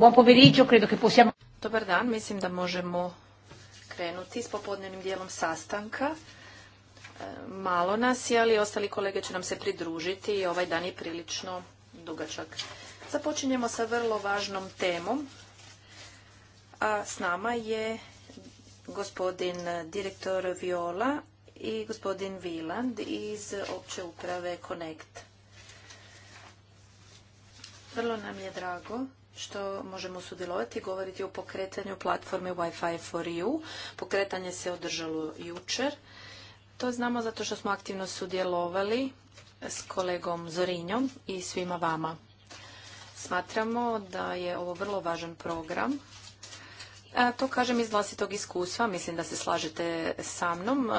Buon pomeriggio, credo che possiamo... Dobar dan, mislim da možemo krenuti s popodnevnim dijelom sastanka. E, malo nas je, ali ostali kolege će nam se pridružiti i ovaj dan je prilično dugačak. Započinjemo sa vrlo važnom temom. A s nama je gospodin direktor Viola i gospodin Viland iz opće uprave Connect. Vrlo nam je drago što možemo sudjelovati govoriti o pokretanju platforme Wi-Fi for you. Pokretanje se održalo jučer. To znamo zato što smo aktivno sudjelovali s kolegom Zorinjom i svima vama. Smatramo da je ovo vrlo važan program. to kažem iz vlastitog iskustva, mislim da se slažete sa mnom.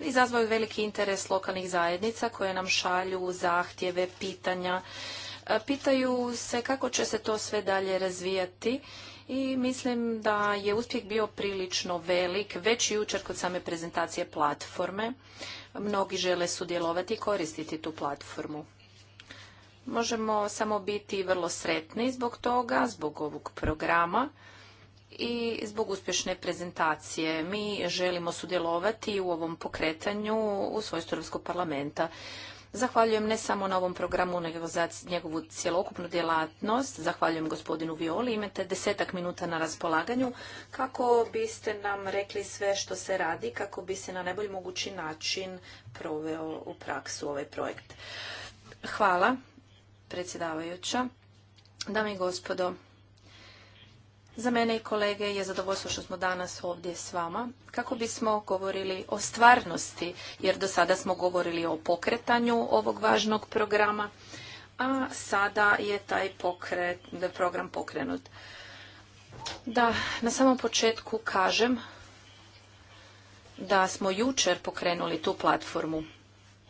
Izazvao veliki interes lokalnih zajednica koje nam šalju zahtjeve, pitanja E, pitaju se kako će se to sve dalje razvijati i mislim da je uspjeh bio prilično velik, već jučer kod same prezentacije platforme. Mnogi žele sudjelovati i koristiti tu platformu. Možemo samo biti vrlo sretni zbog toga, zbog ovog programa i zbog uspješne prezentacije. Mi želimo sudjelovati u ovom pokretanju u svojstvu Europskog parlamenta. Zahvaljujem ne samo na ovom programu, nego za njegovu cjelokupnu djelatnost. Zahvaljujem gospodinu Violi. Imate desetak minuta na raspolaganju kako biste nam rekli sve što se radi, kako bi se na najbolji mogući način proveo u praksu ovaj projekt. Hvala, predsjedavajuća. Dame i gospodo, za mene i kolege je zadovoljstvo što smo danas ovdje s vama kako bismo govorili o stvarnosti, jer do sada smo govorili o pokretanju ovog važnog programa, a sada je taj pokret, program pokrenut. Da, na samom početku kažem da smo jučer pokrenuli tu platformu.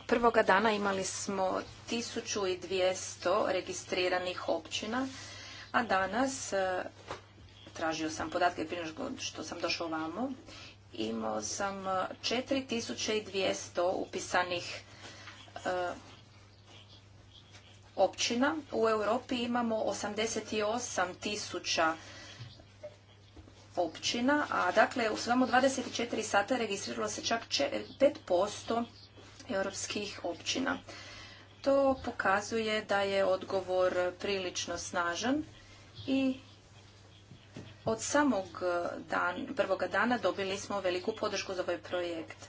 Prvoga dana imali smo 1200 registriranih općina, a danas tražio sam podatke prije što sam došao vamo. imao sam 4200 e, upisanih e, općina. U Europi imamo 88 tisuća općina, a dakle u svemu 24 sata registriralo se čak 5% europskih općina. To pokazuje da je odgovor prilično snažan i od samog e, dan, prvoga dana dobili smo veliku podršku za ovaj projekt.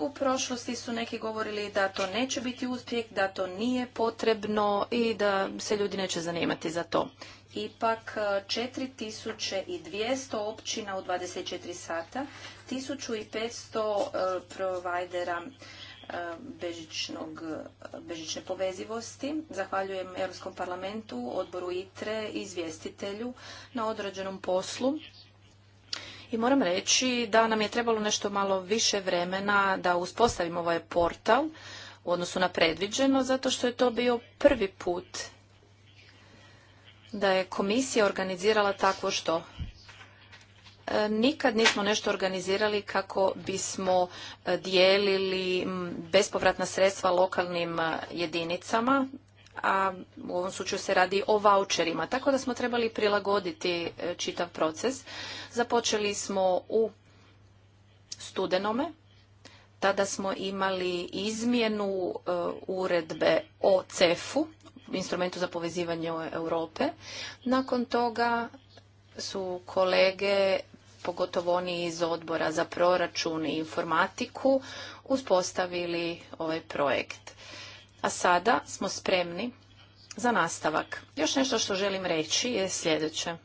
U prošlosti su neki govorili da to neće biti uspjeh, da to nije potrebno i da se ljudi neće zanimati za to. Ipak 4200 e, općina u 24 sata, 1500 e, provajdera E, bežičnog, bežične povezivosti. Zahvaljujem Europskom parlamentu, odboru ITRE, izvjestitelju na odrađenom poslu. I moram reći da nam je trebalo nešto malo više vremena da uspostavimo ovaj portal u odnosu na predviđeno, zato što je to bio prvi put da je komisija organizirala takvo što. E, nikad nismo nešto organizirali kako bismo e, dijelili bespovratna sredstva lokalnim e, jedinicama, a u ovom slučaju se radi o voucherima, tako da smo trebali prilagoditi čitav proces. Započeli smo u studenome, tada smo imali izmjenu uredbe o CEF-u, instrumentu za povezivanje Europe. Nakon toga su kolege pogotovo oni iz odbora za proračun i informatiku, uspostavili ovaj projekt. A sada smo spremni za nastavak. Još nešto što želim reći je sljedeće.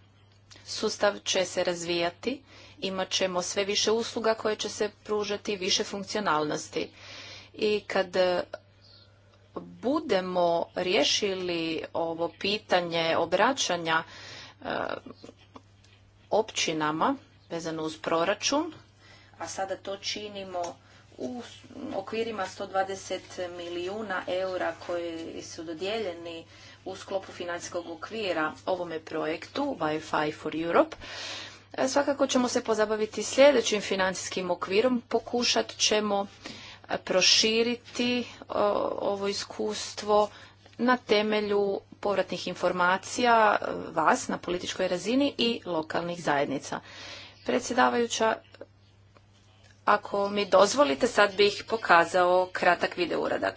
Sustav će se razvijati, imat ćemo sve više usluga koje će se pružati više funkcionalnosti. I kad budemo riješili ovo pitanje obraćanja e, općinama vezano uz proračun, a sada to činimo u okvirima 120 milijuna eura koji su dodijeljeni u sklopu financijskog okvira ovome projektu Wi-Fi for Europe. E, svakako ćemo se pozabaviti sljedećim financijskim okvirom. Pokušat ćemo e, proširiti ovo iskustvo na temelju povratnih informacija e, vas na političkoj razini i lokalnih zajednica. Predsjedavajuća, ako mi dozvolite, sad bih pokazao kratak video uradak.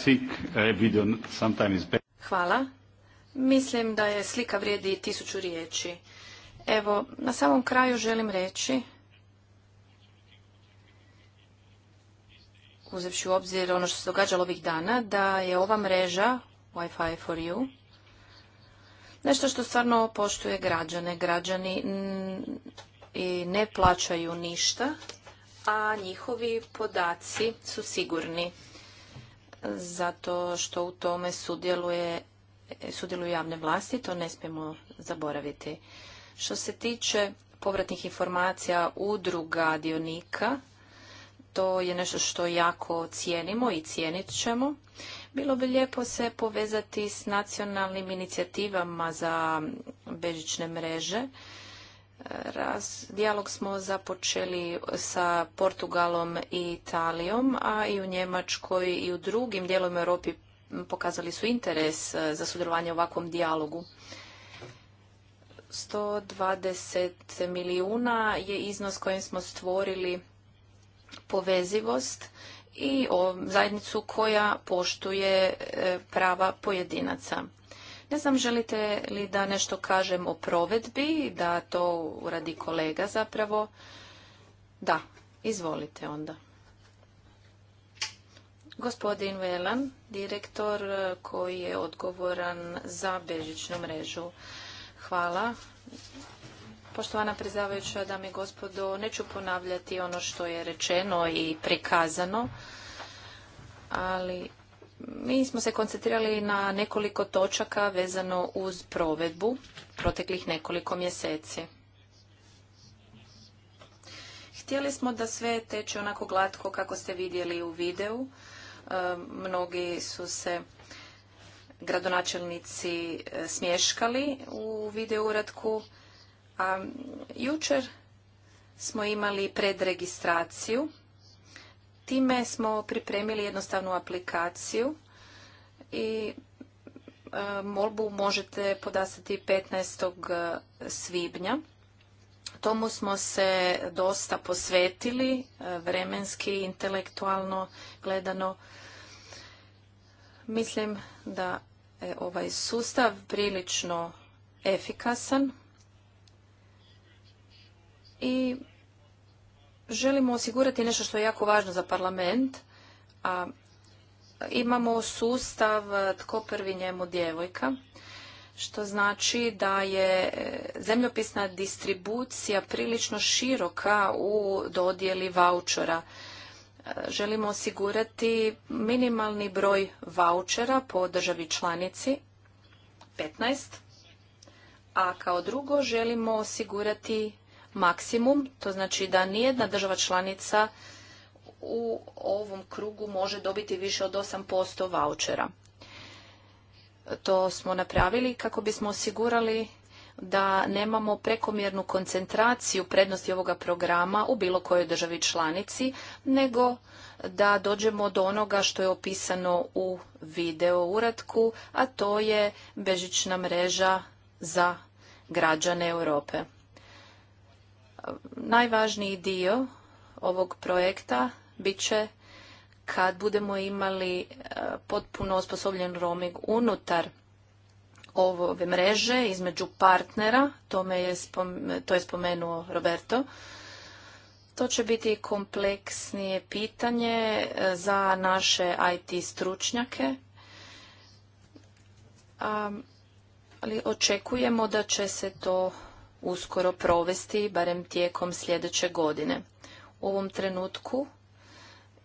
Uh, Hvala. Mislim da je slika vrijedi tisuću riječi. Evo, na samom kraju želim reći, uzevši u obzir ono što se događalo ovih dana, da je ova mreža Wi-Fi for you nešto što stvarno poštuje građane. Građani i ne plaćaju ništa, a njihovi podaci su sigurni zato što u tome sudjeluje, sudjeluju javne vlasti, to ne smijemo zaboraviti. Što se tiče povratnih informacija udruga dionika, to je nešto što jako cijenimo i cijenit ćemo. Bilo bi lijepo se povezati s nacionalnim inicijativama za bežične mreže Raz, dijalog smo započeli sa Portugalom i Italijom, a i u Njemačkoj i u drugim dijelovima Europi pokazali su interes e, za sudjelovanje u ovakvom dijalogu. 120 milijuna je iznos kojim smo stvorili povezivost i zajednicu koja poštuje e, prava pojedinaca. Ne znam, želite li da nešto kažem o provedbi, da to uradi kolega zapravo? Da, izvolite onda. Gospodin Velan, direktor eh, koji je odgovoran za bežičnu mrežu. Hvala. Poštovana predsjedavajuća, dame i gospodo, neću ponavljati ono što je rečeno i prikazano, ali mi smo se koncentrirali na nekoliko točaka vezano uz provedbu proteklih nekoliko mjeseci. Htjeli smo da sve teče onako glatko kako ste vidjeli u videu. E, mnogi su se gradonačelnici e, smješkali u video uradku, A jučer smo imali predregistraciju Time smo pripremili jednostavnu aplikaciju i e, molbu možete podastati 15. svibnja. Tomu smo se dosta posvetili, e, vremenski, intelektualno gledano. Mislim da je ovaj sustav prilično efikasan i želimo osigurati nešto što je jako važno za parlament, a imamo sustav e, tko prvi njemu djevojka, što znači da je e, zemljopisna distribucija prilično široka u dodjeli vaučera. E, želimo osigurati minimalni broj vouchera po državi članici, 15, a kao drugo želimo osigurati maksimum, to znači da nijedna država članica u ovom krugu može dobiti više od 8% vouchera. To smo napravili kako bismo osigurali da nemamo prekomjernu koncentraciju prednosti ovoga programa u bilo kojoj državi članici, nego da dođemo do onoga što je opisano u video uratku, a to je bežična mreža za građane Europe. Najvažniji dio ovog projekta bit će kad budemo imali e, potpuno osposobljen roaming unutar ove mreže između partnera, to je spomenuo Roberto. To će biti kompleksnije pitanje e, za naše IT stručnjake. Ali očekujemo da će se to uskoro provesti, barem tijekom sljedeće godine. U ovom trenutku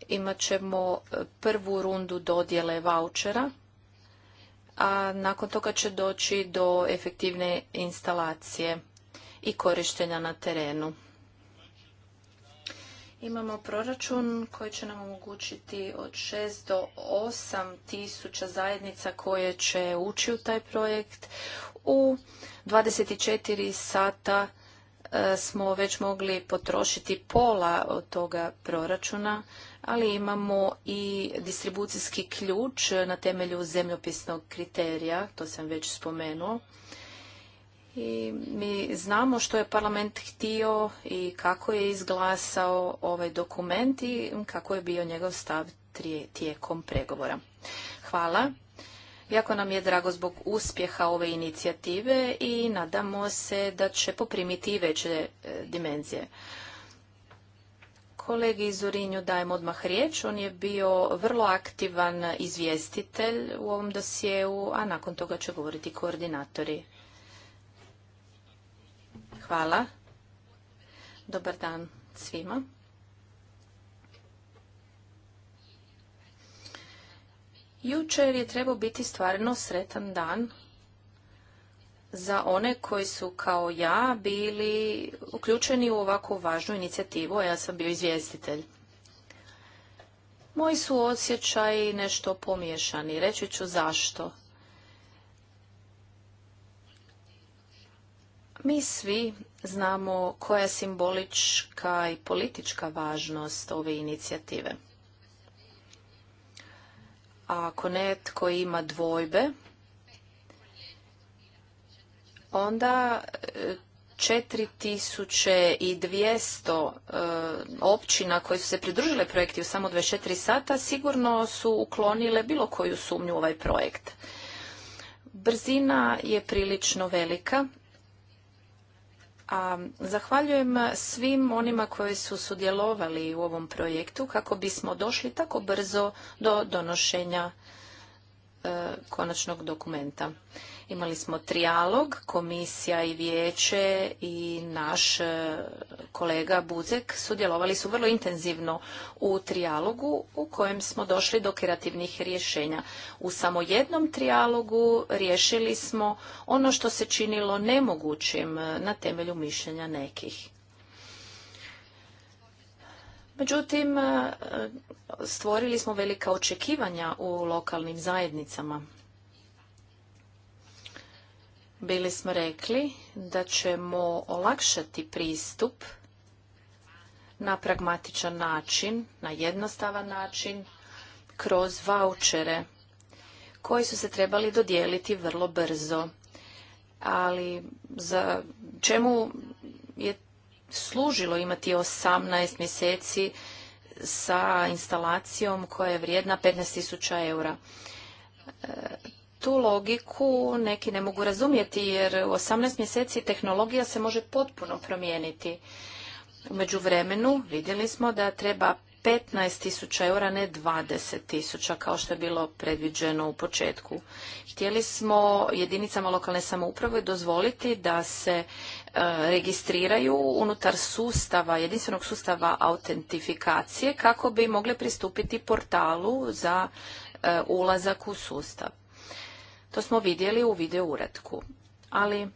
imat ćemo e, prvu rundu dodjele vouchera, a nakon toga će doći do efektivne instalacije i korištenja na terenu. Imamo proračun koji će nam omogućiti od 6 do 8 tisuća zajednica koje će ući u taj projekt u 24 sata e, smo već mogli potrošiti pola od toga proračuna, ali imamo i distribucijski ključ na temelju zemljopisnog kriterija, to sam već spomenuo. I mi znamo što je parlament htio i kako je izglasao ovaj dokument i kako je bio njegov stav tijekom pregovora. Hvala. Jako nam je drago zbog uspjeha ove inicijative i nadamo se da će poprimiti i veće e, dimenzije. Kolegi Zurinju dajem odmah riječ. On je bio vrlo aktivan izvjestitelj u ovom dosjeu, a nakon toga će govoriti koordinatori. Hvala. Dobar dan svima. Jučer je trebao biti stvarno sretan dan za one koji su kao ja bili uključeni u ovakvu važnu inicijativu, a ja sam bio izvjestitelj. Moji su osjećaji nešto pomiješani. Reći ću zašto. Mi svi znamo koja je simbolička i politička važnost ove inicijative. A ako netko ima dvojbe, onda 4200 e, e, općina koje su se pridružile projekti u samo 24 sata sigurno su uklonile bilo koju sumnju u ovaj projekt. Brzina je prilično velika a zahvaljujem svim onima koji su sudjelovali u ovom projektu kako bismo došli tako brzo do donošenja E, konačnog dokumenta. Imali smo trijalog, komisija i vijeće i naš e, kolega Buzek sudjelovali su vrlo intenzivno u trijalogu u kojem smo došli do kreativnih rješenja. U samo jednom trijalogu riješili smo ono što se činilo nemogućim e, na temelju mišljenja nekih. Međutim, e, stvorili smo velika očekivanja u lokalnim zajednicama. Bili smo rekli da ćemo olakšati pristup na pragmatičan način, na jednostavan način, kroz vouchere koji su se trebali dodijeliti vrlo brzo. Ali za čemu je služilo imati 18 mjeseci sa instalacijom koja je vrijedna 15.000 eura. E, tu logiku neki ne mogu razumjeti jer u 18 mjeseci tehnologija se može potpuno promijeniti. Umeđu vremenu vidjeli smo da treba 15.000 eura, ne 20.000 kao što je bilo predviđeno u početku. Htjeli smo jedinicama lokalne samouprave dozvoliti da se E, registriraju unutar sustava, jedinstvenog sustava autentifikacije kako bi mogli pristupiti portalu za e, ulazak u sustav. To smo vidjeli u video uratku. Ali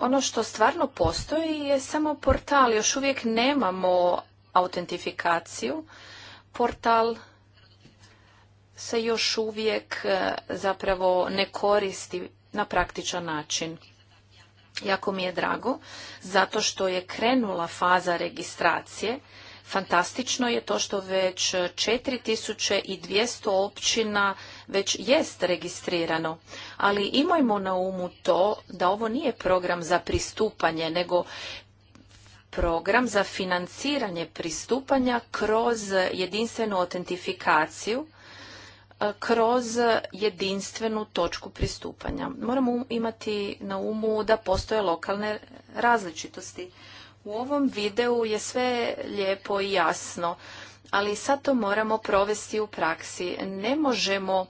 ono što stvarno postoji je samo portal. Još uvijek nemamo autentifikaciju. Portal se još uvijek e, zapravo ne koristi na praktičan način. Jako mi je drago, zato što je krenula faza registracije. Fantastično je to što već 4200 općina već jest registrirano. Ali imajmo na umu to da ovo nije program za pristupanje, nego program za financiranje pristupanja kroz jedinstvenu autentifikaciju E, kroz jedinstvenu točku pristupanja. Moramo um, imati na umu da postoje lokalne različitosti. U ovom videu je sve lijepo i jasno, ali sad to moramo provesti u praksi. Ne možemo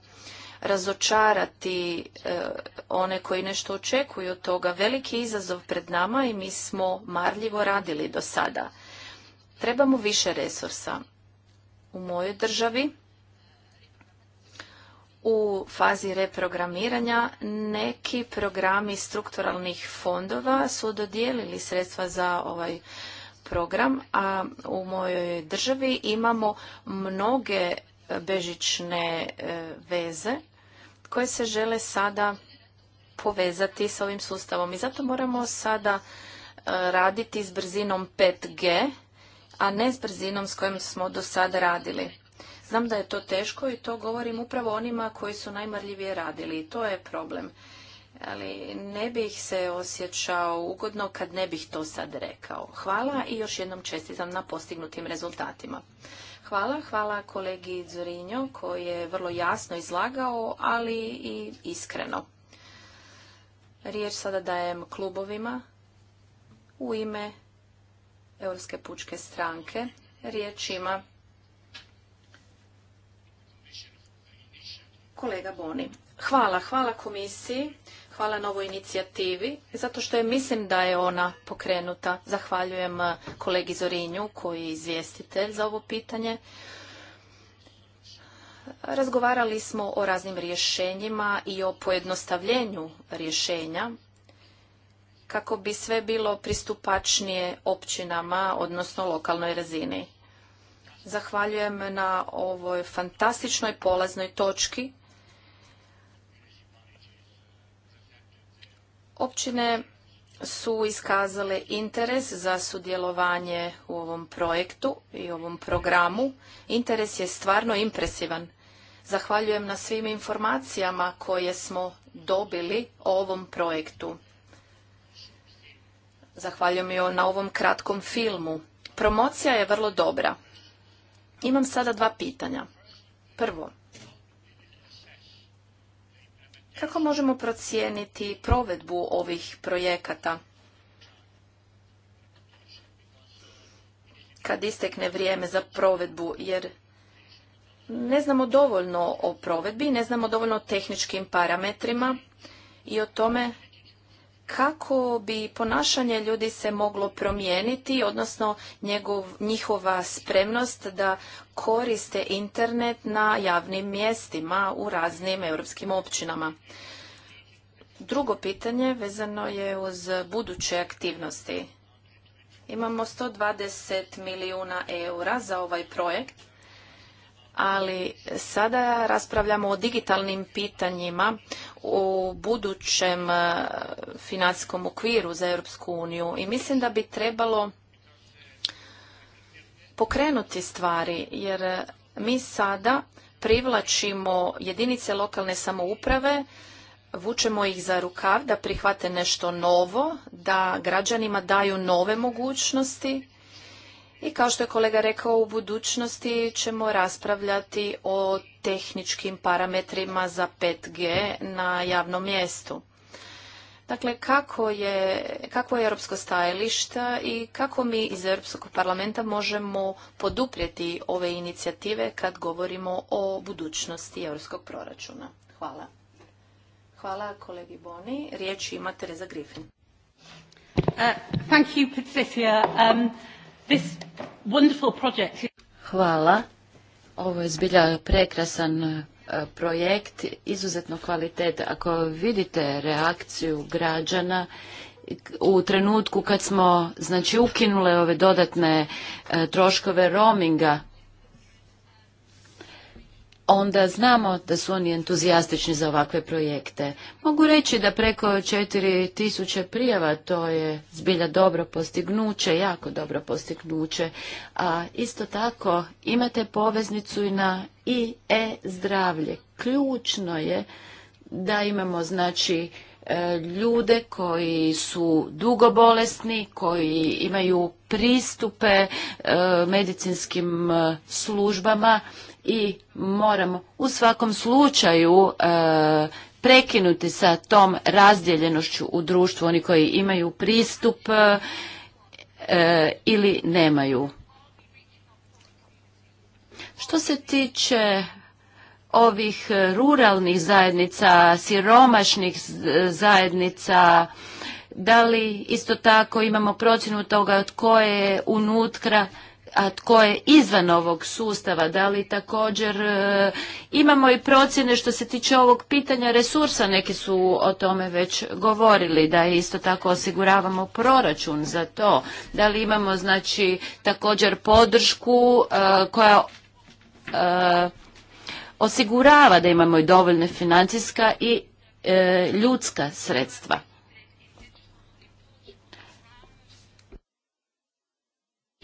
razočarati e, one koji nešto očekuju od toga. Veliki izazov pred nama i mi smo marljivo radili do sada. Trebamo više resursa. U mojoj državi u fazi reprogramiranja neki programi strukturalnih fondova su dodijelili sredstva za ovaj program, a u mojoj državi imamo mnoge bežične e, veze koje se žele sada povezati s ovim sustavom. I zato moramo sada e, raditi s brzinom 5G, a ne s brzinom s kojom smo do sada radili. Znam da je to teško i to govorim upravo onima koji su najmarljivije radili i to je problem. Ali ne bih se osjećao ugodno kad ne bih to sad rekao. Hvala i još jednom čestitam na postignutim rezultatima. Hvala, hvala kolegi Zorinjo koji je vrlo jasno izlagao, ali i iskreno. Riječ sada dajem klubovima u ime Europske pučke stranke. Riječ ima Kolega Boni. Hvala, hvala komisiji, hvala na ovoj inicijativi, zato što je mislim da je ona pokrenuta. Zahvaljujem eh, kolegi Zorinju koji je izvjestitelj za ovo pitanje. Razgovarali smo o raznim rješenjima i o pojednostavljenju rješenja kako bi sve bilo pristupačnije općinama, odnosno lokalnoj razini. Zahvaljujem na ovoj fantastičnoj polaznoj točki Općine su iskazale interes za sudjelovanje u ovom projektu i ovom programu. Interes je stvarno impresivan. Zahvaljujem na svim informacijama koje smo dobili o ovom projektu. Zahvaljujem i na ovom kratkom filmu. Promocija je vrlo dobra. Imam sada dva pitanja. Prvo, kako možemo procijeniti provedbu ovih projekata? Kad istekne vrijeme za provedbu, jer ne znamo dovoljno o provedbi, ne znamo dovoljno o tehničkim parametrima i o tome kako bi ponašanje ljudi se moglo promijeniti, odnosno njihova spremnost da koriste internet na javnim mjestima u raznim europskim općinama. Drugo pitanje vezano je uz buduće aktivnosti. Imamo 120 milijuna eura za ovaj projekt ali sada raspravljamo o digitalnim pitanjima u budućem e, financijskom okviru za Europsku uniju i mislim da bi trebalo pokrenuti stvari jer mi sada privlačimo jedinice lokalne samouprave vučemo ih za rukav da prihvate nešto novo, da građanima daju nove mogućnosti i kao što je kolega rekao, u budućnosti ćemo raspravljati o tehničkim parametrima za 5G na javnom mjestu. Dakle, kako je, je europsko stajalište i kako mi iz Europskog parlamenta možemo poduprijeti ove inicijative kad govorimo o budućnosti europskog proračuna? Hvala. Hvala kolegi Boni. Riječ ima Teresa Griffin. Uh, thank you, um, Hvala. Ovo je zbilja prekrasan e, projekt, izuzetno kvalitet. Ako vidite reakciju građana u trenutku kad smo znači ukinule ove dodatne e, troškove roaminga onda znamo da su oni entuzijastični za ovakve projekte. Mogu reći da preko 4000 prijava to je zbilja dobro postignuće, jako dobro postignuće. A isto tako imate poveznicu i na i e zdravlje. Ključno je da imamo znači e, ljude koji su dugo bolesni, koji imaju pristupe e, medicinskim e, službama i moramo u svakom slučaju e, prekinuti sa tom razdjeljenošću u društvu oni koji imaju pristup e, ili nemaju što se tiče ovih ruralnih zajednica siromašnih zajednica da li isto tako imamo procjenu toga od koje je unutra a tko je izvan ovog sustava, da li također e, imamo i procjene što se tiče ovog pitanja resursa, neki su o tome već govorili, da isto tako osiguravamo proračun za to, da li imamo znači također podršku e, koja e, osigurava da imamo i dovoljne financijska i ljudska sredstva.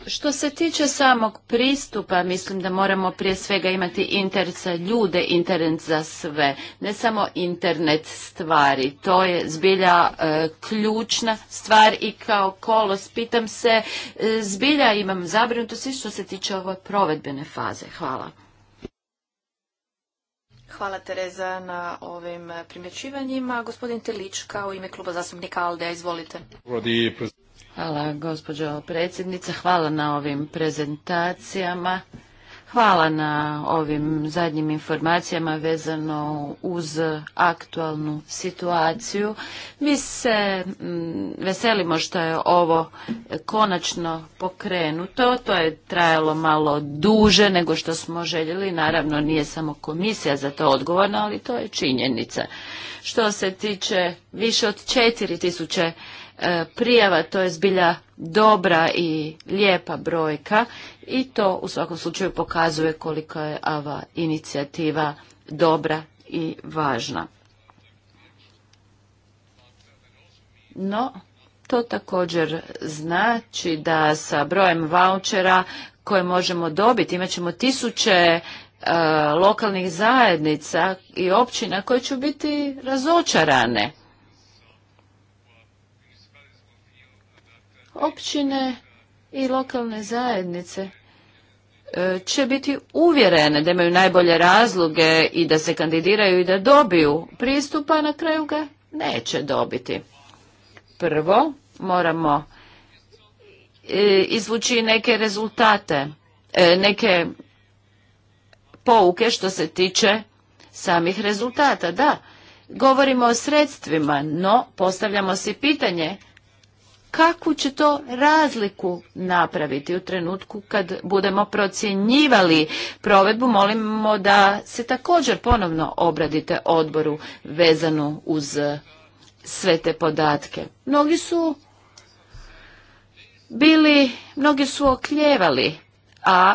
Što se tiče samog pristupa, mislim da moramo prije svega imati internet za ljude, internet za sve, ne samo internet stvari. To je zbilja e, ključna stvar i kao kolos pitam se, e, zbilja imam zabrinutosti što se tiče ove provedbene faze. Hvala. Hvala Tereza na ovim primjećivanjima. Gospodin Telička u ime kluba zastupnika Aldeja, izvolite. Hvala gospođo predsjednica, hvala na ovim prezentacijama. Hvala na ovim zadnjim informacijama vezano uz aktualnu situaciju. Mi se mm, veselimo što je ovo konačno pokrenuto. To je trajalo malo duže nego što smo željeli. Naravno nije samo komisija za to odgovorna, ali to je činjenica. Što se tiče više od 4000 E, prijava, to je zbilja dobra i lijepa brojka i to u svakom slučaju pokazuje koliko je ova inicijativa dobra i važna. No, to također znači da sa brojem vouchera koje možemo dobiti, imat ćemo tisuće e, lokalnih zajednica i općina koje će biti razočarane općine i lokalne zajednice e, će biti uvjerene da imaju najbolje razloge i da se kandidiraju i da dobiju pristupa, a na kraju ga neće dobiti. Prvo, moramo e, izvući neke rezultate, e, neke pouke što se tiče samih rezultata. Da, govorimo o sredstvima, no postavljamo si pitanje kakvu će to razliku napraviti u trenutku kad budemo procjenjivali provedbu, molimo da se također ponovno obradite odboru vezanu uz sve te podatke. Mnogi su bili, mnogi su okljevali, a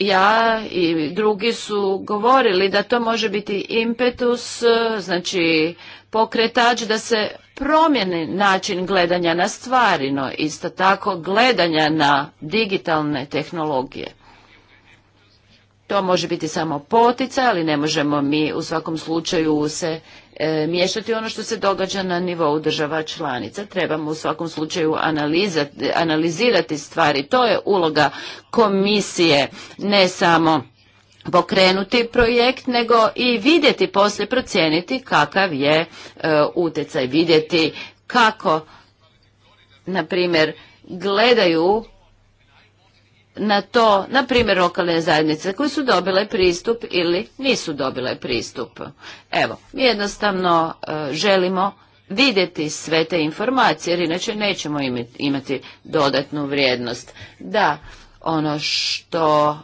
ja i drugi su govorili da to može biti impetus, znači pokretač da se promijeni način gledanja na stvarino, isto tako gledanja na digitalne tehnologije. To može biti samo potica, ali ne možemo mi u svakom slučaju se E, miješati ono što se događa na nivou država članica. Trebamo u svakom slučaju analizirati stvari. To je uloga komisije, ne samo pokrenuti projekt, nego i vidjeti poslije procijeniti kakav je e, utjecaj, vidjeti kako, na primjer, gledaju na to, na primjer lokalne zajednice koje su dobile pristup ili nisu dobile pristup. Evo, mi jednostavno e, želimo vidjeti sve te informacije jer inače nećemo imati dodatnu vrijednost. Da, ono što,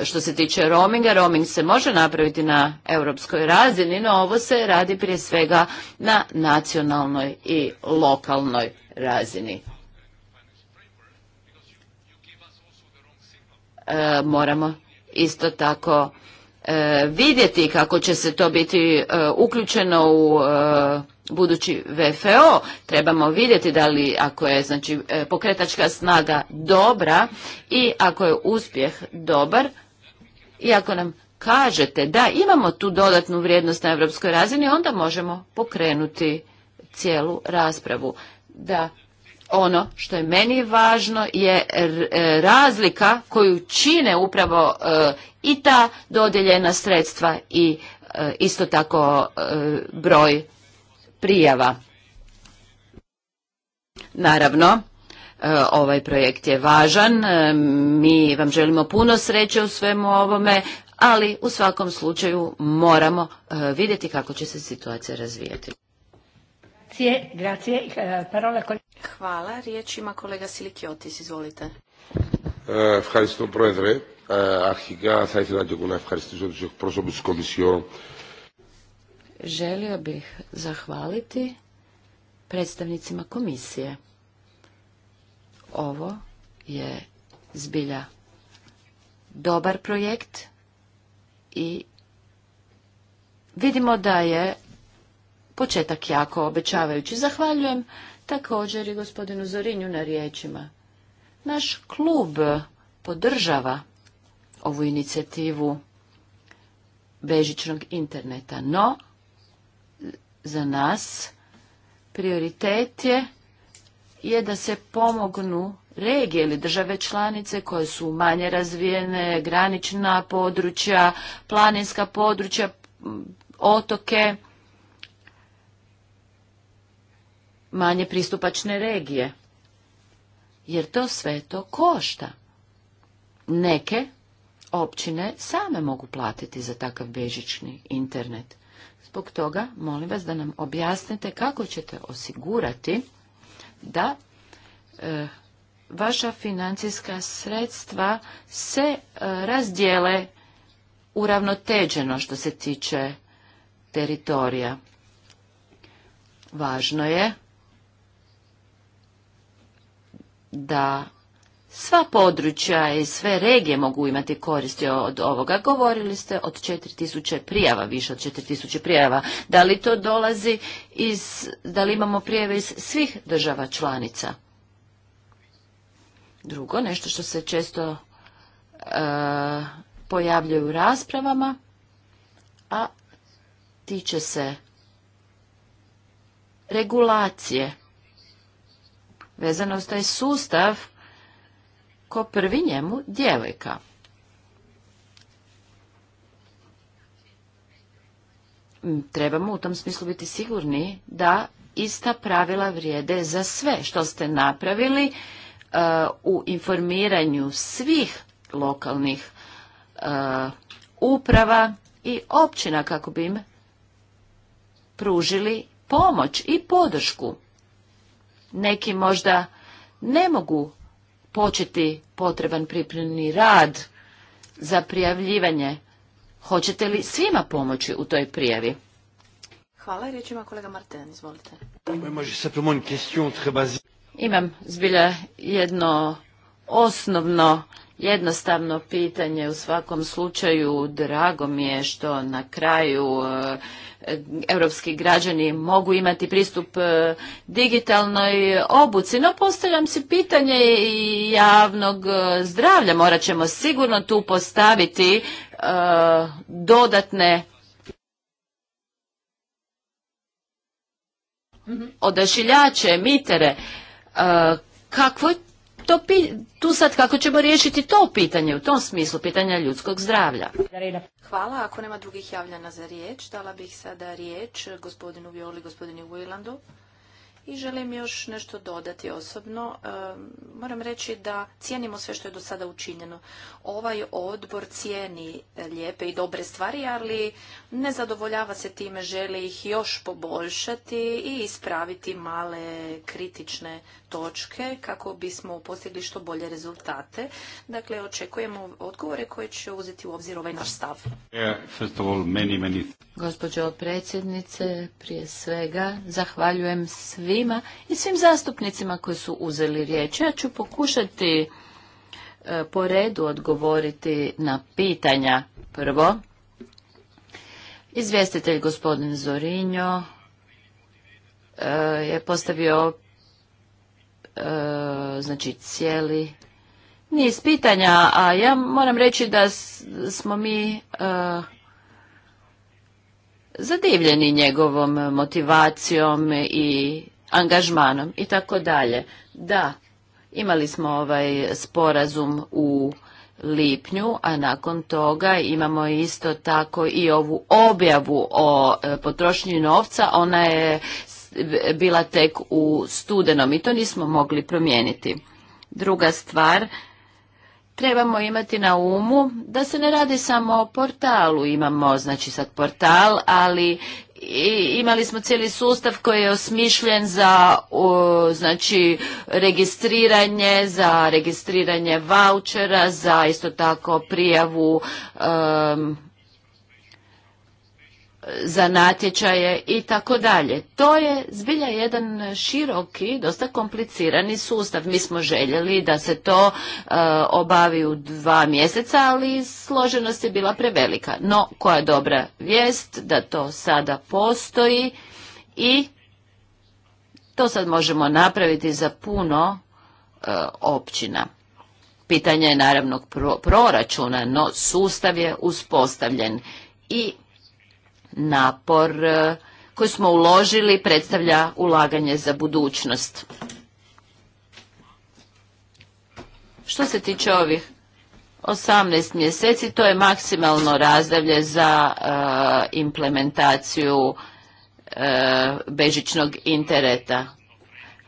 e, što se tiče roaminga, roaming se može napraviti na europskoj razini, no ovo se radi prije svega na nacionalnoj i lokalnoj razini. E, moramo isto tako e, vidjeti kako će se to biti e, uključeno u budući VFO. Trebamo vidjeti da li ako je znači, pokretačka snaga dobra i ako je uspjeh dobar i ako nam kažete da imamo tu dodatnu vrijednost na europskoj razini, onda možemo pokrenuti cijelu raspravu. Da ono što je meni važno je e, razlika koju čine upravo e, i ta dodjeljena sredstva i e, isto tako broj prijava. Naravno, ovaj projekt je važan, mi vam želimo puno sreće u svemu ovome, ali u svakom slučaju moramo vidjeti kako će se situacija razvijati. Grazie, grazie. Eh, parola Hvala. Riječ ima kolega Silikiotis, izvolite. Eh, ευχαριστώ, Πρόεδρε. Αρχικά θα ήθελα και εγώ να ευχαριστήσω τους εκπρόσωπους της Κομισιόν. Želio bih zahvaliti predstavnicima komisije. Ovo je zbilja dobar projekt i vidimo da je početak jako obećavajući. Zahvaljujem također i gospodinu Zorinju na riječima. Naš klub podržava ovu inicijativu bežičnog interneta, no za nas prioritet je, je da se pomognu regije ili države članice koje su manje razvijene, granična područja, planinska područja, otoke, manje pristupačne regije. Jer to sve to košta. Neke općine same mogu platiti za takav bežični internet. Zbog toga molim vas da nam objasnite kako ćete osigurati da e, vaša financijska sredstva se e, razdijele uravnoteđeno što se tiče teritorija. Važno je da sva područja i sve regije mogu imati koristi od ovoga. Govorili ste od 4000 prijava, više od 4000 prijava. Da li to dolazi iz, da li imamo prijave iz svih država članica? Drugo, nešto što se često e, pojavljuje u raspravama, a tiče se regulacije vezano uz taj sustav ko prvi njemu djevojka. Mm, trebamo u tom smislu biti sigurni da ista pravila vrijede za sve što ste napravili e, u informiranju svih lokalnih e, uprava i općina kako bi im pružili pomoć i podršku neki možda ne mogu početi potreban pripremni rad za prijavljivanje. Hoćete li svima pomoći u toj prijavi? Hvala, riječ ima kolega Marten, izvolite. Imam zbilja jedno osnovno jednostavno pitanje u svakom slučaju. Drago mi je što na kraju e, europski građani mogu imati pristup e, digitalnoj obuci, no postavljam si pitanje javnog e, zdravlja. Morat ćemo sigurno tu postaviti dodatne mhm. odašiljače, mitere. kakvo je to pi tu sad kako ćemo riješiti to pitanje u tom smislu, pitanja ljudskog zdravlja. Hvala, ako nema drugih javljana za riječ, dala bih sada riječ gospodinu Violi, gospodinu Willandu. I želim još nešto dodati osobno. E, moram reći da cijenimo sve što je do sada učinjeno. Ovaj odbor cijeni lijepe i dobre stvari, ali ne zadovoljava se time, želi ih još poboljšati i ispraviti male kritične točke kako bismo postigli što bolje rezultate. Dakle, očekujemo odgovore koje će uzeti u obzir ovaj naš stav. Gospođo predsjednice, prije svega zahvaljujem svi svima i svim zastupnicima koji su uzeli riječ. Ja ću pokušati e, po redu odgovoriti na pitanja. Prvo, izvjestitelj gospodin Zorinjo e, je postavio e, znači cijeli niz pitanja, a ja moram reći da smo mi zadivljeni njegovom motivacijom i angažmanom i tako dalje. Da, imali smo ovaj sporazum u lipnju, a nakon toga imamo isto tako i ovu objavu o e, potrošnji novca, ona je bila tek u studenom i to nismo mogli promijeniti. Druga stvar, trebamo imati na umu da se ne radi samo o portalu. Imamo znači sad portal, ali imali smo cijeli sustav koji je osmišljen za znači registriranje, za registriranje vouchera, za isto tako prijavu za natječaje i tako dalje. To je zbilja jedan široki, dosta komplicirani sustav. Mi smo željeli da se to e, obavi u dva mjeseca, ali složenost je bila prevelika. No, koja dobra vijest da to sada postoji i to sad možemo napraviti za puno e, općina. Pitanje je naravno proračuna, no sustav je uspostavljen i napor e, koji smo uložili predstavlja ulaganje za budućnost. Što se tiče ovih 18 mjeseci, to je maksimalno razdavlje za e, implementaciju e, bežičnog intereta.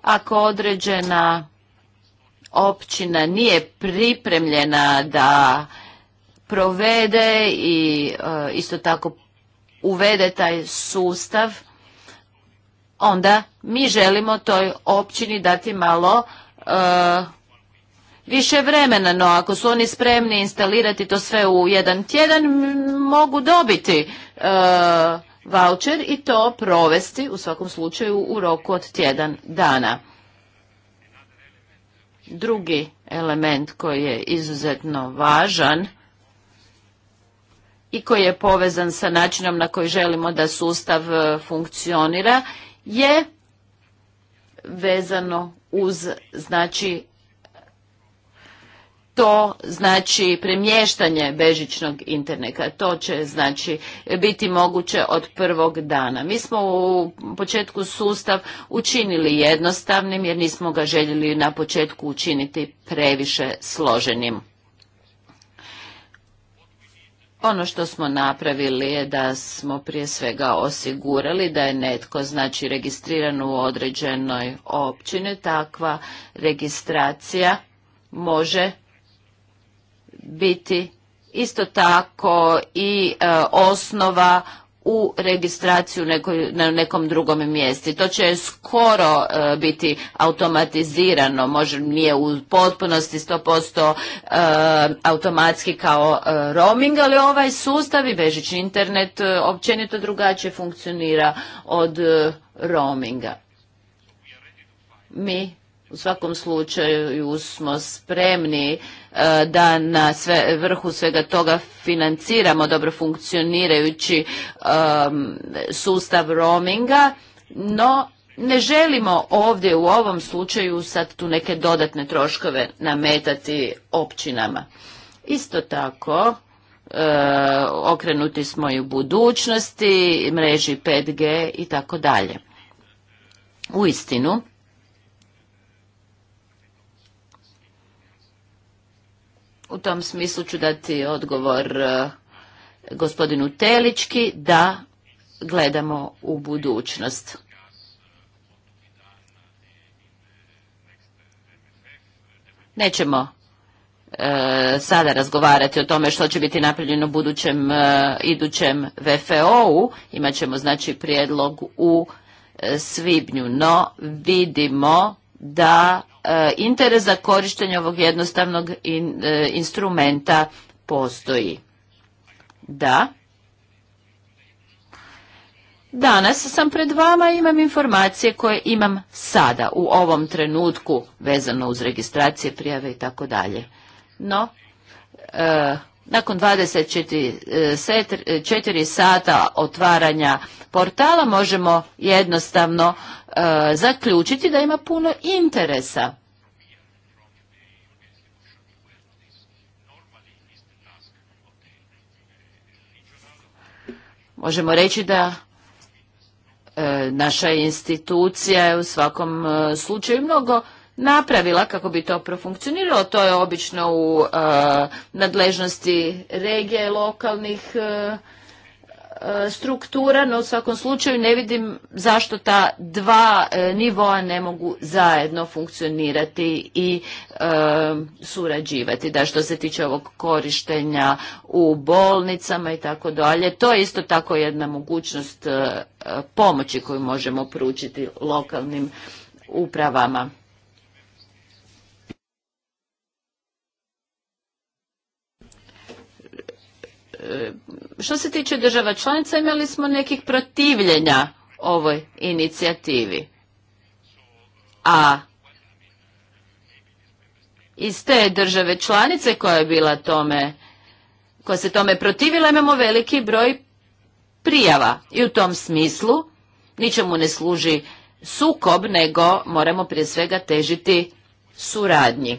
Ako određena općina nije pripremljena da provede i isto tako uvede taj sustav, onda mi želimo toj općini dati malo e, više vremena, no ako su oni spremni instalirati to sve u jedan tjedan, mogu dobiti e, voucher i to provesti u svakom slučaju u roku od tjedan dana. Drugi element koji je izuzetno važan i koji je povezan sa načinom na koji želimo da sustav e, funkcionira je vezano uz znači to znači premještanje bežičnog interneta. To će znači biti moguće od prvog dana. Mi smo u početku sustav učinili jednostavnim jer nismo ga željeli na početku učiniti previše složenim ono što smo napravili je da smo prije svega osigurali da je netko znači registriran u određenoj općini, takva registracija može biti isto tako i e, osnova u registraciju na nekom drugom mjestu. To će skoro e, biti automatizirano, možda nije u potpunosti 100% posto e, automatski kao e, roaming, ali ovaj sustav i bežični internet općenito drugačije funkcionira od roaminga. Mi u svakom slučaju smo spremni e, da na sve, vrhu svega toga financiramo dobro funkcionirajući e, sustav roaminga, no ne želimo ovdje u ovom slučaju sad tu neke dodatne troškove nametati općinama. Isto tako, e, okrenuti smo i u budućnosti, mreži 5G i tako dalje. U istinu, U tom smislu ću dati odgovor e, gospodinu Telički da gledamo u budućnost. Nećemo e, sada razgovarati o tome što će biti napravljeno u budućem e, idućem VFO-u. Imaćemo znači prijedlog u svibnju, no vidimo da E, interes za korištenje ovog jednostavnog e, instrumenta postoji. Da. Danas sam pred vama i imam informacije koje imam sada u ovom trenutku vezano uz registracije, prijave i tako dalje. No, e, nakon 24 sata otvaranja portala možemo jednostavno E, zaključiti da ima puno interesa. Možemo reći da e, naša institucija je u svakom e, slučaju mnogo napravila kako bi to profunkcioniralo. To je obično u nadležnosti regije lokalnih E, struktura, no u svakom slučaju ne vidim zašto ta dva e, nivoa ne mogu zajedno funkcionirati i e, surađivati. Da što se tiče ovog korištenja u bolnicama i tako dalje, to je isto tako jedna mogućnost pomoći koju možemo pručiti lokalnim upravama. E, što se tiče država članica, imali smo nekih protivljenja ovoj inicijativi. A iz te države članice koja je bila tome, koja se tome protivila, imamo veliki broj prijava. I u tom smislu ničemu ne služi sukob, nego moramo prije svega težiti suradnji.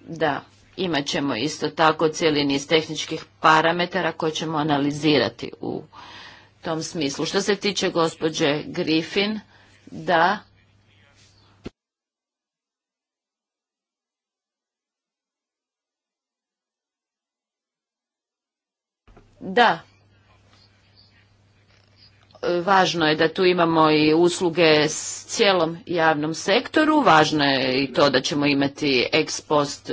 Da imat ćemo isto tako cijeli niz tehničkih parametara koje ćemo analizirati u tom smislu. Što se tiče gospođe Griffin, da... Da, važno je da tu imamo i usluge s cijelom javnom sektoru, važno je i to da ćemo imati ex post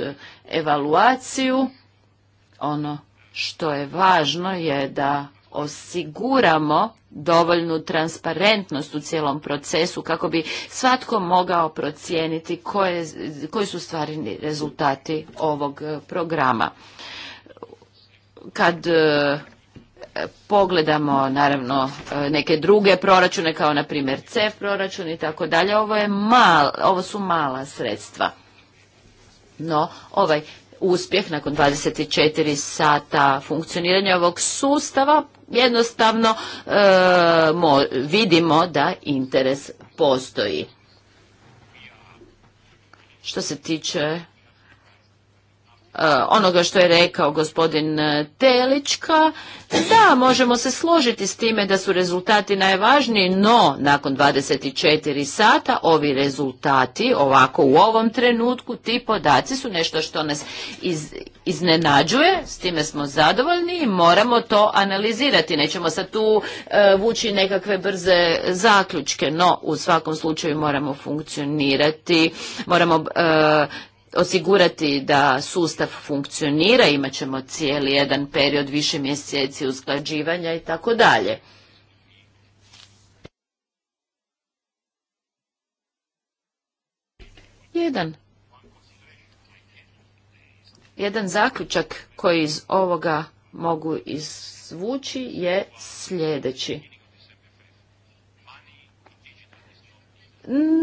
evaluaciju. Ono što je važno je da osiguramo dovoljnu transparentnost u cijelom procesu kako bi svatko mogao procijeniti koji su stvarni rezultati ovog e, programa. Kad e, pogledamo naravno e, neke druge proračune kao na primjer CEF proračun i tako dalje, ovo su mala sredstva. No, ovaj uspjeh nakon 24 sata funkcioniranja ovog sustava jednostavno e, vidimo da interes postoji. Što se tiče E, onoga što je rekao gospodin e, Telička. Da, možemo se složiti s time da su rezultati najvažniji, no nakon 24 sata ovi rezultati, ovako u ovom trenutku, ti podaci su nešto što nas iz, iznenađuje, s time smo zadovoljni i moramo to analizirati. Nećemo sad tu e, vući nekakve brze zaključke, no u svakom slučaju moramo funkcionirati, moramo osigurati da sustav funkcionira, imat ćemo cijeli jedan period više mjeseci usklađivanja i tako dalje. Jedan. Jedan zaključak koji iz ovoga mogu izvući je sljedeći.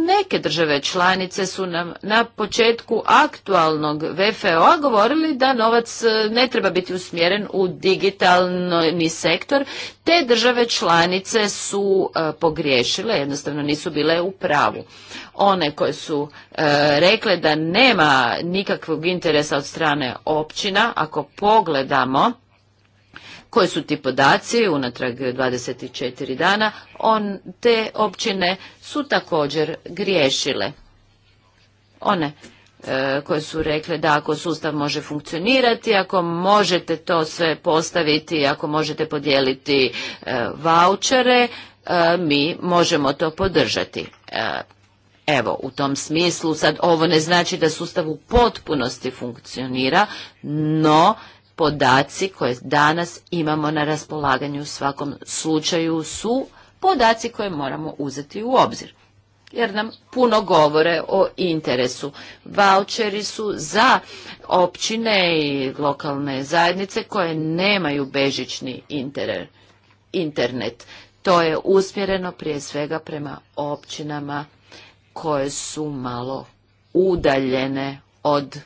Neke države članice su nam na početku aktualnog VFO-a govorili da novac e, ne treba biti usmjeren u digitalni sektor. Te države članice su e, pogriješile, jednostavno nisu bile u pravu. One koje su e, rekle da nema nikakvog interesa od strane općina, ako pogledamo koji su ti podaci unatrag 24 dana? On, te općine su također griješile. One e, koje su rekle da ako sustav može funkcionirati, ako možete to sve postaviti, ako možete podijeliti e, vaučere e, mi možemo to podržati. Evo, u tom smislu, sad ovo ne znači da sustav u potpunosti funkcionira, no podaci koje danas imamo na raspolaganju u svakom slučaju su podaci koje moramo uzeti u obzir jer nam puno govore o interesu. Vaučeri su za općine i lokalne zajednice koje nemaju bežični internet. To je usmjereno prije svega prema općinama koje su malo udaljene od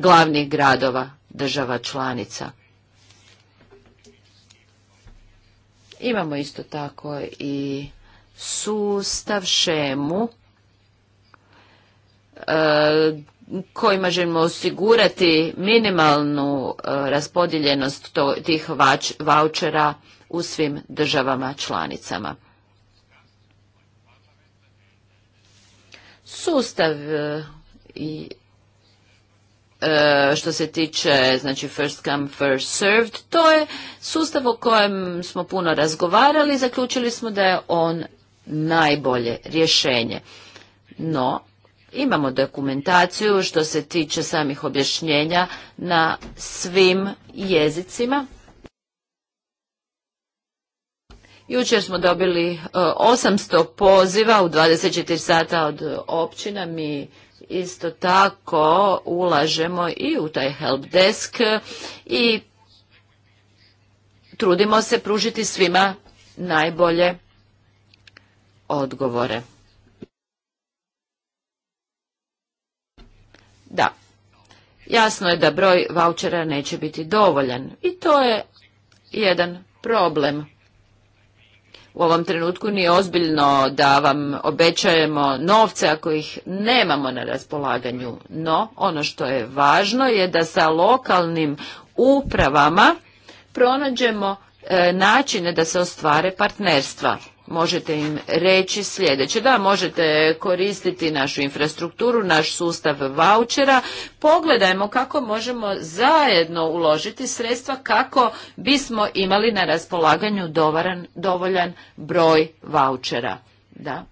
glavnih gradova država članica. Imamo isto tako i sustav šemu e, kojima želimo osigurati minimalnu e, raspodjeljenost tih vouchera u svim državama članicama. Sustav e, E, što se tiče znači first come first served to je sustav o kojem smo puno razgovarali i zaključili smo da je on najbolje rješenje no imamo dokumentaciju što se tiče samih objašnjenja na svim jezicima Jučer smo dobili 800 e, poziva u 24 sata od općina. Mi isto tako ulažemo i u taj help desk i trudimo se pružiti svima najbolje odgovore. Da, jasno je da broj vouchera neće biti dovoljan i to je jedan problem u ovom trenutku nije ozbiljno da vam obećajemo novce ako ih nemamo na raspolaganju. No, ono što je važno je da sa lokalnim upravama pronađemo e, načine da se ostvare partnerstva možete im reći sljedeće. Da, možete koristiti našu infrastrukturu, naš sustav vouchera. Pogledajmo kako možemo zajedno uložiti sredstva kako bismo imali na raspolaganju dovoljan broj vouchera. Da.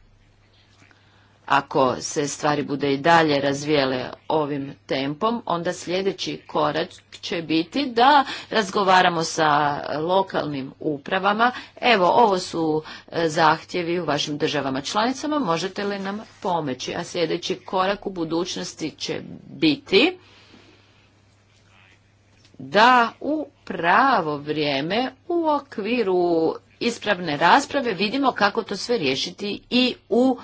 Ako se stvari bude i dalje razvijele ovim tempom, onda sljedeći korak će biti da razgovaramo sa lokalnim upravama. Evo, ovo su e, zahtjevi u vašim državama članicama, možete li nam pomeći? A sljedeći korak u budućnosti će biti da u pravo vrijeme u okviru ispravne rasprave vidimo kako to sve riješiti i u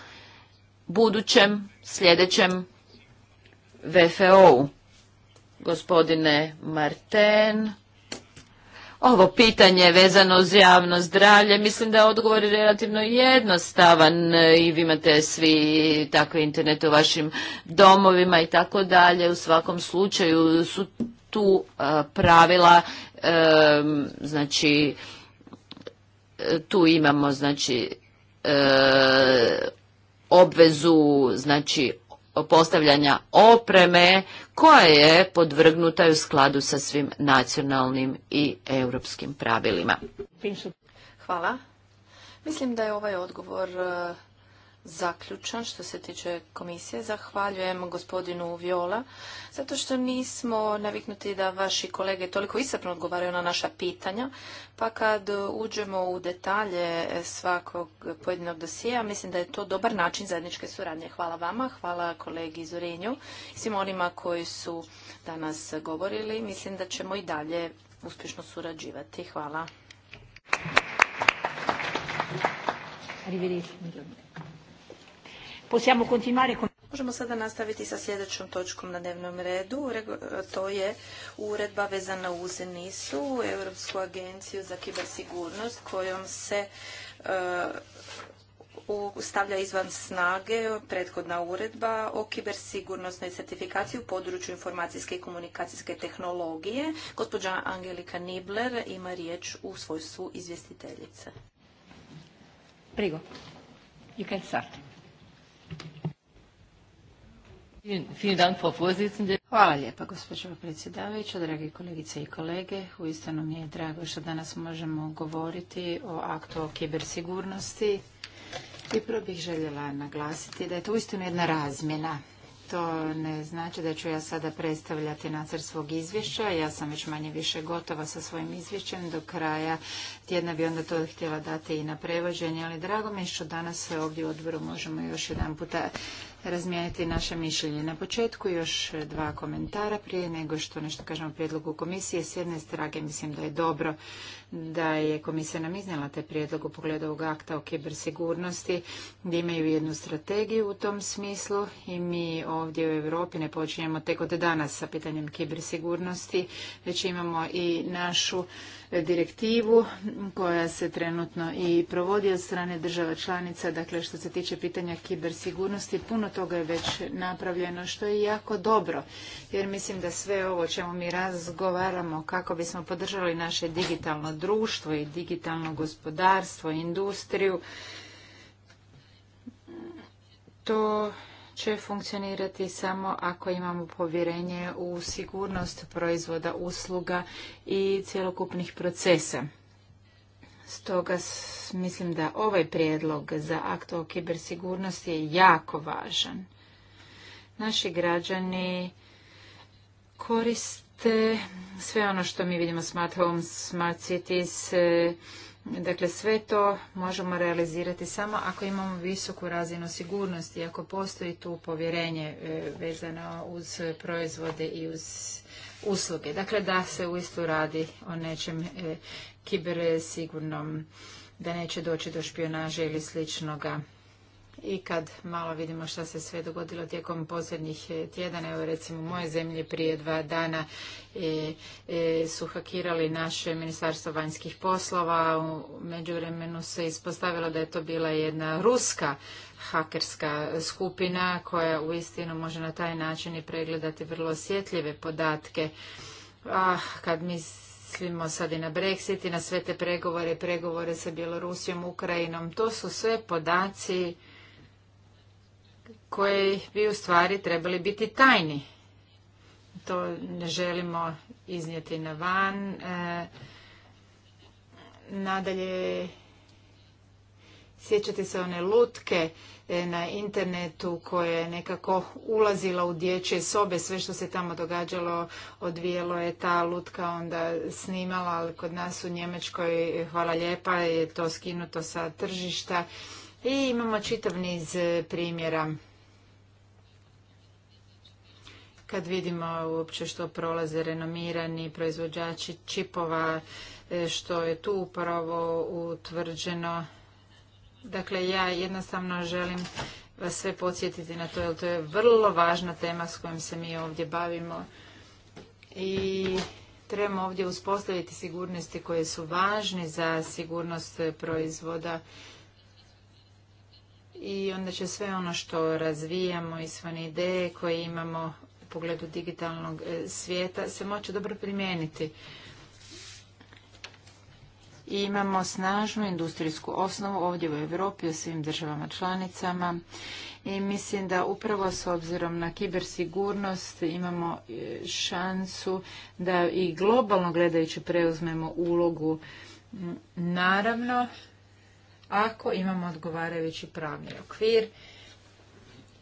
budućem sljedećem VFO-u. Gospodine Marten, ovo pitanje vezano uz javno zdravlje, mislim da je odgovor relativno jednostavan i vi imate svi takve internet u vašim domovima i tako dalje. U svakom slučaju su tu e, pravila, e, znači e, tu imamo znači obvezu znači postavljanja opreme koja je podvrgnuta u skladu sa svim nacionalnim i europskim pravilima. Hvala. Mislim da je ovaj odgovor zaključan što se tiče komisije. Zahvaljujem gospodinu Viola, zato što nismo naviknuti da vaši kolege toliko isrpno odgovaraju na naša pitanja, pa kad uđemo u detalje svakog pojedinog dosija, mislim da je to dobar način zajedničke suradnje. Hvala vama, hvala kolegi Zurenju i svim onima koji su danas govorili. Mislim da ćemo i dalje uspješno surađivati. Hvala. Possiamo continuare con... Možemo sada nastaviti sa sljedećom točkom na dnevnom redu. To je uredba vezana uz nis Europsku agenciju za kibersigurnost, kojom se e, stavlja izvan snage prethodna uredba o kibersigurnosnoj certifikaciji u području informacijske i komunikacijske tehnologije. Gospođa Angelika Nibler ima riječ u svojstvu izvjestiteljice. Prigo, you can start. Hvala lijepa gospođo predsjedavajuća, dragi kolegice i kolege. Uistinu mi je drago što danas možemo govoriti o aktu o kibersigurnosti i prvo bih željela naglasiti da je to uistinu jedna razmjena to ne znači da ću ja sada predstavljati nacrt svog izvješća. Ja sam već manje više gotova sa svojim izvješćem. Do kraja tjedna bi onda to htjela dati i na prevođenje, ali drago mi je što danas se ovdje u odboru možemo još jedan puta razmijeniti naše mišljenje. Na početku još dva komentara prije nego što nešto kažemo o prijedlogu komisije. S jedne strage mislim da je dobro da je komisija nam iznijela taj prijedlog u pogledu ovog akta o kibersigurnosti, gdje imaju jednu strategiju u tom smislu i mi ovdje u Europi ne počinjemo tek od danas sa pitanjem kibersigurnosti, već imamo i našu direktivu koja se trenutno i provodi od strane država članica. Dakle, što se tiče pitanja kibersigurnosti, puno toga je već napravljeno, što je jako dobro. Jer mislim da sve ovo o čemu mi razgovaramo, kako bismo podržali naše digitalno društvo i digitalno gospodarstvo, industriju, to će funkcionirati samo ako imamo povjerenje u sigurnost proizvoda, usluga i cjelokupnih procesa. Stoga mislim da ovaj prijedlog za akt o kibersigurnosti je jako važan. Naši građani koriste sve ono što mi vidimo smart home, smart cities, Dakle, sve to možemo realizirati samo ako imamo visoku razinu sigurnosti, ako postoji tu povjerenje e, vezano uz proizvode i uz usluge. Dakle, da se uistu radi o nečem e, kibersigurnom, da neće doći do špionaže ili sličnoga i kad malo vidimo šta se sve dogodilo tijekom posljednjih e, tjedana, evo recimo u moje zemlji prije dva dana e, e, su hakirali naše ministarstvo vanjskih poslova, u međuvremenu se ispostavilo da je to bila jedna ruska hakerska skupina koja uistinu može na taj način i pregledati vrlo osjetljive podatke. Ah, kad mi mislimo sad i na Brexit i na sve te pregovore, pregovore sa Bjelorusijom, Ukrajinom, to su sve podaci koji bi u stvari trebali biti tajni. To ne želimo iznijeti na van. E, nadalje, sjećate se one lutke e, na internetu koje je nekako ulazila u dječje sobe, sve što se tamo događalo odvijelo je ta lutka onda snimala, ali kod nas u Njemačkoj, hvala lijepa, je to skinuto sa tržišta i imamo čitav niz primjera kad vidimo uopće što prolaze renomirani proizvođači čipova, e, što je tu upravo utvrđeno. Dakle, ja jednostavno želim vas sve podsjetiti na to, jer to je vrlo važna tema s kojom se mi ovdje bavimo. I trebamo ovdje uspostaviti sigurnosti koje su važne za sigurnost proizvoda i onda će sve ono što razvijamo i sve ideje koje imamo pogledu digitalnog e, svijeta se moći dobro primijeniti. I imamo snažnu industrijsku osnovu ovdje u Europi u svim državama članicama i mislim da upravo s obzirom na kibersigurnost imamo e, šansu da i globalno gledajući preuzmemo ulogu naravno ako imamo odgovarajući pravni okvir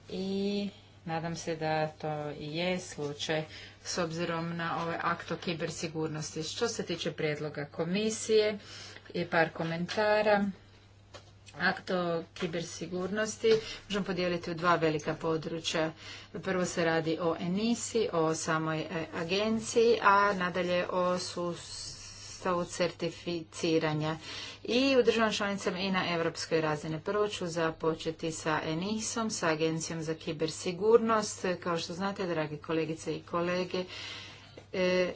i Nadam se da to i je slučaj s obzirom na ovaj akt o kibersigurnosti. Što se tiče predloga komisije i par komentara. Akt o kibersigurnosti možemo podijeliti u dva velika područja. Prvo se radi o ENISI, o samoj agenciji, a nadalje o sus sustavu certificiranja i u državnom članicama i na europskoj razini. Prvo ću započeti sa ENISom, sa Agencijom za kibersigurnost. Kao što znate, dragi kolegice i kolege, e,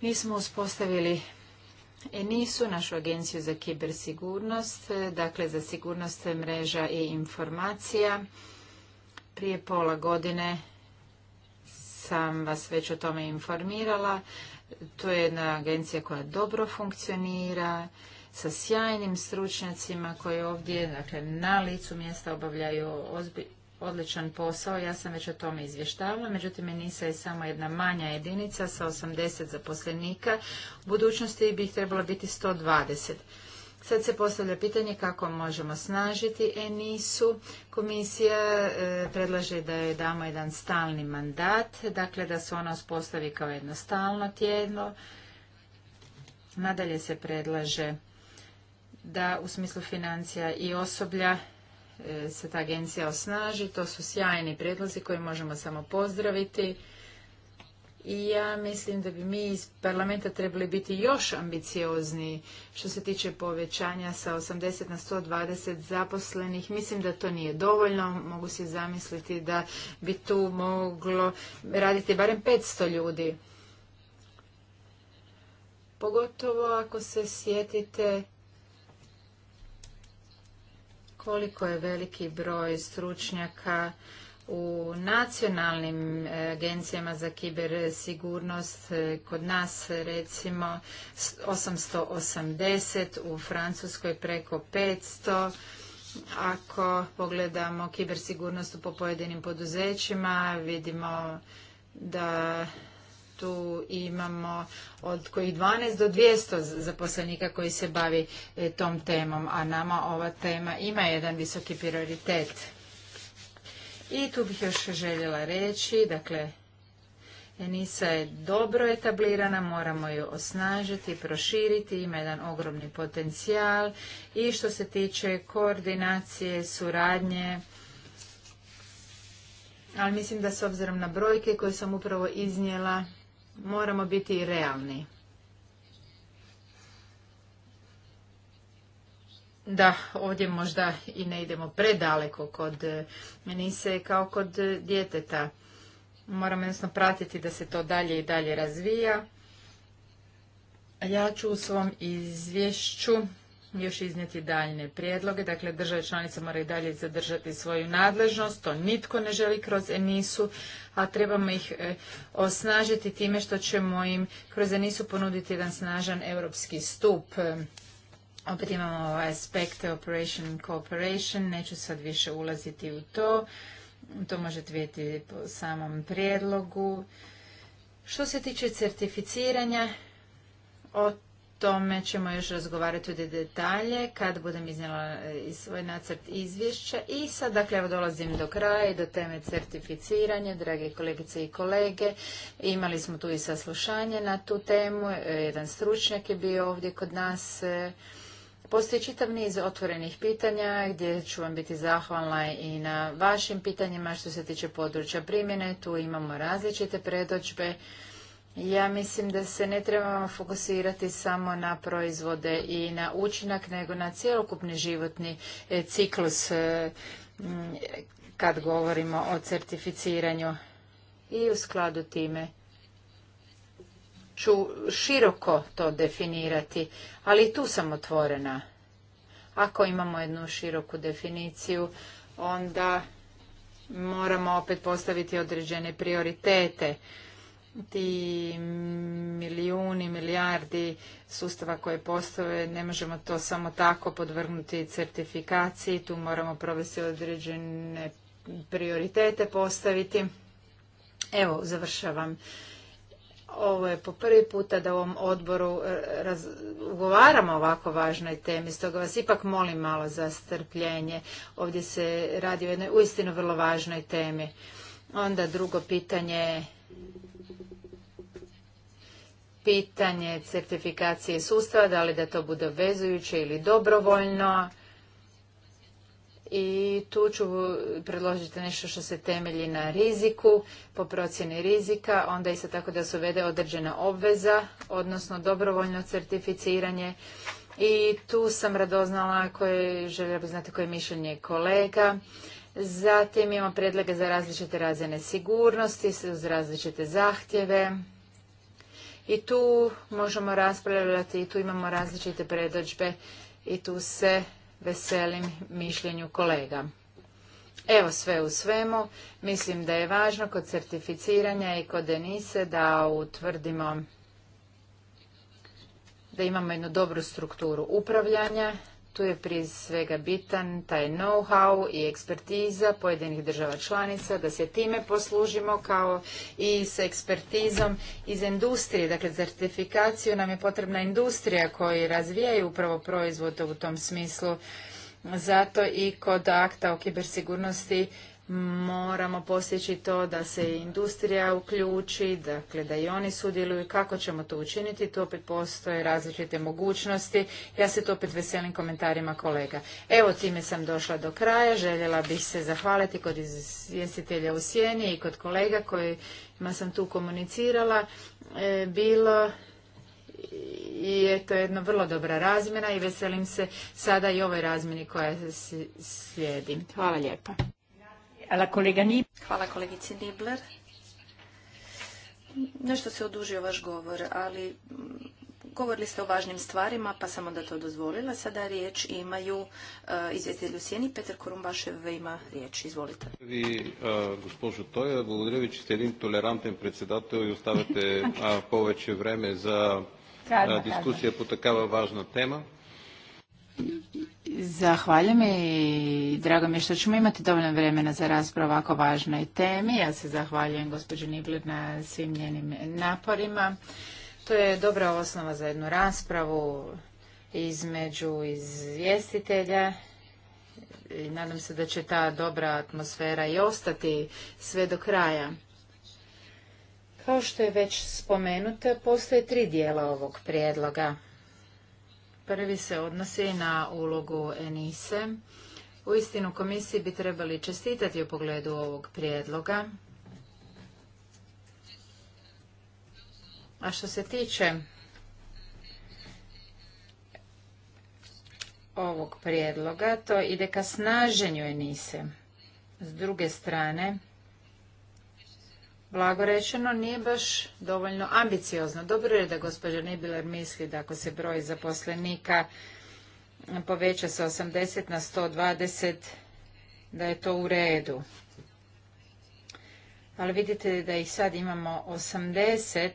mi smo uspostavili ENISU, našu agenciju za kibersigurnost, dakle za sigurnost mreža i informacija. Prije pola godine sam vas već o tome informirala. To je jedna agencija koja dobro funkcionira, sa sjajnim stručnjacima koji ovdje, dakle, na licu mjesta obavljaju odličan posao. Ja sam već o tome izvještavala, međutim, NISA je samo jedna manja jedinica sa 80 zaposlenika. U budućnosti bi ih trebalo biti 120. Sad se postavlja pitanje kako možemo snažiti ENISU. Komisija e, predlaže da joj damo jedan stalni mandat, dakle da se ona uspostavi kao jedno stalno tjedno. Nadalje se predlaže da u smislu financija i osoblja e, se ta agencija osnaži. To su sjajni predlozi koje možemo samo pozdraviti i ja mislim da bi mi iz parlamenta trebali biti još ambiciozniji što se tiče povećanja sa 80 na 120 zaposlenih. Mislim da to nije dovoljno, mogu si zamisliti da bi tu moglo raditi barem 500 ljudi. Pogotovo ako se sjetite koliko je veliki broj stručnjaka u nacionalnim e, agencijama za kibersigurnost, e, kod nas recimo 880, u Francuskoj preko 500, ako pogledamo kibersigurnost po pojedinim poduzećima, vidimo da tu imamo od kojih 12 do 200 zaposlenika koji se bavi e, tom temom, a nama ova tema ima jedan visoki prioritet. I tu bih još željela reći, dakle, Enisa je dobro etablirana, moramo ju osnažiti, proširiti, ima jedan ogromni potencijal i što se tiče koordinacije, suradnje, ali mislim da s obzirom na brojke koje sam upravo iznijela, moramo biti realni. da ovdje možda i ne idemo predaleko kod e, menise kao kod djeteta. Moramo jednostavno pratiti da se to dalje i dalje razvija. Ja ću u svom izvješću još iznijeti daljne prijedloge. Dakle, države članice moraju dalje zadržati svoju nadležnost, to nitko ne želi kroz ENISU, a trebamo ih e, osnažiti time što ćemo im kroz ENISU ponuditi jedan snažan europski stup. Opet imamo ovaj aspekt operation cooperation, neću sad više ulaziti u to, to možete vidjeti po samom prijedlogu. Što se tiče certificiranja, o tome ćemo još razgovarati u detalje kad budem iznijela e, svoj nacrt izvješća. I sad, dakle, evo dolazim do kraja i do teme certificiranja. Drage kolegice i kolege, imali smo tu i saslušanje na tu temu. E, jedan stručnjak je bio ovdje kod nas e, Postoji čitav niz otvorenih pitanja gdje ću vam biti zahvalna i na vašim pitanjima što se tiče područja primjene. Tu imamo različite predođbe. Ja mislim da se ne trebamo fokusirati samo na proizvode i na učinak, nego na cijelokupni životni e, ciklus e, kad govorimo o certificiranju i u skladu time ću široko to definirati, ali tu sam otvorena. Ako imamo jednu široku definiciju, onda moramo opet postaviti određene prioritete. Ti milijuni, milijardi sustava koje postoje, ne možemo to samo tako podvrgnuti certifikaciji, tu moramo provesti određene prioritete postaviti. Evo, završavam ovo je po prvi puta da u ovom odboru e, ugovaramo ovako važnoj temi, stoga vas ipak molim malo za strpljenje. Ovdje se radi o jednoj uistinu vrlo važnoj temi. Onda drugo pitanje pitanje certifikacije sustava, da li da to bude obvezujuće ili dobrovoljno i tu ću predložiti nešto što se temelji na riziku, po procjeni rizika, onda isto tako da se uvede određena obveza, odnosno dobrovoljno certificiranje. I tu sam radoznala koje željela bi znati koje je mišljenje kolega. Zatim imamo predlege za različite razine sigurnosti, uz različite zahtjeve. I tu možemo raspravljati, i tu imamo različite predođbe i tu se veselim mišljenju kolega. Evo sve u svemu, mislim da je važno kod certificiranja i kod Denise da utvrdimo da imamo jednu dobru strukturu upravljanja tu je prije svega bitan taj know-how i ekspertiza pojedinih država članica, da se time poslužimo kao i s ekspertizom iz industrije. Dakle, certifikaciju nam je potrebna industrija koji razvijaju upravo proizvod u tom smislu. Zato i kod akta o kibersigurnosti moramo postići to da se i industrija uključi, dakle da i oni sudjeluju. Kako ćemo to učiniti? Tu opet postoje različite mogućnosti. Ja se to opet veselim komentarima kolega. Evo time sam došla do kraja. Željela bih se zahvaliti kod izvjestitelja u Sjeni i kod kolega kojima sam tu komunicirala. E, bilo i je to jedna vrlo dobra razmjena i veselim se sada i ovoj razmjeni koja slijedi. Hvala lijepa. Hvala kolegici Nibler. Nešto se odužio vaš govor, ali mm, govorili ste o važnim stvarima, pa samo da to dozvolila. Sada riječ imaju uh, eh, izvjestitelj u Sjeni. Petar Korumbašev ima riječ. Izvolite. Vi, uh, gospođo Toja, благодаря ви, че сте един толерантен председател и za uh, повече време за дискусия Zahvaljujem i drago mi je što ćemo imati dovoljno vremena za raspravu o ovako važnoj temi. Ja se zahvaljujem gospođi Nibler na svim njenim naporima. To je dobra osnova za jednu raspravu između izvjestitelja i nadam se da će ta dobra atmosfera i ostati sve do kraja. Kao što je već spomenuto, postoje tri dijela ovog prijedloga. Prvi se odnosi na ulogu Enise. U istinu komisiji bi trebali čestitati u pogledu ovog prijedloga. A što se tiče ovog prijedloga, to ide ka snaženju Enise. S druge strane, blago rečeno, nije baš dovoljno ambiciozno. Dobro je da gospođa Nibiler misli da ako se broj zaposlenika poveća sa 80 na 120, da je to u redu. Ali vidite da ih sad imamo 80,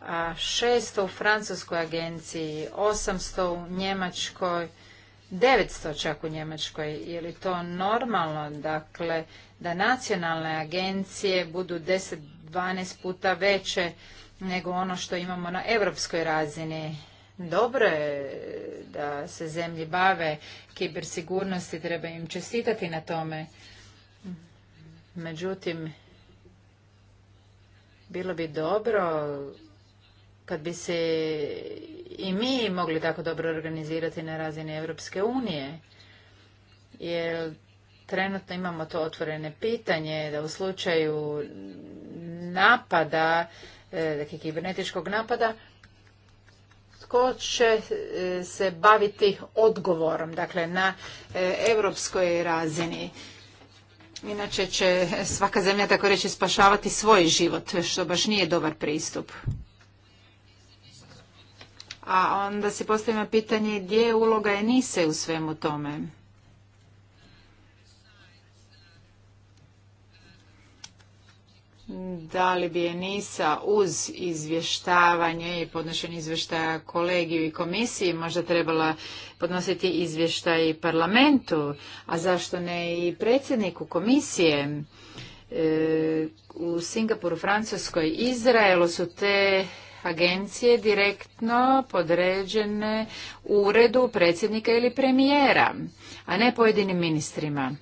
a 600 u francuskoj agenciji, 800 u njemačkoj, 900 čak u Njemačkoj. Je li to normalno? Dakle, da nacionalne agencije budu 10-12 puta veće nego ono što imamo na europskoj razini. Dobro je da se zemlji bave kibersigurnosti, treba im čestitati na tome. Međutim, bilo bi dobro kad bi se i mi mogli tako dobro organizirati na razini Europske unije. Jer trenutno imamo to otvorene pitanje da u slučaju napada, e, dakle kibernetičkog napada, tko će e, se baviti odgovorom, dakle na europskoj razini. Inače će svaka zemlja tako reći spašavati svoj život, što baš nije dobar pristup. A onda se postavimo pitanje gdje je uloga Enise u svemu tome. da li bi Nisa uz izvještavanje i podnošenje izvještaja kolegiju i komisiji možda trebala podnositi izvještaj i parlamentu, a zašto ne i predsjedniku komisije? E, u Singapuru, Francuskoj, Izraelu su te agencije direktno podređene uredu predsjednika ili premijera, a ne pojedinim ministrima.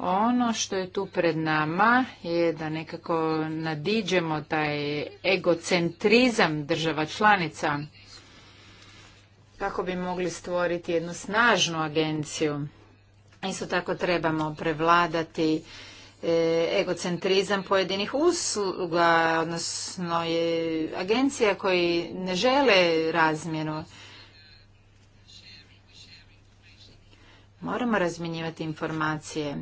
Ono što je tu pred nama je da nekako nadiđemo taj egocentrizam država članica kako bi mogli stvoriti jednu snažnu agenciju. Isto tako trebamo prevladati e, egocentrizam pojedinih usluga, odnosno je agencija koji ne žele razmjenu. Moramo razmjenjivati informacije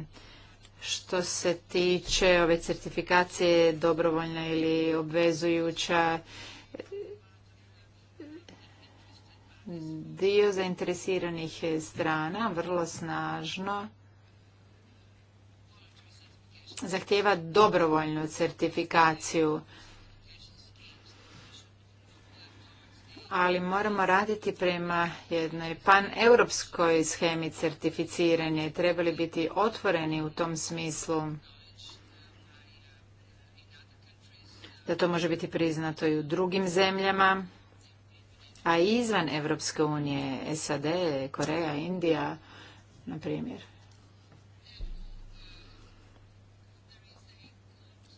što se tiče ove certifikacije dobrovoljna ili obvezujuća dio zainteresiranih strana vrlo snažno zahtjeva dobrovoljnu certifikaciju ali moramo raditi prema jednoj paneuropskoj schemi certificiranja i trebali biti otvoreni u tom smislu da to može biti priznato i u drugim zemljama, a izvan Europske unije, SAD, Koreja, Indija, na primjer.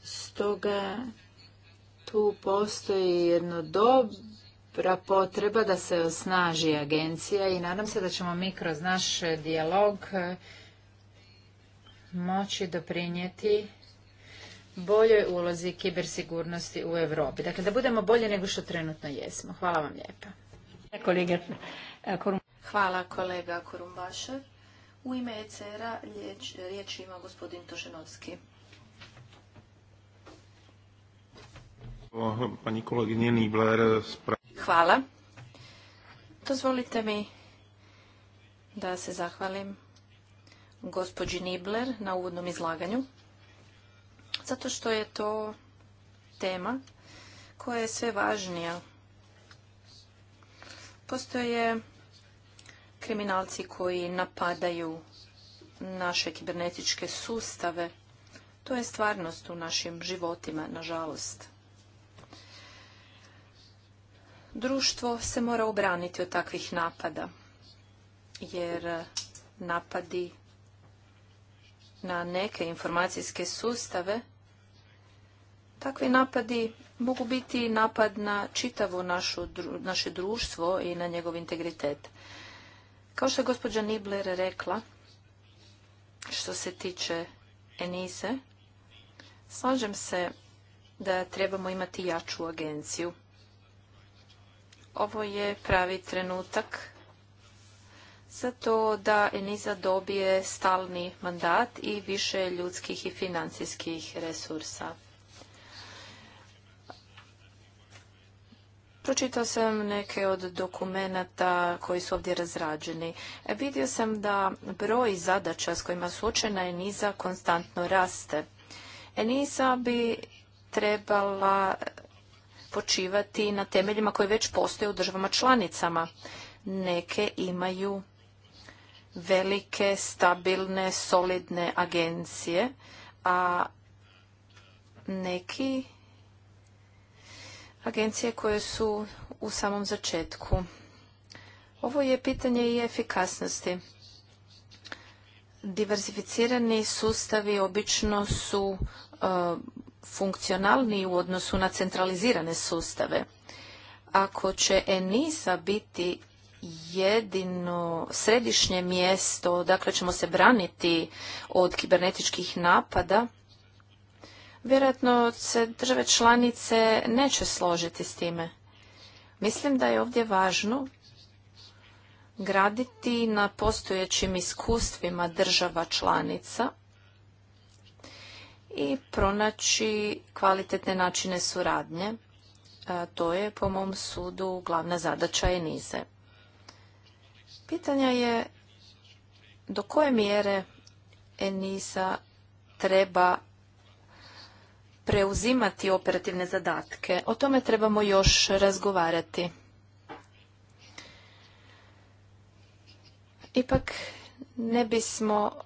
Stoga tu postoji jedno dobro potreba da se osnaži agencija i nadam se da ćemo mi kroz naš dijalog e, moći doprinijeti boljoj ulozi kibersigurnosti u Europi. Dakle, da budemo bolje nego što trenutno jesmo. Hvala vam lijepa. E, Hvala kolega Korumbaše. U ime ECR-a riječ ima gospodin Tošenovski. Pani koleginje Nibler, Hvala. Dozvolite mi da se zahvalim gospođi Nibler na uvodnom izlaganju, zato što je to tema koja je sve važnija. Postoje kriminalci koji napadaju naše kibernetičke sustave. To je stvarnost u našim životima, nažalost. Društvo se mora obraniti od takvih napada, jer napadi na neke informacijske sustave, takvi napadi mogu biti napad na čitavo naše društvo i na njegov integritet. Kao što je gospođa Nibler rekla, što se tiče Enise, slažem se da trebamo imati jaču agenciju. Ovo je pravi trenutak za to da Eniza dobije stalni mandat i više ljudskih i financijskih resursa. Pročitao sam neke od dokumenata koji su ovdje razrađeni. E, vidio sam da broj zadaća s kojima suočena Eniza konstantno raste. Enisa bi trebala počivati na temeljima koje već postoje u državama članicama. Neke imaju velike, stabilne, solidne agencije, a neki agencije koje su u samom začetku. Ovo je pitanje i efikasnosti. Diversificirani sustavi obično su e, funkcionalniji u odnosu na centralizirane sustave. Ako će ENISA biti jedino središnje mjesto, dakle ćemo se braniti od kibernetičkih napada, vjerojatno se države članice neće složiti s time. Mislim da je ovdje važno graditi na postojećim iskustvima država članica i pronaći kvalitetne načine suradnje. E, to je, po mom sudu, glavna zadaća Enize. Pitanja je do koje mjere Enisa treba preuzimati operativne zadatke. O tome trebamo još razgovarati. Ipak ne bismo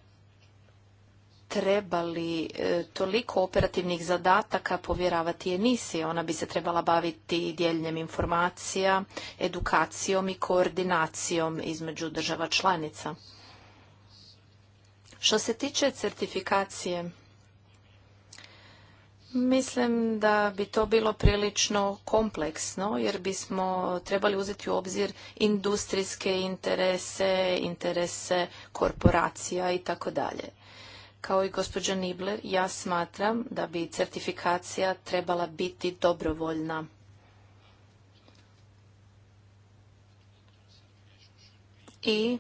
trebali e, toliko operativnih zadataka povjeravati nisi. Ona bi se trebala baviti dijeljenjem informacija, edukacijom i koordinacijom između država članica. Što se tiče certifikacije, Mislim da bi to bilo prilično kompleksno jer bismo trebali uzeti u obzir industrijske interese, interese korporacija i tako dalje. Kao i gospođa Nibler, ja smatram da bi certifikacija trebala biti dobrovoljna. I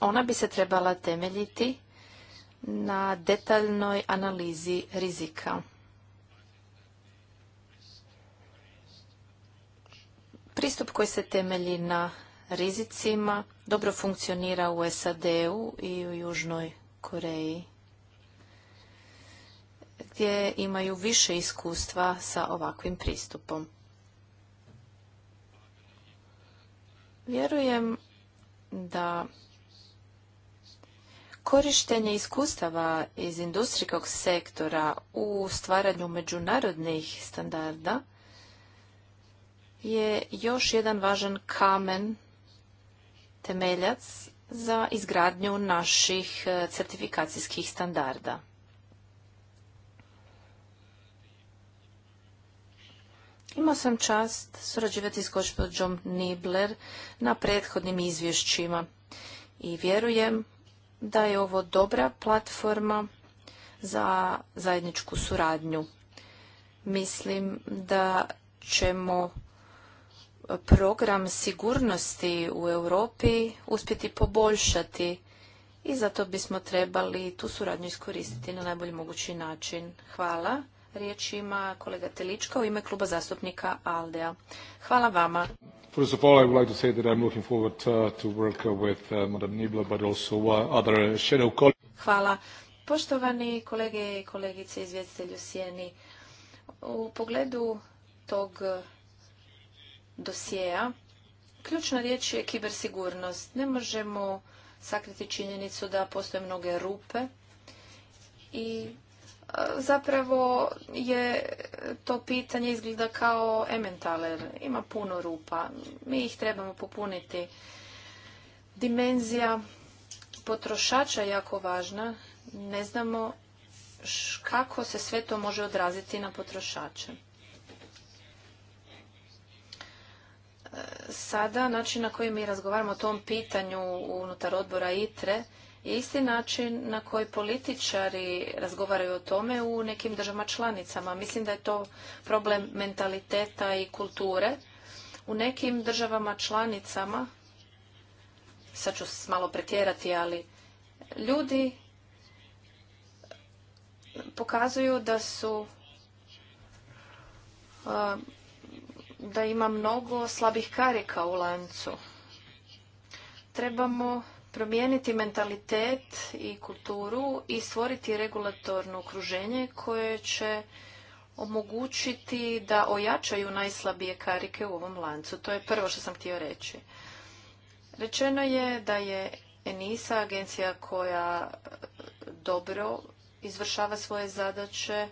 ona bi se trebala temeljiti na detaljnoj analizi rizika. Pristup koji se temelji na rizicima dobro funkcionira u SAD-u i u Južnoj Koreji gdje imaju više iskustva sa ovakvim pristupom. Vjerujem da korištenje iskustava iz industrijskog sektora u stvaranju međunarodnih standarda je još jedan važan kamen temeljac za izgradnju naših certifikacijskih standarda. Imao sam čast surađivati s gospođom Nibler na prethodnim izvješćima i vjerujem da je ovo dobra platforma za zajedničku suradnju. Mislim da ćemo program sigurnosti u Europi uspjeti poboljšati i zato bismo trebali tu suradnju iskoristiti na najbolji mogući način. Hvala. Riječ ima kolega Telička u ime kluba zastupnika Aldea. Hvala vama. First I would like to say that I'm looking forward uh, to work uh, with uh, Nibla, but also other shadow colleagues. Hvala. Poštovani kolege i kolegice izvjestitelju Sjeni, u pogledu tog dosjeja, ključna riječ je kibersigurnost. Ne možemo sakriti činjenicu da postoje mnoge rupe i zapravo je to pitanje izgleda kao ementaler. Ima puno rupa. Mi ih trebamo popuniti. Dimenzija potrošača je jako važna. Ne znamo kako se sve to može odraziti na potrošače. E, sada, način na koji mi razgovaramo o tom pitanju unutar odbora ITRE isti način na koji političari razgovaraju o tome u nekim državama članicama. Mislim da je to problem mentaliteta i kulture. U nekim državama članicama, sad ću malo pretjerati, ali ljudi pokazuju da su da ima mnogo slabih karika u lancu. Trebamo promijeniti mentalitet i kulturu i stvoriti regulatorno okruženje koje će omogućiti da ojačaju najslabije karike u ovom lancu. To je prvo što sam htio reći. Rečeno je da je ENISA agencija koja e, dobro izvršava svoje zadaće.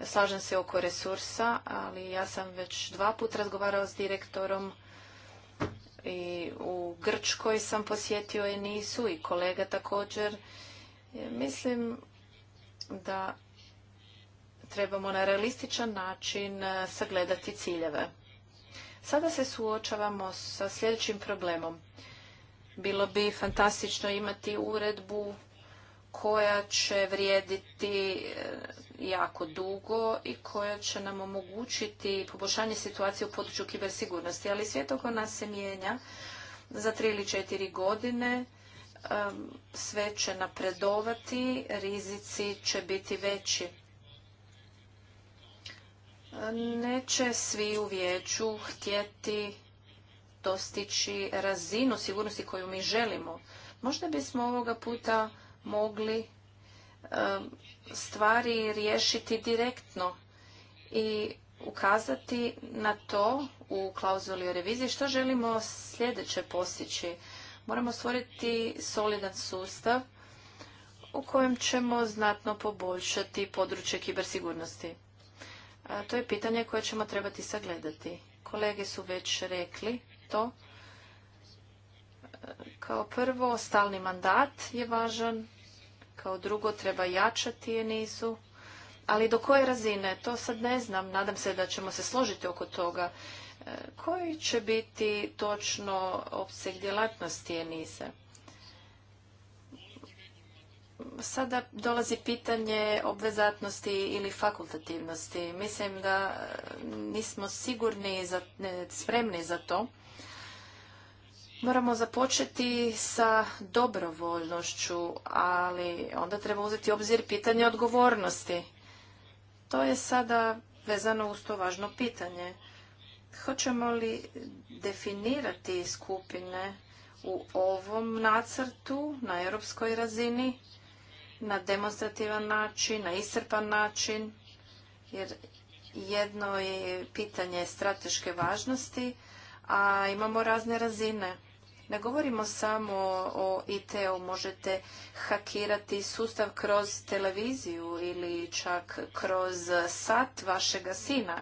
Slažem se oko resursa, ali ja sam već dva puta razgovarao s direktorom i u Grčkoj sam posjetio nisu i kolega također. E, mislim da trebamo na realističan način e, sagledati ciljeve. Sada se suočavamo sa sljedećim problemom. Bilo bi fantastično imati uredbu koja će vrijediti e, jako dugo i koja će nam omogućiti poboljšanje situacije u području kibersigurnosti. Ali svijet oko nas se mijenja za tri ili četiri godine. Sve će napredovati, rizici će biti veći. Neće svi u vijeću htjeti dostići razinu sigurnosti koju mi želimo. Možda bismo ovoga puta mogli stvari riješiti direktno i ukazati na to u klauzuli o reviziji što želimo sljedeće postići. Moramo stvoriti solidan sustav u kojem ćemo znatno poboljšati područje kibersigurnosti. sigurnosti. to je pitanje koje ćemo trebati sagledati. Kolege su već rekli to. E, kao prvo, stalni mandat je važan kao drugo, treba jačati Enisu, ali do koje razine, to sad ne znam. Nadam se da ćemo se složiti oko toga. E, koji će biti točno opseg djelatnosti Enise? Sada dolazi pitanje obvezatnosti ili fakultativnosti. Mislim da nismo sigurni i spremni za to. Moramo započeti sa dobrovoljnošću, ali onda treba uzeti obzir pitanje odgovornosti. To je sada vezano uz to važno pitanje. Hoćemo li definirati skupine u ovom nacrtu na europskoj razini, na demonstrativan način, na iscrpan način, jer jedno je pitanje strateške važnosti, a imamo razne razine. Ne govorimo samo o IT-u, možete hakirati sustav kroz televiziju ili čak kroz sat vašega sina.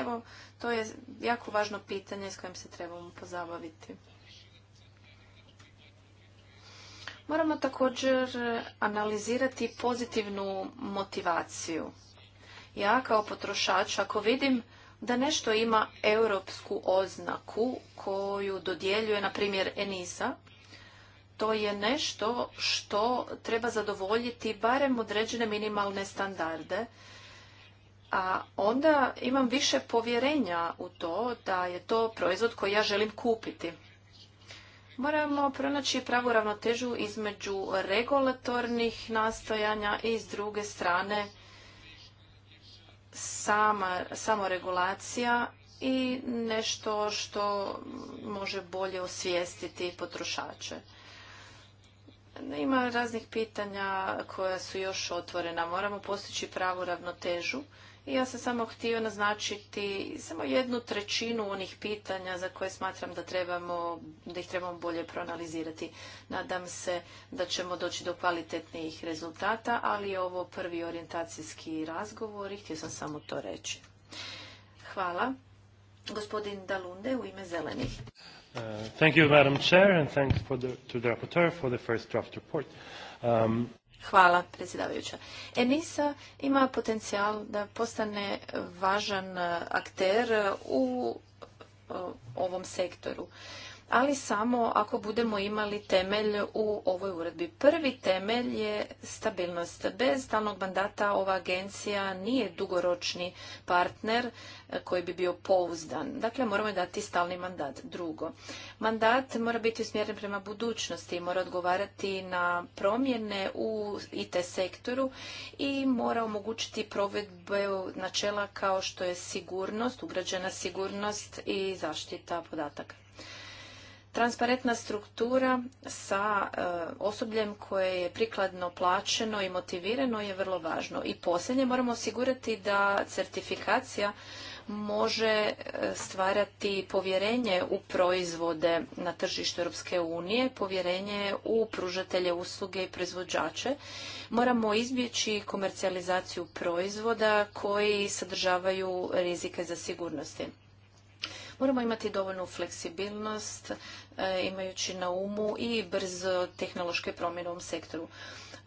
Evo, to je jako važno pitanje s kojim se trebamo pozabaviti. Moramo također analizirati pozitivnu motivaciju. Ja kao potrošač, ako vidim da nešto ima europsku oznaku koju dodjeljuje, na primjer, Enisa, to je nešto što treba zadovoljiti barem određene minimalne standarde, a onda imam više povjerenja u to da je to proizvod koji ja želim kupiti. Moramo pronaći pravu ravnotežu između regulatornih nastojanja i s druge strane sama samoregulacija i nešto što može bolje osvijestiti potrošače. Ima raznih pitanja koja su još otvorena. Moramo postići pravu ravnotežu i ja sam samo htio naznačiti samo jednu trećinu onih pitanja za koje smatram da, trebamo, da ih trebamo bolje proanalizirati. Nadam se da ćemo doći do kvalitetnijih rezultata, ali je ovo prvi orijentacijski razgovor i htio sam samo to reći. Hvala. Gospodin Dalunde u ime zelenih. Uh, Madam Chair, and thanks for the, to the rapporteur for the first draft report. Um... Hvala, predsjedavajuća. Enisa ima potencijal da postane važan eh, akter eh, u eh, ovom sektoru ali samo ako budemo imali temelj u ovoj uredbi. Prvi temelj je stabilnost. Bez stalnog mandata ova agencija nije dugoročni partner e, koji bi bio pouzdan. Dakle, moramo dati stalni mandat. Drugo, mandat mora biti usmjeren prema budućnosti, mora odgovarati na promjene u IT sektoru i mora omogućiti provedbe načela kao što je sigurnost, ugrađena sigurnost i zaštita podataka transparentna struktura sa e, osobljem koje je prikladno plaćeno i motivirano je vrlo važno. I posljednje moramo osigurati da certifikacija može e, stvarati povjerenje u proizvode na tržištu Europske unije, povjerenje u pružatelje usluge i proizvođače. Moramo izbjeći komercijalizaciju proizvoda koji sadržavaju rizike za sigurnosti. Moramo imati dovoljnu fleksibilnost e, imajući na umu i brzo tehnološke promjene u ovom sektoru.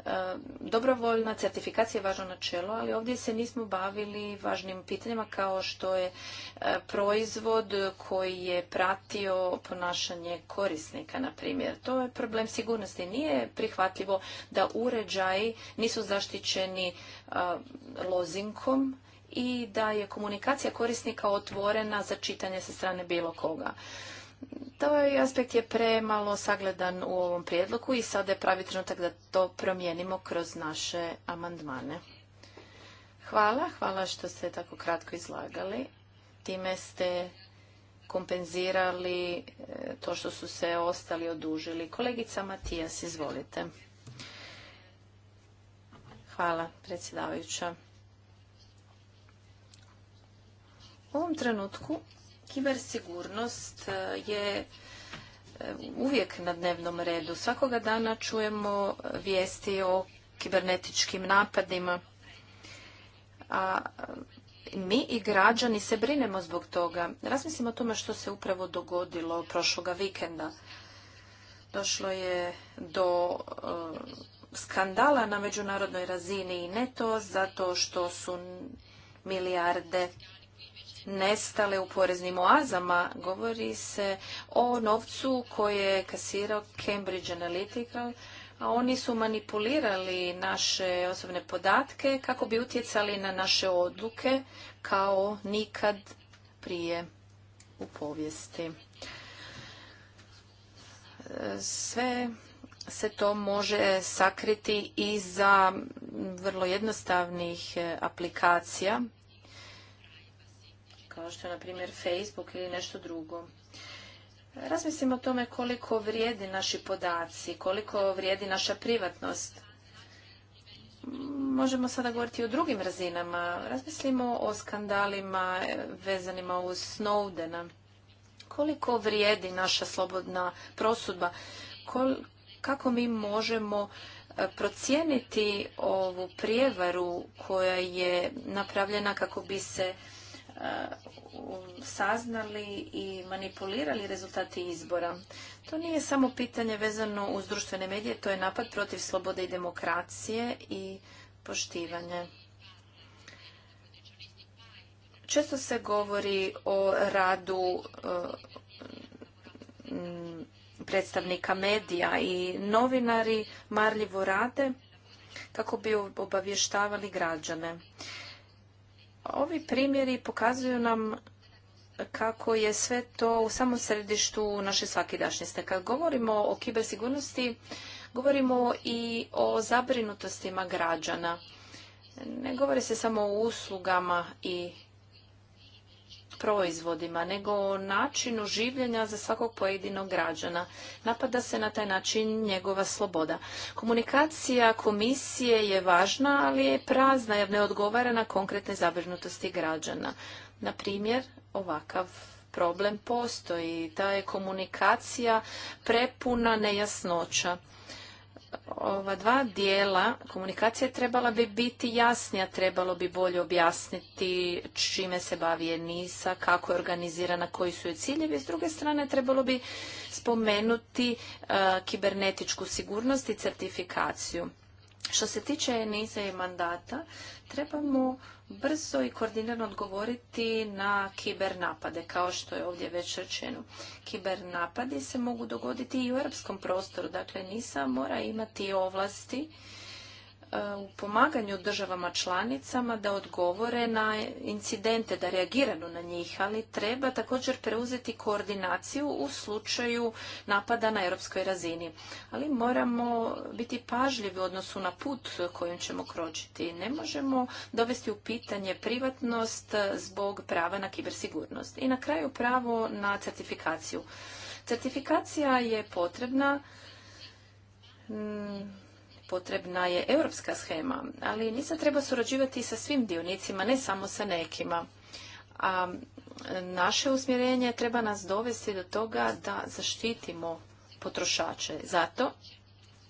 E, dobrovoljna certifikacija je važno načelo, ali ovdje se nismo bavili važnim pitanjima kao što je e, proizvod koji je pratio ponašanje korisnika, na primjer. To je problem sigurnosti. Nije prihvatljivo da uređaji nisu zaštićeni lozinkom i da je komunikacija korisnika otvorena za čitanje sa strane bilo koga. Taj aspekt je premalo sagledan u ovom prijedlogu i sada je pravi trenutak da to promijenimo kroz naše amandmane. Hvala, hvala što ste tako kratko izlagali. Time ste kompenzirali e, to što su se ostali odužili. Kolegica Matijas, izvolite. Hvala, predsjedavajuća. U ovom trenutku kibersigurnost e, je e, uvijek na dnevnom redu. Svakoga dana čujemo vijesti o kibernetičkim napadima. A e, mi i građani se brinemo zbog toga. Razmislimo o tome što se upravo dogodilo prošloga vikenda. Došlo je do skandala na međunarodnoj razini i ne to zato što su milijarde nestale u poreznim oazama. Govori se o novcu koji je kasirao Cambridge Analytica, a oni su manipulirali naše osobne podatke kako bi utjecali na naše odluke kao nikad prije u povijesti. Sve se to može sakriti iza vrlo jednostavnih aplikacija kao što je na primjer Facebook ili nešto drugo. Razmislimo o tome koliko vrijedi naši podaci, koliko vrijedi naša privatnost. Možemo sada govoriti o drugim razinama. Razmislimo o skandalima e, vezanima uz Snowdena. Koliko vrijedi naša slobodna prosudba? kako mi možemo e, procijeniti ovu prijevaru koja je napravljena kako bi se E, saznali i manipulirali rezultati izbora. To nije samo pitanje vezano uz društvene medije, to je napad protiv slobode i demokracije i poštivanje. Često se govori o radu e, predstavnika medija i novinari marljivo rade kako bi obavještavali građane. Ovi primjeri pokazuju nam kako je sve to u samom središtu naše dašnjeste. Kad govorimo o kibersigurnosti, govorimo i o zabrinutostima građana. Ne govori se samo o uslugama i proizvodima, nego o načinu življenja za svakog pojedinog građana. Napada se na taj način njegova sloboda. Komunikacija komisije je važna, ali je prazna jer ne odgovara na konkretne zabrinutosti građana. Na primjer, ovakav problem postoji. Ta je komunikacija prepuna nejasnoća ova dva dijela komunikacije trebala bi biti jasnija, trebalo bi bolje objasniti čime se bavi NISA, kako je organizirana, koji su joj ciljevi. S druge strane, trebalo bi spomenuti e, kibernetičku sigurnost i certifikaciju. Što se tiče nisa i mandata, trebamo brzo i koordinirano odgovoriti na kibernapade, kao što je ovdje već rečeno. Kibernapadi se mogu dogoditi i u europskom prostoru, dakle NISA mora imati ovlasti E, u pomaganju državama članicama da odgovore na incidente, da reagiraju na njih, ali treba također preuzeti koordinaciju u slučaju napada na europskoj razini. Ali moramo biti pažljivi u odnosu na put kojim ćemo kročiti. Ne možemo dovesti u pitanje privatnost zbog prava na kibersigurnost. I na kraju pravo na certifikaciju. Certifikacija je potrebna mm, potrebna je europska schema, ali nisam treba surađivati sa svim dionicima, ne samo sa nekima. A naše usmjerenje treba nas dovesti do toga da zaštitimo potrošače. Zato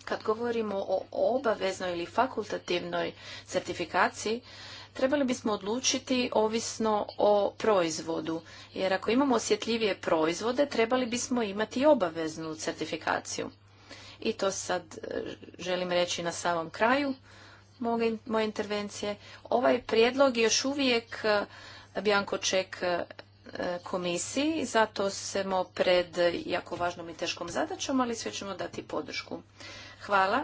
kad govorimo o obaveznoj ili fakultativnoj certifikaciji, trebali bismo odlučiti ovisno o proizvodu. Jer ako imamo osjetljivije proizvode, trebali bismo imati obaveznu certifikaciju i to sad e, želim reći na samom kraju moje intervencije. Ovaj prijedlog još uvijek e, bjanko ček e, komisiji, zato smo pred jako važnom i teškom zadaćom, ali sve ćemo dati podršku. Hvala.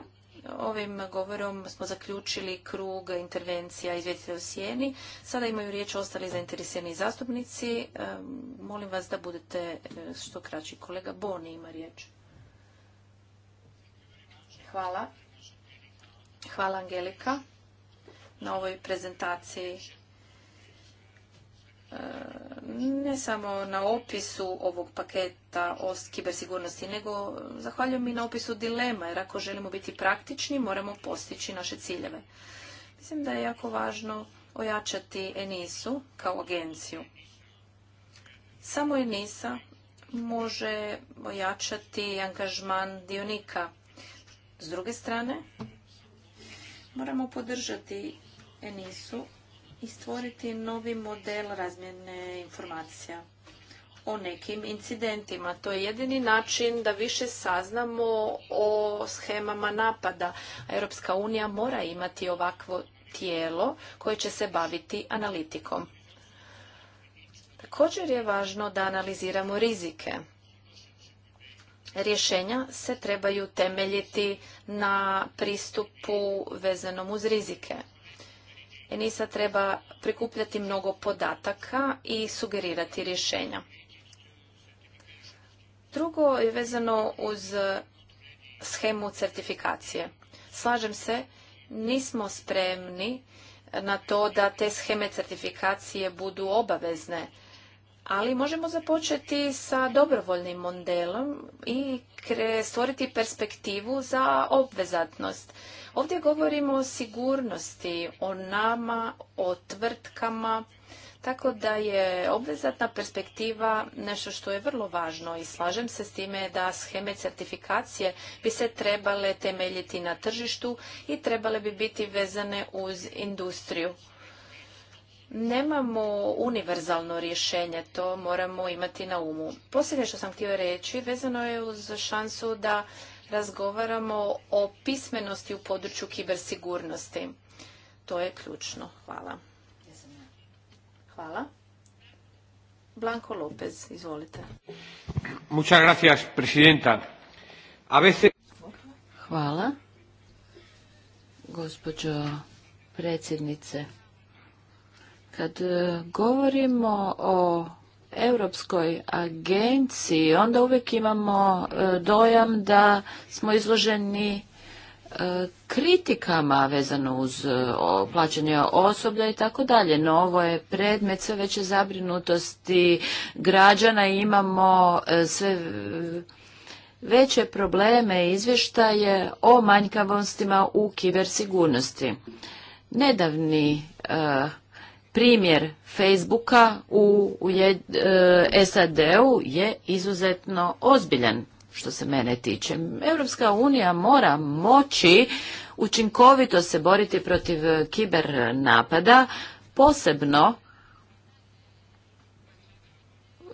Ovim govorom smo zaključili krug intervencija izvjetitelja u Sijeni. Sada imaju riječ ostali zainteresirani zastupnici. Molim vas da budete što kraći. Kolega Boni ima riječ. Hvala. Hvala Angelika na ovoj prezentaciji. E, ne samo na opisu ovog paketa o kibersigurnosti, nego zahvaljujem i na opisu dilema, jer ako želimo biti praktični, moramo postići naše ciljeve. Mislim da je jako važno ojačati Enisu kao agenciju. Samo Enisa može ojačati angažman dionika s druge strane, moramo podržati Enisu i stvoriti novi model razmjene informacija o nekim incidentima. To je jedini način da više saznamo o schemama napada. Europska unija mora imati ovakvo tijelo koje će se baviti analitikom. Također je važno da analiziramo rizike rješenja se trebaju temeljiti na pristupu vezanom uz rizike. Enisa treba prikupljati mnogo podataka i sugerirati rješenja. Drugo je vezano uz schemu certifikacije. Slažem se, nismo spremni na to da te scheme certifikacije budu obavezne ali možemo započeti sa dobrovoljnim modelom i stvoriti perspektivu za obvezatnost. Ovdje govorimo o sigurnosti, o nama, o tvrtkama, tako da je obvezatna perspektiva nešto što je vrlo važno i slažem se s time da sheme certifikacije bi se trebale temeljiti na tržištu i trebale bi biti vezane uz industriju nemamo univerzalno rješenje, to moramo imati na umu. Posljednje što sam htio reći vezano je uz šansu da razgovaramo o pismenosti u području kibersigurnosti. To je ključno. Hvala. Hvala. Blanko Lopez, izvolite. Muchas gracias, presidenta. A veces... Hvala, gospođo predsjednice. Kad e, govorimo o Europskoj agenciji, onda uvijek imamo e, dojam da smo izloženi e, kritikama vezano uz plaćanje osoblja i tako dalje. No ovo je predmet sve veće zabrinutosti građana i imamo sve veće probleme i izvještaje o manjkavostima u sigurnosti. Nedavni primjer Facebooka u, e, SAD-u je izuzetno ozbiljan što se mene tiče. Europska unija mora moći učinkovito se boriti protiv kiber napada, posebno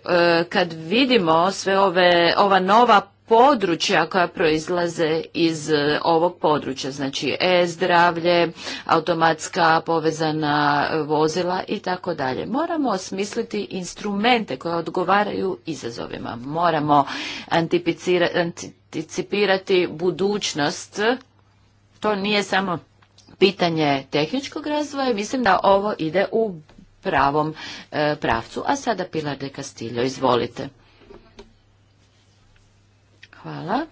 e, kad vidimo sve ove, ova nova područja koja proizlaze iz e, ovog područja, znači e-zdravlje, automatska povezana e, vozila i tako dalje. Moramo osmisliti instrumente koje odgovaraju izazovima. Moramo anticipirati budućnost. To nije samo pitanje tehničkog razvoja. Mislim da ovo ide u pravom e, pravcu. A sada Pilar de Castillo, izvolite. Hvala.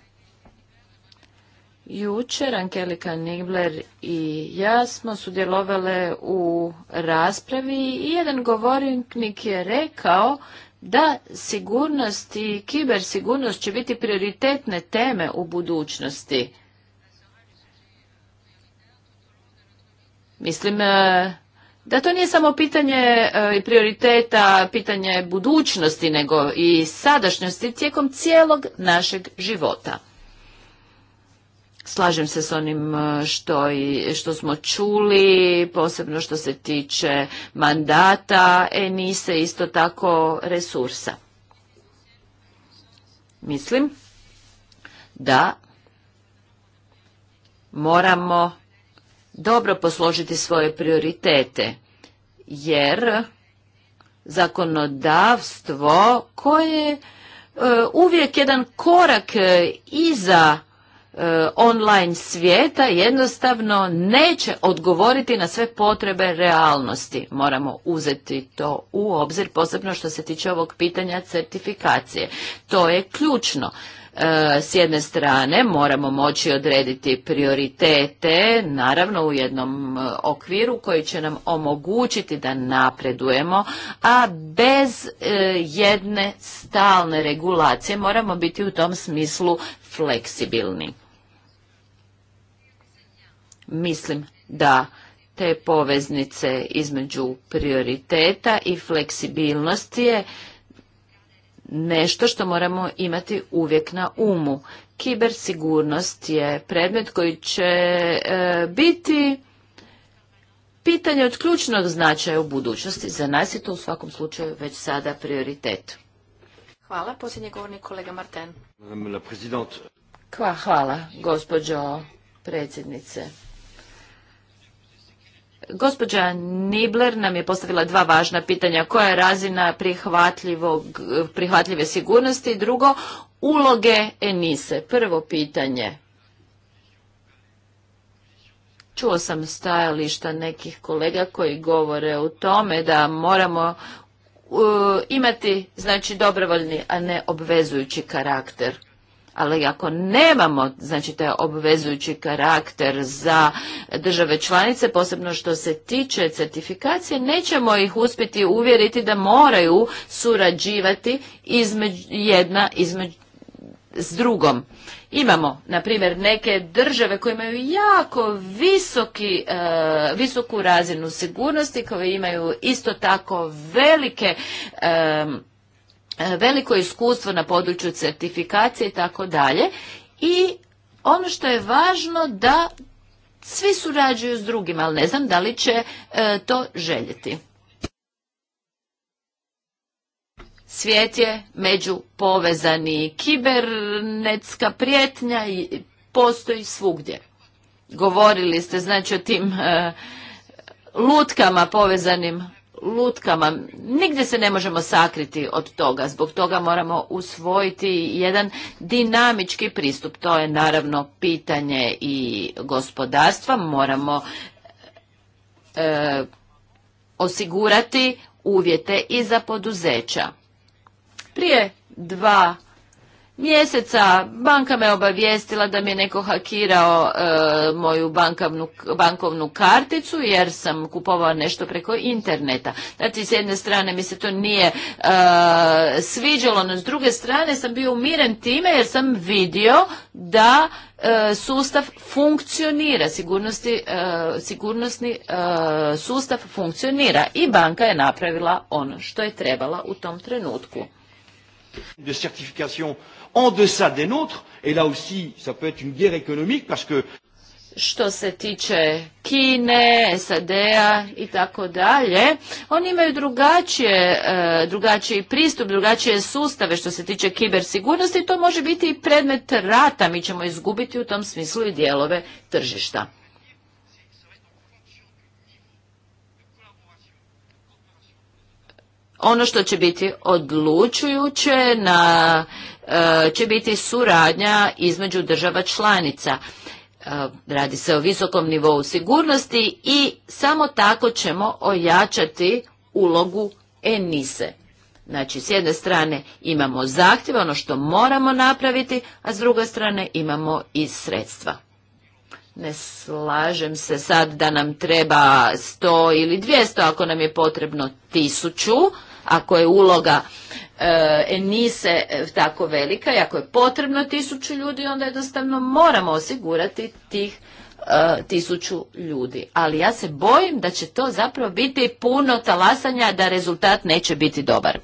Jučer Angelika Nibler i ja smo sudjelovale u raspravi i jedan govornik je rekao da sigurnost i kibersigurnost će biti prioritetne teme u budućnosti. Mislim, eh, da to nije samo pitanje i e, prioriteta, pitanje budućnosti, nego i sadašnjosti tijekom cijelog našeg života. Slažem se s onim e, što, i, što smo čuli, posebno što se tiče mandata, e nise isto tako resursa. Mislim da moramo dobro posložiti svoje prioritete, jer zakonodavstvo koje je uvijek jedan korak e, iza e, online svijeta jednostavno neće odgovoriti na sve potrebe realnosti. Moramo uzeti to u obzir, posebno što se tiče ovog pitanja certifikacije. To je ključno. E, s jedne strane moramo moći odrediti prioritete, naravno u jednom e, okviru koji će nam omogućiti da napredujemo, a bez e, jedne stalne regulacije moramo biti u tom smislu fleksibilni. Mislim da te poveznice između prioriteta i fleksibilnosti je nešto što moramo imati uvijek na umu. Kibersigurnost je predmet koji će e, biti pitanje od ključnog značaja u budućnosti. Za nas je to u svakom slučaju već sada prioritet. Hvala. Posljednji govornik kolega Marten. hvala gospođo predsjednice. Gospođa Nibler nam je postavila dva važna pitanja. Koja je razina prihvatljive sigurnosti? Drugo, uloge Enise. Prvo pitanje. Čuo sam stajališta nekih kolega koji govore o tome da moramo imati znači dobrovoljni, a ne obvezujući karakter ali ako nemamo znači taj obvezujući karakter za države članice, posebno što se tiče certifikacije, nećemo ih uspjeti uvjeriti da moraju surađivati između, jedna između s drugom. Imamo, na primjer, neke države koje imaju jako visoki, e, visoku razinu sigurnosti, koje imaju isto tako velike e, E, veliko iskustvo na području certifikacije i tako dalje. I ono što je važno da svi surađuju s drugima, ali ne znam da li će e, to željeti. Svijet je među povezani. Kibernetska prijetnja i postoji svugdje. Govorili ste znači o tim e, lutkama povezanim lutkama. Nigdje se ne možemo sakriti od toga. Zbog toga moramo usvojiti jedan dinamički pristup. To je naravno pitanje i gospodarstva. Moramo e, osigurati uvjete i za poduzeća. Prije dva mjeseca banka me obavijestila da mi je neko hakirao e, moju bankovnu karticu jer sam kupovao nešto preko interneta. Znači s jedne strane mi se to nije e, sviđalo, no s druge strane sam bio umiren time jer sam vidio da e, sustav funkcionira, sigurnosti, sigurnosni sustav funkcionira i banka je napravila ono što je trebala u tom trenutku en deçà des nôtres et là aussi ça peut être une guerre économique parce que što se tiče Kine, SAD-a i tako dalje, oni imaju drugačije, eh, drugačiji pristup, drugačije sustave što se tiče kibersigurnosti i to može biti i predmet rata. Mi ćemo izgubiti u tom smislu i dijelove tržišta. Ono što će biti odlučujuće na E, će biti suradnja između država članica. E, radi se o visokom nivou sigurnosti i samo tako ćemo ojačati ulogu ENISE. Znači, s jedne strane imamo zahtjeve, ono što moramo napraviti, a s druge strane imamo i sredstva. Ne slažem se sad da nam treba 100 ili 200, ako nam je potrebno 1000, ako je uloga e, e, tako velika i ako je potrebno tisuću ljudi, onda jednostavno moramo osigurati tih e, tisuću ljudi. Ali ja se bojim da će to zapravo biti puno talasanja, da rezultat neće biti dobar.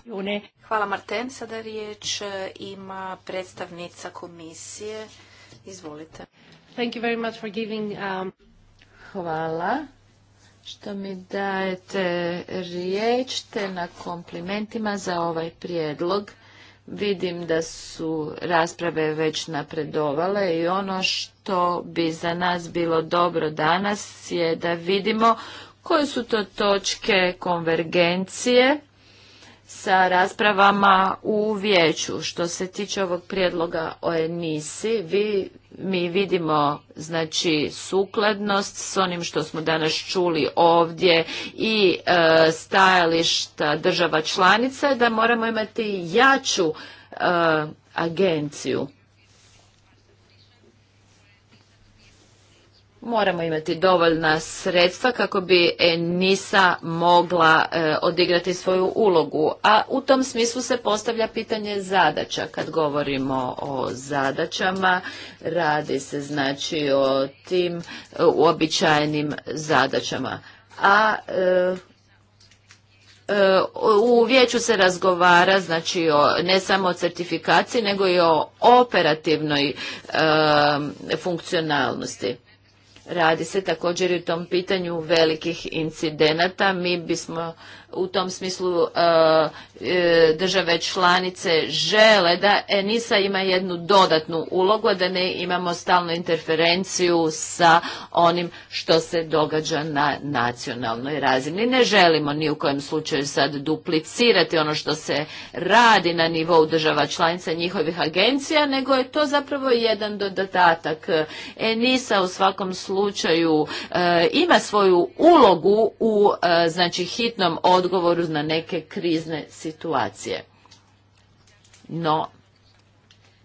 Hvala Marten. Sada riječ e, ima predstavnica komisije. Izvolite. Um, Hvala što mi dajete riječ te na komplimentima za ovaj prijedlog. Vidim da su rasprave već napredovale i ono što bi za nas bilo dobro danas je da vidimo koje su to točke konvergencije sa raspravama u vijeću. Što se tiče ovog prijedloga o emisiji, vi mi vidimo znači sukladnost s onim što smo danas čuli ovdje i e, stajališta država članica da moramo imati jaču e, agenciju moramo imati dovoljna sredstva kako bi nisa mogla e, odigrati svoju ulogu a u tom smislu se postavlja pitanje zadaća kad govorimo o zadaćama radi se znači o tim e, uobičajenim zadaćama a e, u vijeću se razgovara znači o, ne samo o certifikaciji nego i o operativnoj funkcionalnosti Radi se također i o tom pitanju velikih incidenata. Mi bismo u tom smislu uh, uh, države članice žele da Enisa ima jednu dodatnu ulogu, a da ne imamo stalnu interferenciju sa onim što se događa na nacionalnoj razini. Ne želimo ni u kojem slučaju sad duplicirati ono što se radi na nivou država članica njihovih agencija, nego je to zapravo jedan dodatak. Enisa u svakom slučaju uh, ima svoju ulogu u znači, hitnom odgovoru na neke krizne situacije. No,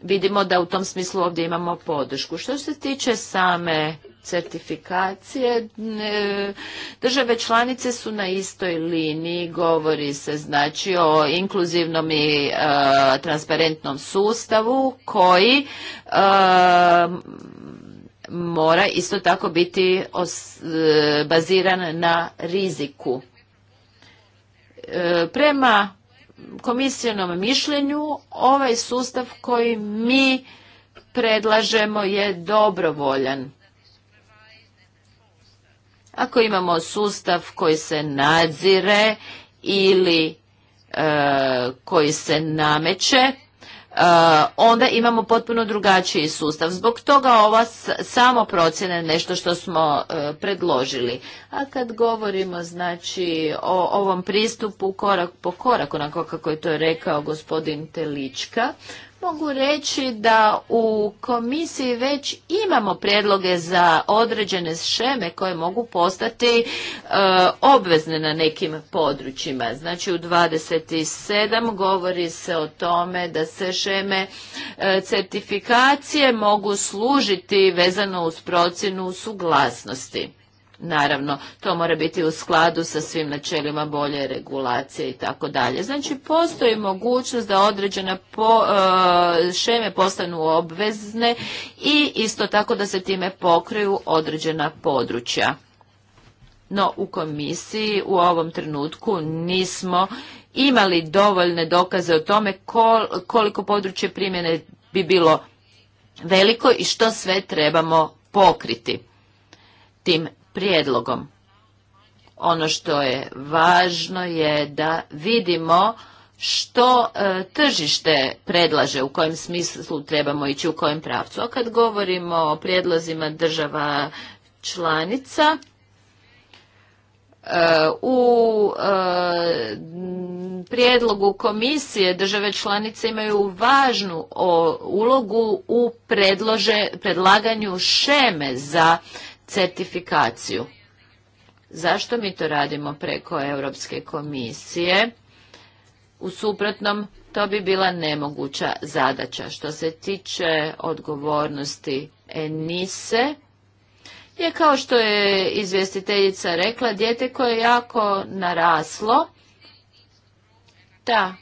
vidimo da u tom smislu ovdje imamo podršku. Što se tiče same certifikacije, države članice su na istoj liniji, govori se znači o inkluzivnom i e, transparentnom sustavu koji e, mora isto tako biti e, baziran na riziku E, prema komisijenom mišljenju ovaj sustav koji mi predlažemo je dobrovoljan. Ako imamo sustav koji se nadzire ili e, koji se nameće, Eh, onda imamo potpuno drugačiji sustav. Zbog toga ova samo procjena je nešto što smo eh, predložili. A kad govorimo znači o ovom pristupu korak po korak, onako kako je to rekao gospodin Telička, mogu reći da u komisiji već imamo prijedloge za određene šeme koje mogu postati e, obvezne na nekim područjima. Znači u 27 govori se o tome da se šeme e, certifikacije mogu služiti vezano uz procjenu suglasnosti. Naravno, to mora biti u skladu sa svim načelima bolje regulacije i tako dalje. Znači, postoji mogućnost da određene po, e, šeme postanu obvezne i isto tako da se time pokriju određena područja. No, u komisiji u ovom trenutku nismo imali dovoljne dokaze o tome koliko područje primjene bi bilo veliko i što sve trebamo pokriti tim prijedlogom. Ono što je važno je da vidimo što e, tržište predlaže, u kojem smislu trebamo ići, u kojem pravcu. A kad govorimo o prijedlozima država članica, e, u e, prijedlogu komisije države članice imaju važnu o, ulogu u predlože, predlaganju šeme za certifikaciju. Zašto mi to radimo preko Europske komisije? U suprotnom, to bi bila nemoguća zadaća. Što se tiče odgovornosti Enise, je kao što je izvjestiteljica rekla, dijete koje je jako naraslo, ta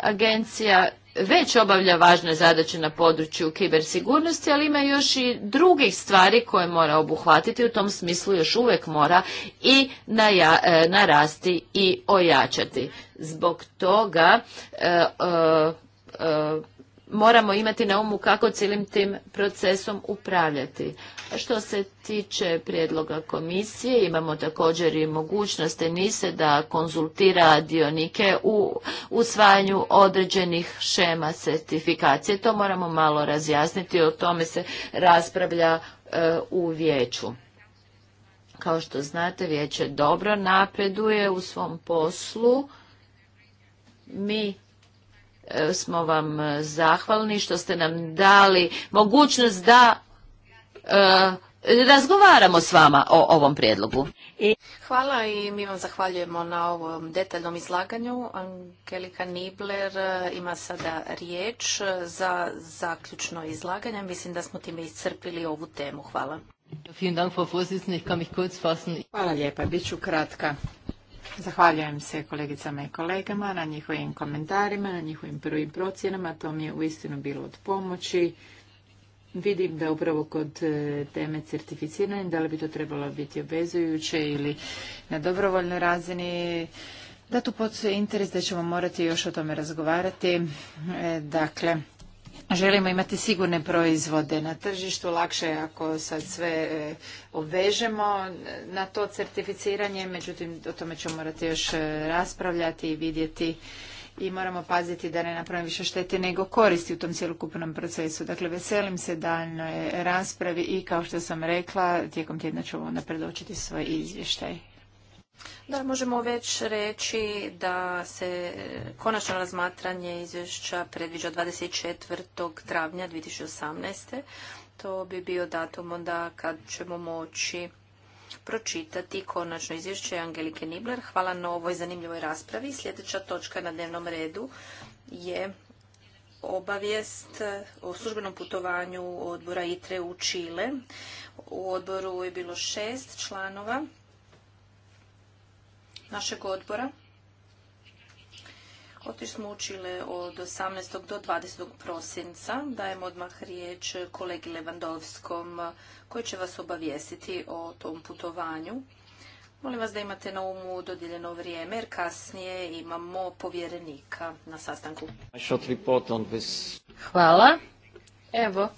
agencija već obavlja važne zadaće na području kibersigurnosti, ali ima još i drugih stvari koje mora obuhvatiti, u tom smislu još uvijek mora i e, narasti i ojačati. Zbog toga e, e, moramo imati na umu kako cijelim tim procesom upravljati. Što se tiče prijedloga komisije, imamo također i mogućnost Enise da konzultira dionike u usvajanju određenih šema certifikacije. To moramo malo razjasniti, o tome se raspravlja e, u vijeću. Kao što znate, vijeće dobro napreduje u svom poslu. Mi E, smo vam e, zahvalni što ste nam dali mogućnost da e, razgovaramo s vama o ovom prijedlogu. Hvala i mi vam zahvaljujemo na ovom detaljnom izlaganju. Angelika Nibler ima sada riječ za zaključno izlaganje. Mislim da smo time iscrpili ovu temu. Hvala. Hvala lijepa, bit ću kratka. Zahvaljujem se kolegicama i kolegama na njihovim komentarima, na njihovim prvim procjenama. To mi je uistinu bilo od pomoći. Vidim da upravo kod e, teme certificiranja, da li bi to trebalo biti obvezujuće ili na dobrovoljnoj razini, da tu postoji interes da ćemo morati još o tome razgovarati. E, dakle, Želimo imati sigurne proizvode na tržištu, lakše je ako sad sve e, obvežemo na to certificiranje, međutim o tome ćemo morati još e, raspravljati i vidjeti i moramo paziti da ne napravimo više štete nego koristi u tom cjelokupnom procesu. Dakle, veselim se daljnoj raspravi i kao što sam rekla, tijekom tjedna ću onda predočiti svoj izvještaj. Da, možemo već reći da se konačno razmatranje izvješća predviđa 24. travnja 2018. To bi bio datum onda kad ćemo moći pročitati konačno izvješće Angelike Nibler. Hvala na ovoj zanimljivoj raspravi. Sljedeća točka na dnevnom redu je obavijest o službenom putovanju odbora ITRE u Čile. U odboru je bilo šest članova našeg odbora. otiš smo učile od 18. do 20. prosinca. Dajem odmah riječ kolegi Levandovskom koji će vas obavijestiti o tom putovanju. Molim vas da imate na umu dodijeljeno vrijeme jer kasnije imamo povjerenika na sastanku. Hvala. Evo,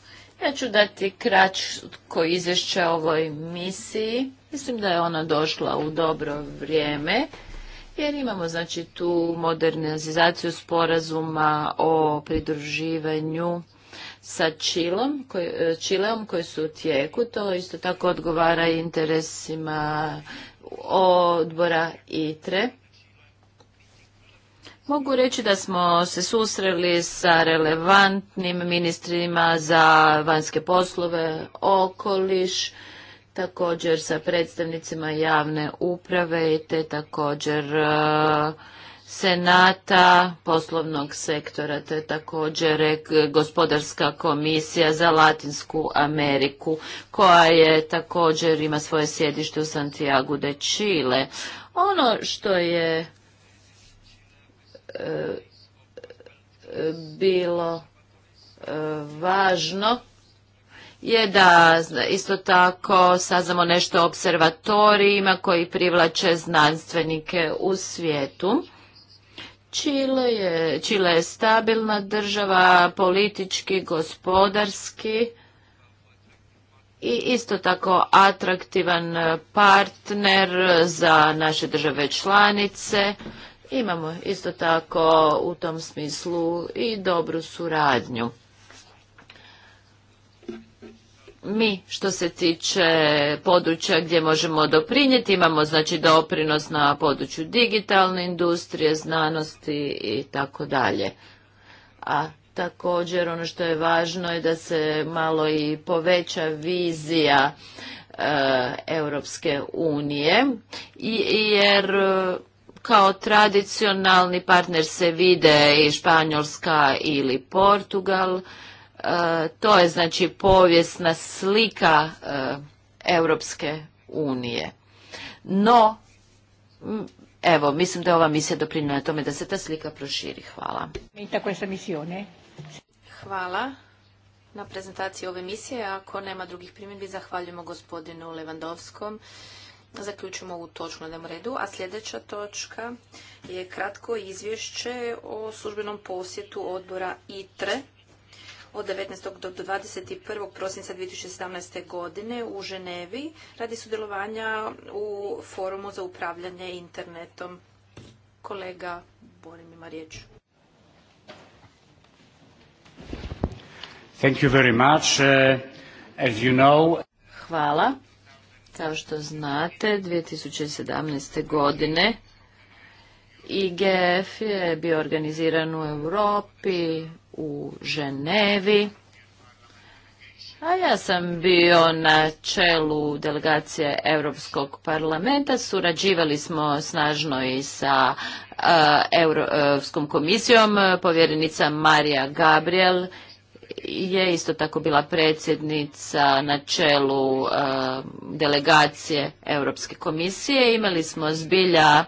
ja ću dati kratko izvješće o ovoj misiji. Mislim da je ona došla u dobro vrijeme jer imamo znači tu modernizaciju sporazuma o pridruživanju sa Čilom, e, Čileom koji su u tijeku. To isto tako odgovara interesima odbora ITRE. Mogu reći da smo se susreli sa relevantnim ministrima za vanjske poslove, okoliš, također sa predstavnicima javne uprave te također e, senata, poslovnog sektora, te također e, gospodarska komisija za Latinsku Ameriku, koja je također ima svoje sjedište u Santiago de Chile. Ono što je bilo e, važno je da isto tako saznamo nešto o observatorijima koji privlače znanstvenike u svijetu. Čile je, Čile je stabilna država, politički, gospodarski i isto tako atraktivan partner za naše države članice. Imamo isto tako u tom smislu i dobru suradnju. Mi što se tiče područja gdje možemo doprinijeti, imamo znači doprinos na području digitalne industrije, znanosti i tako dalje. A također ono što je važno je da se malo i poveća vizija e, Europske unije jer kao tradicionalni partner se vide i Španjolska ili Portugal. E, to je znači povijesna slika e, Europske unije. No, evo, mislim da je ova misija doprinuje tome da se ta slika proširi. Hvala. Hvala na prezentaciji ove misije. Ako nema drugih primjedbi, zahvaljujemo gospodinu Levandovskom zaključimo ovu točku dnevnom redu, a sljedeća točka je kratko izvješće o službenom posjetu odbora ITRE od 19. do 21. prosinca 2017. godine u Ženevi radi sudjelovanja u forumu za upravljanje internetom. Kolega Borim ima riječ. very much. Uh, you Hvala. Kao što znate, 2017. godine IGF je bio organiziran u Europi, u Ženevi, a ja sam bio na čelu delegacije Europskog parlamenta, surađivali smo snažno i sa Europskom komisijom, povjerenica Marija Gabriel je isto tako bila predsjednica na čelu e, delegacije Europske komisije. Imali smo zbilja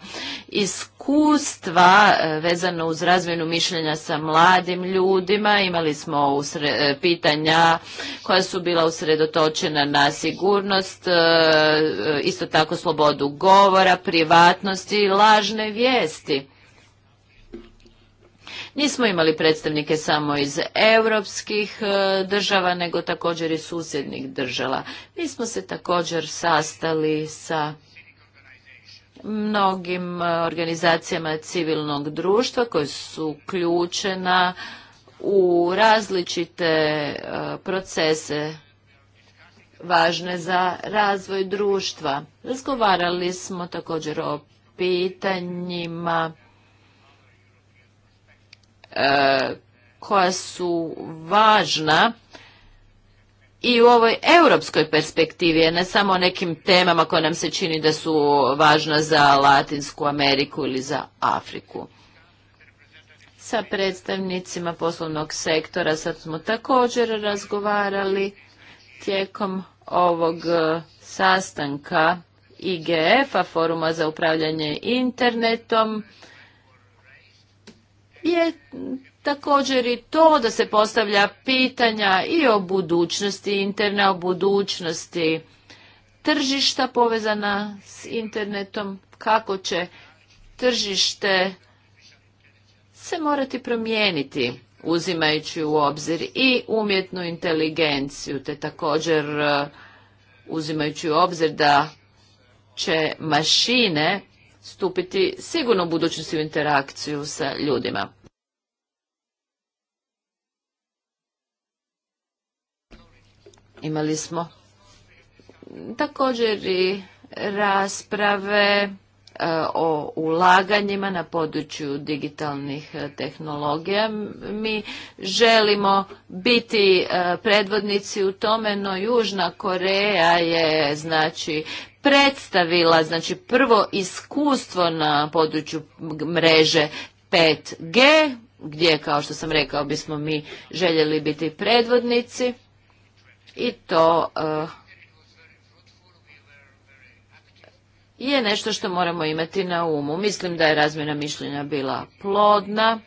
iskustva e, vezano uz razvojnu mišljenja sa mladim ljudima. Imali smo e, pitanja koja su bila usredotočena na sigurnost, isto tako slobodu govora, privatnosti i lažne vijesti. Nismo imali predstavnike samo iz europskih e, država, nego također i susjednih država. Mi smo se također sastali sa mnogim e, organizacijama civilnog društva koje su uključena u različite e, procese važne za razvoj društva. Razgovarali smo također o pitanjima E, koja su važna i u ovoj europskoj perspektivi, ne samo o nekim temama koje nam se čini da su važna za Latinsku Ameriku ili za Afriku. Sa predstavnicima poslovnog sektora sad smo također razgovarali tijekom ovog e, sastanka IGF-a, Foruma za upravljanje internetom, je također i to da se postavlja pitanja i o budućnosti interne, o budućnosti tržišta povezana s internetom, kako će tržište se morati promijeniti uzimajući u obzir i umjetnu inteligenciju, te također e, uzimajući u obzir da će mašine stupiti sigurno u budućnosti u interakciju sa ljudima. Imali smo također i rasprave e, o ulaganjima na području digitalnih e, tehnologija. Mi želimo biti e, predvodnici u tome, no Južna Koreja je znači predstavila znači prvo iskustvo na području mreže 5G, gdje kao što sam rekao bismo mi željeli biti predvodnici i to eh, je nešto što moramo imati na umu. Mislim da je razmjena mišljenja bila plodna.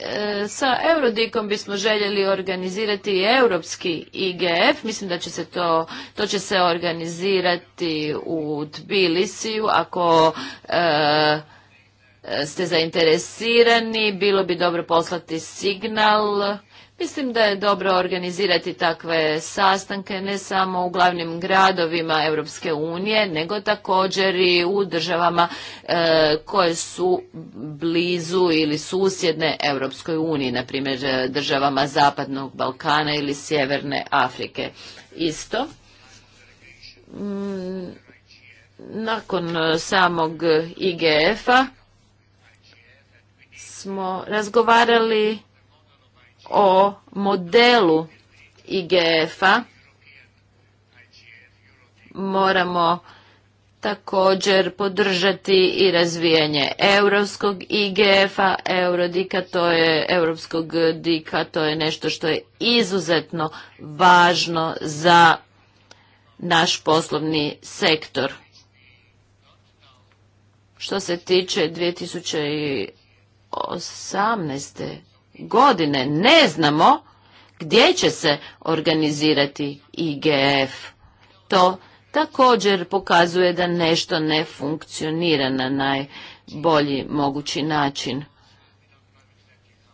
Eh, sa Eurodikom bismo željeli organizirati europski IGF. Mislim da će se to, to će se organizirati u Tbilisiju ako eh, ste zainteresirani, bilo bi dobro poslati signal. Mislim da je dobro organizirati takve sastanke ne samo u glavnim gradovima Europske unije, nego također i u državama e, koje su blizu ili susjedne Europskoj uniji, na primjer e, državama Zapadnog Balkana ili Sjeverne Afrike. Isto. Mm, nakon samog IGF-a smo razgovarali o modelu IGF-a. Moramo također podržati i razvijanje europskog IGF-a, eurodika, to je europskog dika, to je nešto što je izuzetno važno za naš poslovni sektor. Što se tiče osamnaest godine ne znamo gdje će se organizirati IGF. To također pokazuje da nešto ne funkcionira na najbolji mogući način.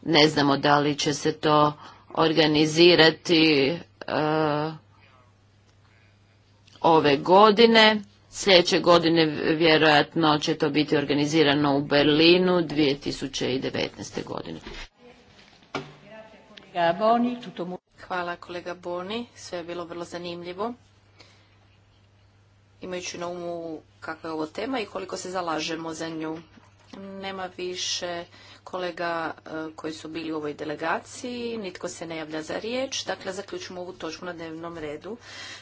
Ne znamo da li će se to organizirati e, ove godine Sljedeće godine vjerojatno će to biti organizirano u Berlinu 2019. godine. Hvala kolega Boni, sve je bilo vrlo zanimljivo. Imajući na umu kakva je ovo tema i koliko se zalažemo za nju. Nema više kolega e, koji su bili u ovoj delegaciji, nitko se ne javlja za riječ, dakle zaključimo ovu točku na dnevnom redu.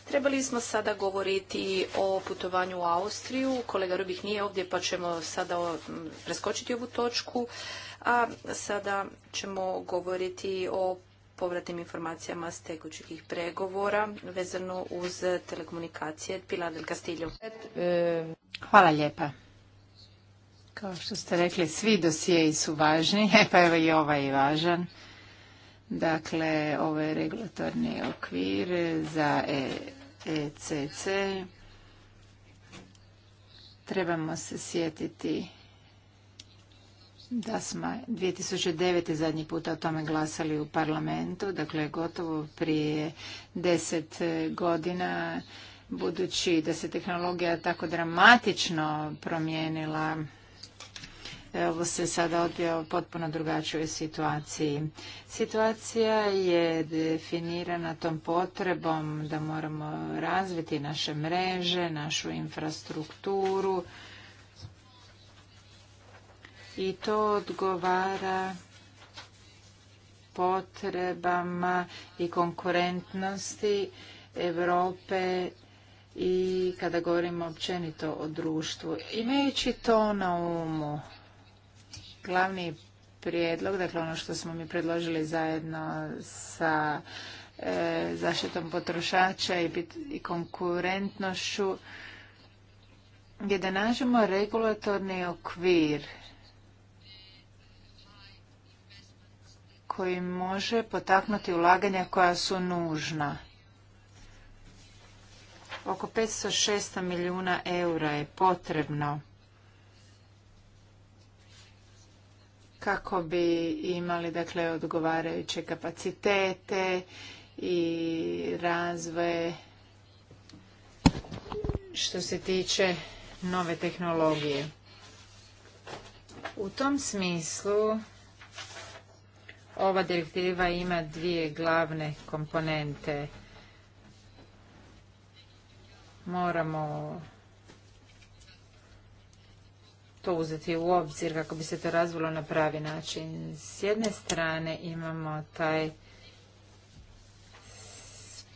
Trebali smo sada govoriti o putovanju u Austriju, kolega Rubih nije ovdje pa ćemo sada preskočiti ovu točku, a sada ćemo govoriti o povratnim informacijama s tekućih pregovora vezano uz telekomunikacije Pilar del Castillo. Hvala lijepa. Kao što ste rekli, svi dosijeji su važni, pa evo i ovaj je važan. Dakle, ovo ovaj je regulatorni okvir za ECC. E Trebamo se sjetiti da smo 2009. zadnji puta o tome glasali u parlamentu, dakle gotovo prije deset godina, budući da se tehnologija tako dramatično promijenila ovo se sada odvija u potpuno drugačijoj situaciji. Situacija je definirana tom potrebom da moramo razviti naše mreže, našu infrastrukturu i to odgovara potrebama i konkurentnosti Europe i kada govorimo općenito o društvu. Imajući to na umu, Glavni prijedlog, dakle ono što smo mi predložili zajedno sa e, zaštitom potrošača i, konkurentnošću, je da nađemo regulatorni okvir koji može potaknuti ulaganja koja su nužna. Oko 500-600 milijuna eura je potrebno kako bi imali dakle odgovarajuće kapacitete i razvoje što se tiče nove tehnologije. U tom smislu ova direktiva ima dvije glavne komponente. Moramo to uzeti u obzir kako bi se to razvilo na pravi način. S jedne strane imamo taj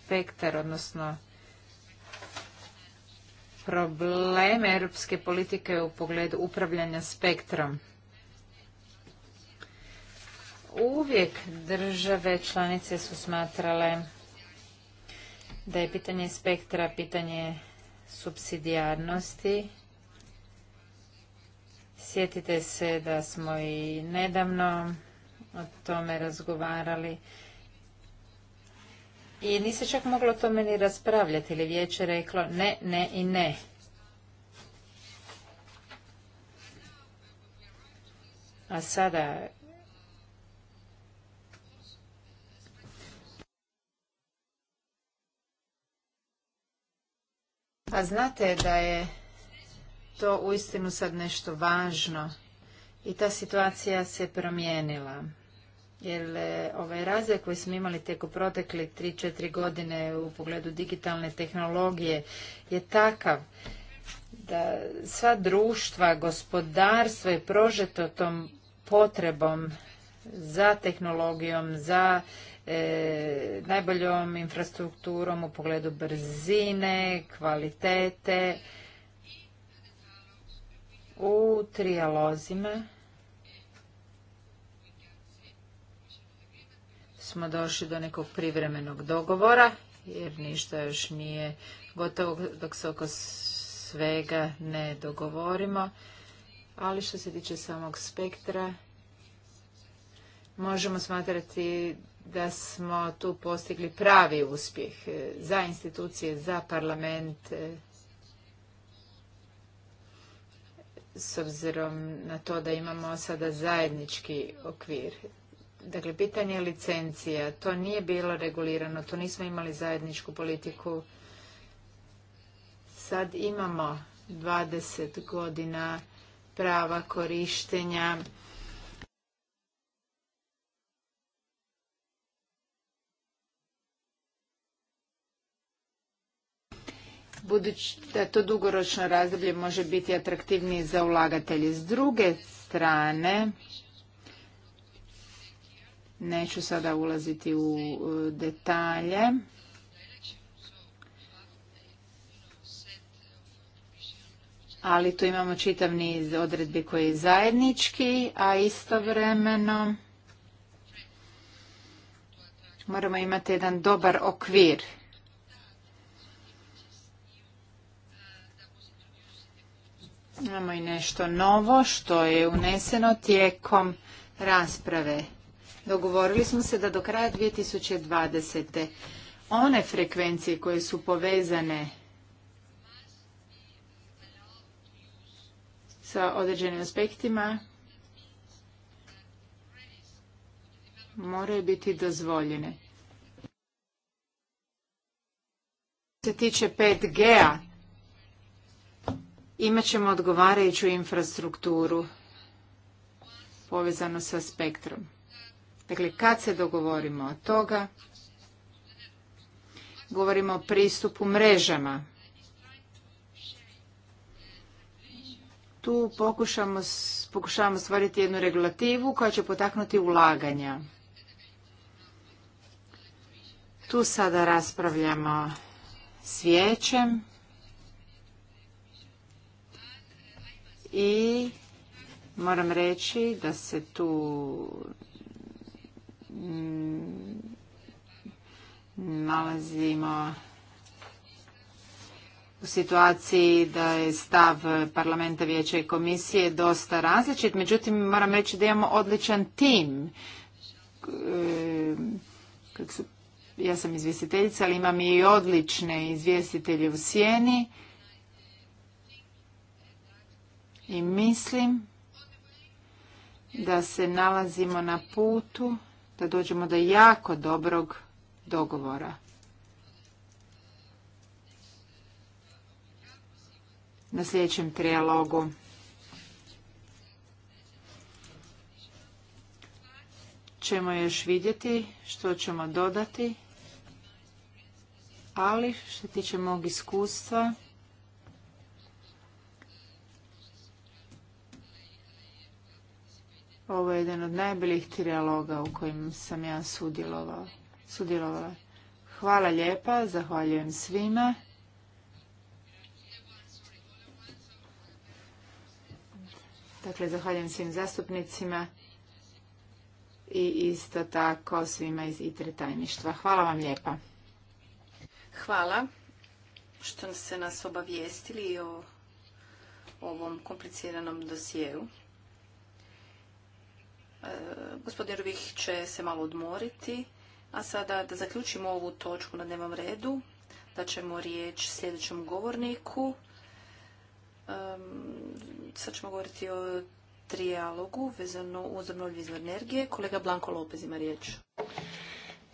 spektar, odnosno probleme europske politike u pogledu upravljanja spektrom. Uvijek države članice su smatrale da je pitanje spektra pitanje subsidijarnosti Sjetite se da smo i nedavno o tome razgovarali i nisi čak moglo o tome ni raspravljati, ili vijeće reklo ne, ne i ne. A sada A znate da je to uistinu sad nešto važno i ta situacija se promijenila. Jer e, ovaj razvoj koji smo imali tijekom protekli 3-4 godine u pogledu digitalne tehnologije je takav da sva društva, gospodarstvo je prožeto tom potrebom za tehnologijom, za e, najboljom infrastrukturom u pogledu brzine, kvalitete u trijalozima smo došli do nekog privremenog dogovora, jer ništa još nije gotovo dok se oko svega ne dogovorimo. Ali što se tiče samog spektra, možemo smatrati da smo tu postigli pravi uspjeh za institucije, za parlament, s obzirom na to da imamo sada zajednički okvir. Dakle, pitanje licencija, to nije bilo regulirano, to nismo imali zajedničku politiku. Sad imamo 20 godina prava korištenja budući da to dugoročno razdoblje može biti atraktivnije za ulagatelje. S druge strane, neću sada ulaziti u e, detalje, ali tu imamo čitav niz odredbi koji je zajednički, a istovremeno moramo imati jedan dobar okvir Imamo i nešto novo što je uneseno tijekom rasprave. Dogovorili smo se da do kraja 2020. one frekvencije koje su povezane sa određenim aspektima moraju biti dozvoljene. Što se tiče 5G-a, imat ćemo odgovarajuću infrastrukturu povezano sa spektrom. Dakle, kad se dogovorimo o toga, govorimo o pristupu mrežama. Tu pokušamo, pokušavamo stvariti jednu regulativu koja će potaknuti ulaganja. Tu sada raspravljamo s vijećem i moram reći da se tu mm, nalazimo u situaciji da je stav parlamenta vijeća i komisije dosta različit. Međutim, moram reći da imamo odličan tim. Ehm, ja sam izvjestiteljica, ali imam i odlične izvjestitelje u sjeni. I mislim da se nalazimo na putu da dođemo do jako dobrog dogovora. Na sljedećem trijalogu. ćemo još vidjeti što ćemo dodati, ali što tiče mog iskustva, Ovo je jedan od najboljih trijaloga u kojim sam ja sudjelovala. Hvala lijepa, zahvaljujem svima. Dakle, zahvaljujem svim zastupnicima i isto tako svima iz ITRE tajništva. Hvala vam lijepa. Hvala što ste nas obavijestili o ovom kompliciranom dosjeu. Gospodin Rvih će se malo odmoriti, a sada da zaključimo ovu točku na dnevnom redu, da ćemo riječ sljedećem govorniku. Sad ćemo govoriti o trijalogu vezano uz obnovljive izvore energije. Kolega Blanko Lopez ima riječ.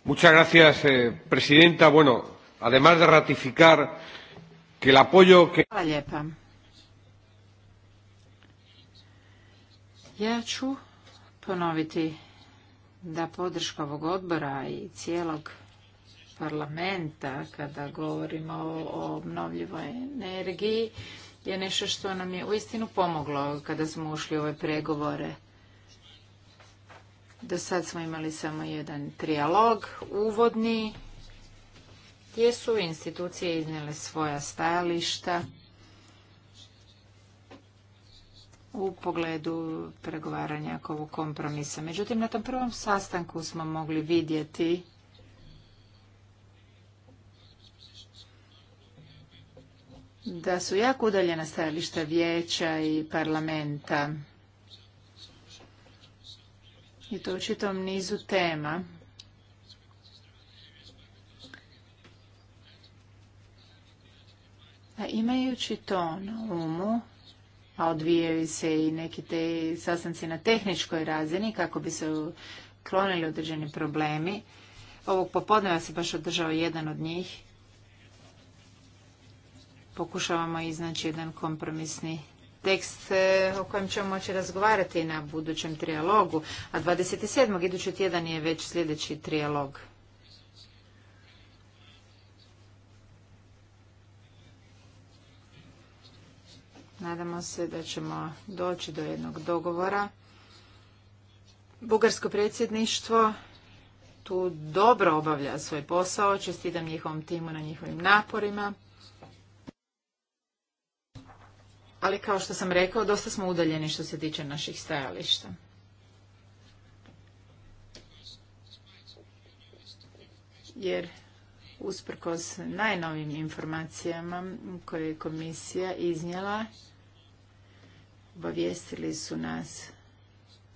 Muchas gracias, eh, presidenta. Bueno, además de ratificar que el apoyo Hvala lijepa. Ja ću ponoviti da podrška ovog odbora i cijelog parlamenta kada govorimo o obnovljivoj energiji je nešto što nam je uistinu pomoglo kada smo ušli u ove pregovore. Do sad smo imali samo jedan trijalog, uvodni, gdje su institucije iznijele svoja stajališta u pogledu pregovaranja ovog kompromisa. Međutim, na tom prvom sastanku smo mogli vidjeti da su jako udaljena stajališta vijeća i parlamenta i to u čitom nizu tema. A imajući to na umu, a odvijaju se i neki te sastanci na tehničkoj razini kako bi se klonili određeni problemi. Ovog popodneva se baš održao jedan od njih. Pokušavamo iznaći jedan kompromisni tekst e, o kojem ćemo moći razgovarati na budućem trijalogu, a 27. idući tjedan je već sljedeći trijalog. Nadamo se da ćemo doći do jednog dogovora. Bugarsko predsjedništvo tu dobro obavlja svoj posao. Čestitam njihovom timu na njihovim naporima. Ali kao što sam rekao, dosta smo udaljeni što se tiče naših stajališta. Jer usprkos najnovim informacijama koje je komisija iznijela, obavijestili su nas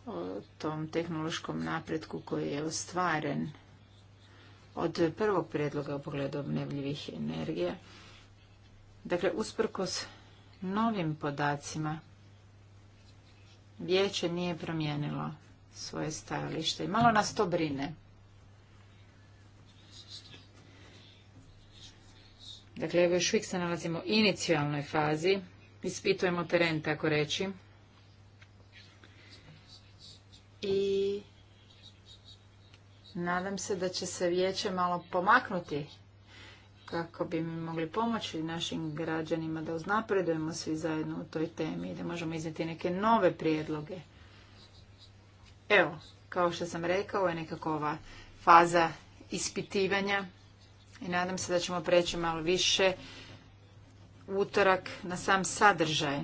o tom tehnološkom napretku koji je ostvaren od prvog prijedloga u pogledu obnevljivih energija. Dakle, usprkos novim podacima, vijeće nije promijenilo svoje stajalište i malo nas to brine. Dakle, evo još uvijek se nalazimo u inicijalnoj fazi ispitujemo teren, tako reći. I nadam se da će se vijeće malo pomaknuti kako bi mi mogli pomoći našim građanima da uznapredujemo svi zajedno u toj temi i da možemo iznijeti neke nove prijedloge. Evo, kao što sam rekao, ovo je nekako ova faza ispitivanja i nadam se da ćemo preći malo više utorak na sam sadržaj.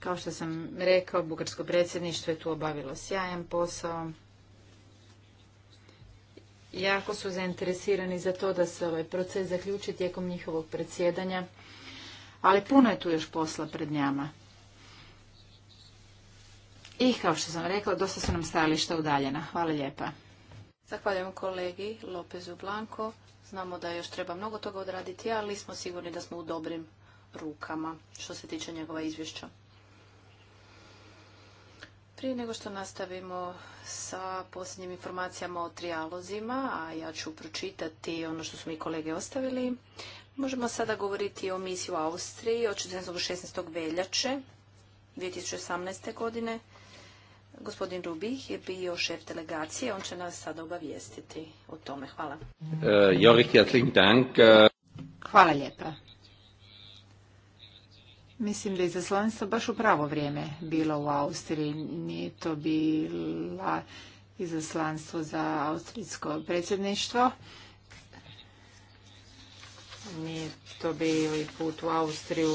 Kao što sam rekao, Bugarsko predsjedništvo je tu obavilo sjajan posao. Jako su zainteresirani za to da se ovaj proces zaključi tijekom njihovog predsjedanja, ali puno je tu još posla pred njama. I kao što sam rekla, dosta su nam stajališta udaljena. Hvala lijepa. Zahvaljujem kolegi Lopezu Blanko. Znamo da još treba mnogo toga odraditi, ali smo sigurni da smo u dobrim rukama što se tiče njegova izvješća. Prije nego što nastavimo sa posljednjim informacijama o trijalozima, a ja ću pročitati ono što su mi kolege ostavili, možemo sada govoriti o misiji u Austriji od 16. veljače 2018. godine Gospodin Rubih je bio šef delegacije, on će nas sada obavijestiti o tome. Hvala. E, e. Hvala lijepa. Mislim da je izaslanstvo baš u pravo vrijeme bilo u Austriji. Nije to bila izaslanstvo za austrijsko predsjedništvo. Nije to bili put u Austriju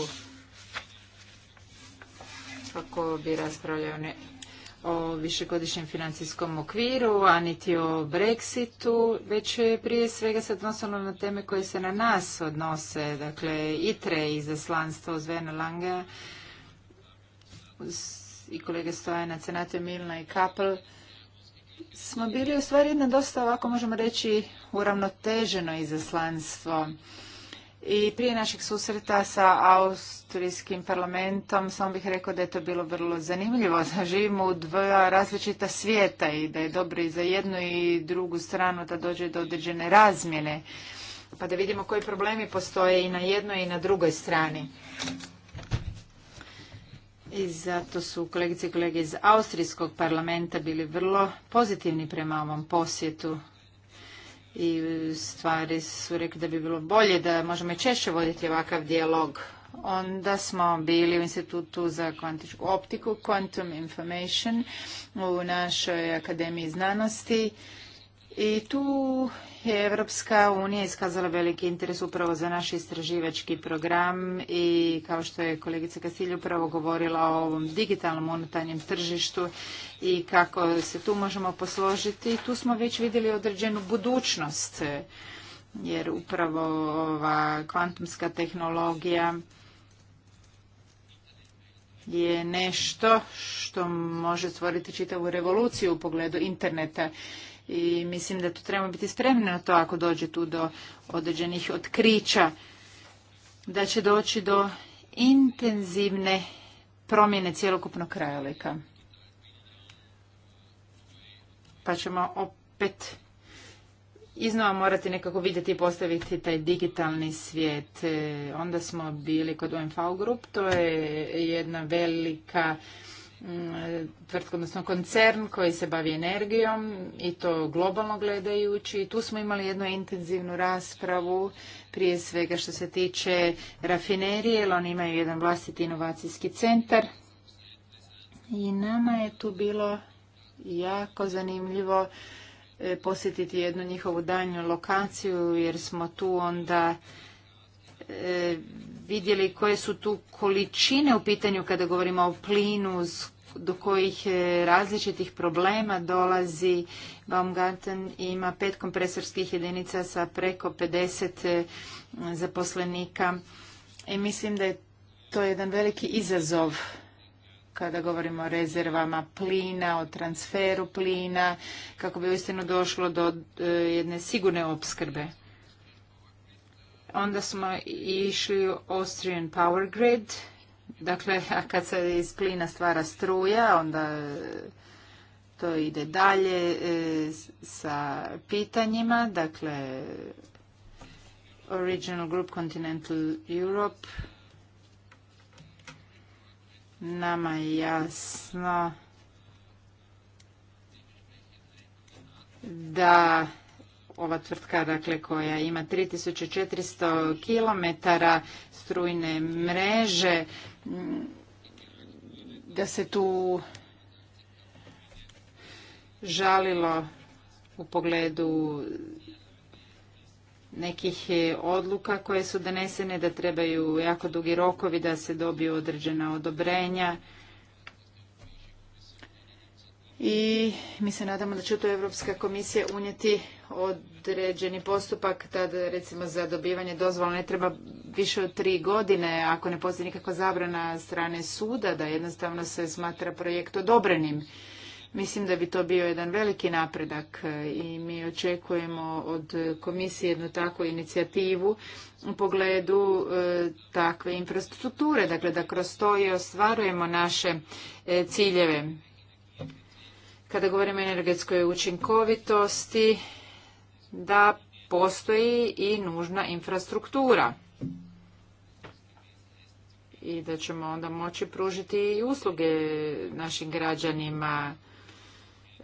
kako bi raspravljao ne o višegodišnjem financijskom okviru, a niti o Brexitu, već je prije svega se odnosilo na teme koje se na nas odnose, dakle ITRE i zaslanstvo Zvena Lange i kolege Stojana, Cenate Milna i Kapel, smo bili u stvari jedno dosta ovako možemo reći uravnoteženo izaslanstvo. I prije našeg susreta sa austrijskim parlamentom samo bih rekao da je to bilo vrlo zanimljivo. Da živimo u dva različita svijeta i da je dobro i za jednu i drugu stranu da dođe do određene razmjene. Pa da vidimo koji problemi postoje i na jednoj i na drugoj strani. I zato su kolegice i kolege iz Austrijskog parlamenta bili vrlo pozitivni prema ovom posjetu i stvari su rekli da bi bilo bolje da možemo i češće voditi ovakav dijalog. Onda smo bili u Institutu za kvantičku optiku, Quantum Information, u našoj Akademiji znanosti i tu je Evropska unija iskazala veliki interes upravo za naš istraživački program i kao što je kolegica Kasilj upravo govorila o ovom digitalnom unutarnjem tržištu i kako se tu možemo posložiti, tu smo već vidjeli određenu budućnost jer upravo ova kvantumska tehnologija je nešto što može stvoriti čitavu revoluciju u pogledu interneta i mislim da tu trebamo biti spremni na to ako dođe tu do određenih otkrića, da će doći do intenzivne promjene cjelokupnog krajolika. Pa ćemo opet iznova morati nekako vidjeti i postaviti taj digitalni svijet. E, onda smo bili kod OMV grup, to je jedna velika tvrtku, odnosno koncern koji se bavi energijom i to globalno gledajući. Tu smo imali jednu intenzivnu raspravu prije svega što se tiče rafinerije, jer oni imaju jedan vlastiti inovacijski centar. I nama je tu bilo jako zanimljivo e, posjetiti jednu njihovu daljnju lokaciju jer smo tu onda vidjeli koje su tu količine u pitanju kada govorimo o plinu, do kojih e, različitih problema dolazi. Baumgarten ima pet kompresorskih jedinica sa preko 50 e, zaposlenika i mislim da je to jedan veliki izazov kada govorimo o rezervama plina, o transferu plina, kako bi uistinu došlo do e, jedne sigurne opskrbe. Onda smo išli u Austrian Power Grid, dakle, a kad se iz plina stvara struja, onda to ide dalje e, sa pitanjima, dakle, Original Group Continental Europe. Nama je jasno da ova tvrtka dakle, koja ima 3400 km strujne mreže, mm, da se tu žalilo u pogledu nekih odluka koje su donesene da trebaju jako dugi rokovi da se dobiju određena odobrenja i mi se nadamo da će to Europska komisija unijeti određeni postupak tad recimo za dobivanje dozvola ne treba više od tri godine ako ne postoji nikakva zabrana strane suda da jednostavno se smatra projekt odobrenim. Mislim da bi to bio jedan veliki napredak e, i mi očekujemo od komisije jednu takvu inicijativu u pogledu e, takve infrastrukture, dakle da kroz to i ostvarujemo naše e, ciljeve kada govorimo o energetskoj učinkovitosti, da postoji i nužna infrastruktura i da ćemo onda moći pružiti i usluge našim građanima.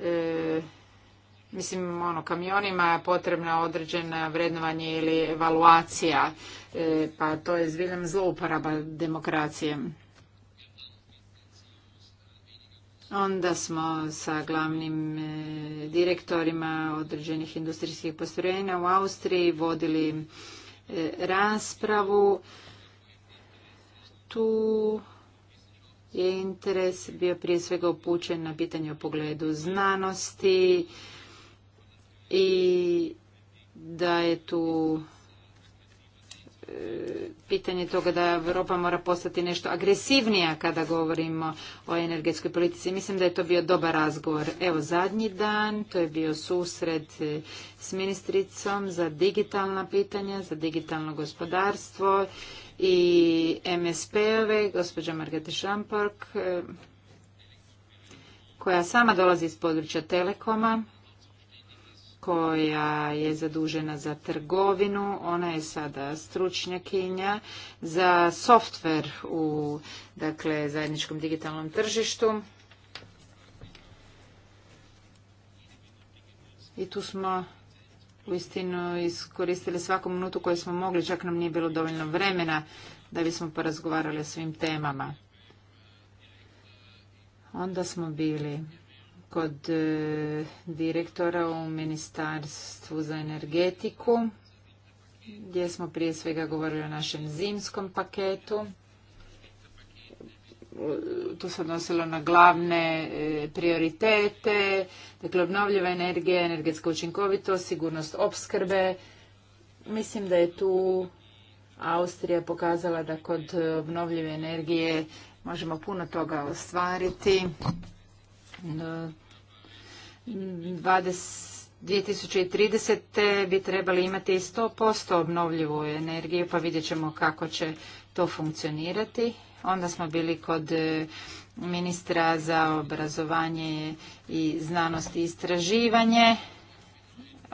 E, mislim, ono, kamionima je potrebna određena vrednovanje ili evaluacija, e, pa to je zbiljem zlouporaba demokracije. Onda smo sa glavnim e, direktorima određenih industrijskih postrojenja u Austriji vodili e, raspravu. Tu je interes bio prije svega upućen na pitanje o pogledu znanosti i da je tu pitanje toga da Europa mora postati nešto agresivnija kada govorimo o energetskoj politici. Mislim da je to bio dobar razgovor. Evo zadnji dan, to je bio susret e, s ministricom za digitalna pitanja, za digitalno gospodarstvo i MSP-ove, gospođa Margete Šampork, e, koja sama dolazi iz područja Telekoma koja je zadužena za trgovinu. Ona je sada stručnjakinja za softver u dakle, zajedničkom digitalnom tržištu. I tu smo uistinu iskoristili svaku minutu koju smo mogli, čak nam nije bilo dovoljno vremena da bismo porazgovarali o svim temama. Onda smo bili kod e, direktora u Ministarstvu za energetiku, gdje smo prije svega govorili o našem zimskom paketu. To se odnosilo na glavne e, prioritete, dakle obnovljiva energija, energetska učinkovitost, sigurnost opskrbe. Mislim da je tu Austrija pokazala da kod obnovljive energije možemo puno toga ostvariti 2030. bi trebali imati 100% obnovljivu energiju, pa vidjet ćemo kako će to funkcionirati. Onda smo bili kod e, ministra za obrazovanje i znanost i istraživanje.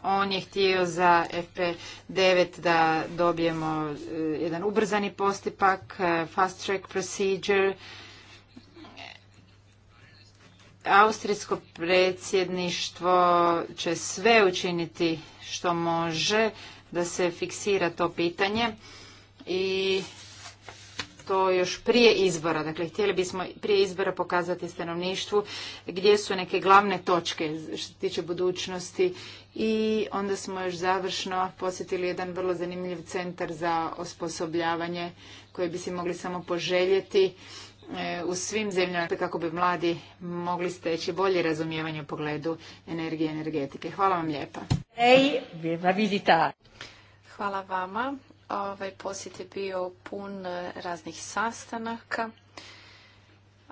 On je htio za FP9 da dobijemo e, jedan ubrzani postupak, e, fast track procedure, Austrijsko predsjedništvo će sve učiniti što može da se fiksira to pitanje i to još prije izbora. Dakle, htjeli bismo prije izbora pokazati stanovništvu gdje su neke glavne točke što se tiče budućnosti i onda smo još završno posjetili jedan vrlo zanimljiv centar za osposobljavanje koji bi si mogli samo poželjeti E, u svim zemljama kako bi mladi mogli steći bolje razumijevanje u pogledu energije i energetike. Hvala vam lijepa. Hvala vama. Ovaj posjet je bio pun e, raznih sastanaka.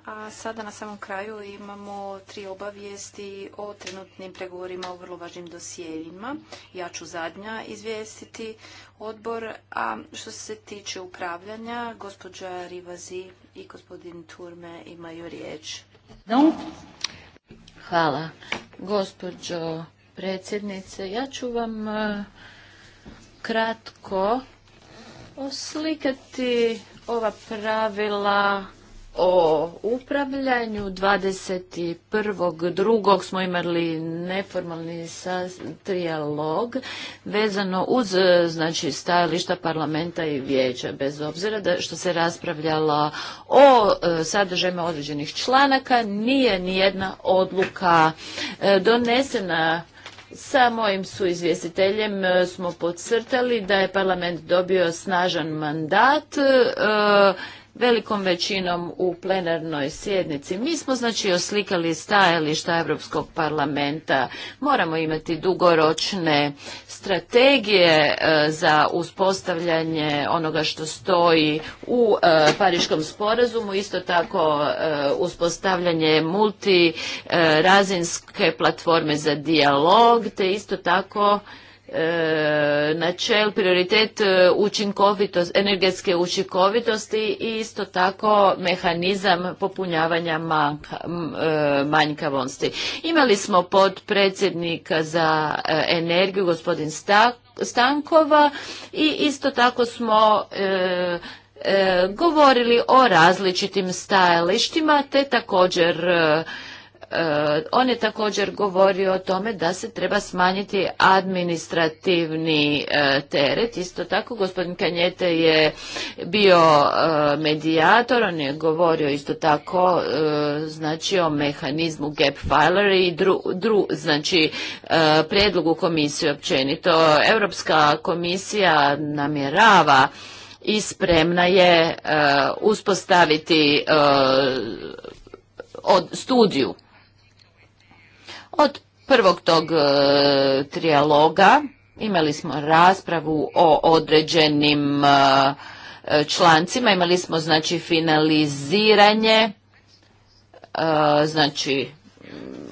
A sada na samom kraju imamo tri obavijesti o trenutnim pregovorima o vrlo važnim dosijevima. Ja ću zadnja izvijestiti odbor. A što se tiče upravljanja, gospođa Rivazi i gospodin Turme imaju riječ. Hvala. Gospođo predsjednice, ja ću vam e, kratko oslikati ova pravila o upravljanju 21.2. smo imali neformalni trijalog vezano uz znači, stajališta parlamenta i vijeća bez obzira da što se raspravljalo o e, sadržajima određenih članaka nije nijedna odluka e, donesena sa mojim suizvjestiteljem e, smo podcrtali da je parlament dobio snažan mandat velikom većinom u plenarnoj sjednici. Mi smo znači oslikali stajališta Europskog parlamenta. Moramo imati dugoročne strategije e, za uspostavljanje onoga što stoji u e, Pariškom sporazumu, isto tako e, uspostavljanje multirazinske platforme za dijalog, te isto tako E, načel, prioritet e, učinkovitost, energetske učinkovitosti i isto tako mehanizam popunjavanja e, manjkavosti. Imali smo podpredsjednika za energiju, gospodin Stankova i isto tako smo govorili o različitim stajalištima te također E, on je također govorio o tome da se treba smanjiti administrativni e, teret. Isto tako, gospodin Kanjete je bio e, medijator, on je govorio isto tako znači o mehanizmu gap filer i dru, dru, znači prijedlogu komisije općenito. Europska komisija namjerava i spremna je uspostaviti od studiju od prvog tog e, trijaloga imali smo raspravu o određenim e, člancima, imali smo znači finaliziranje e, znači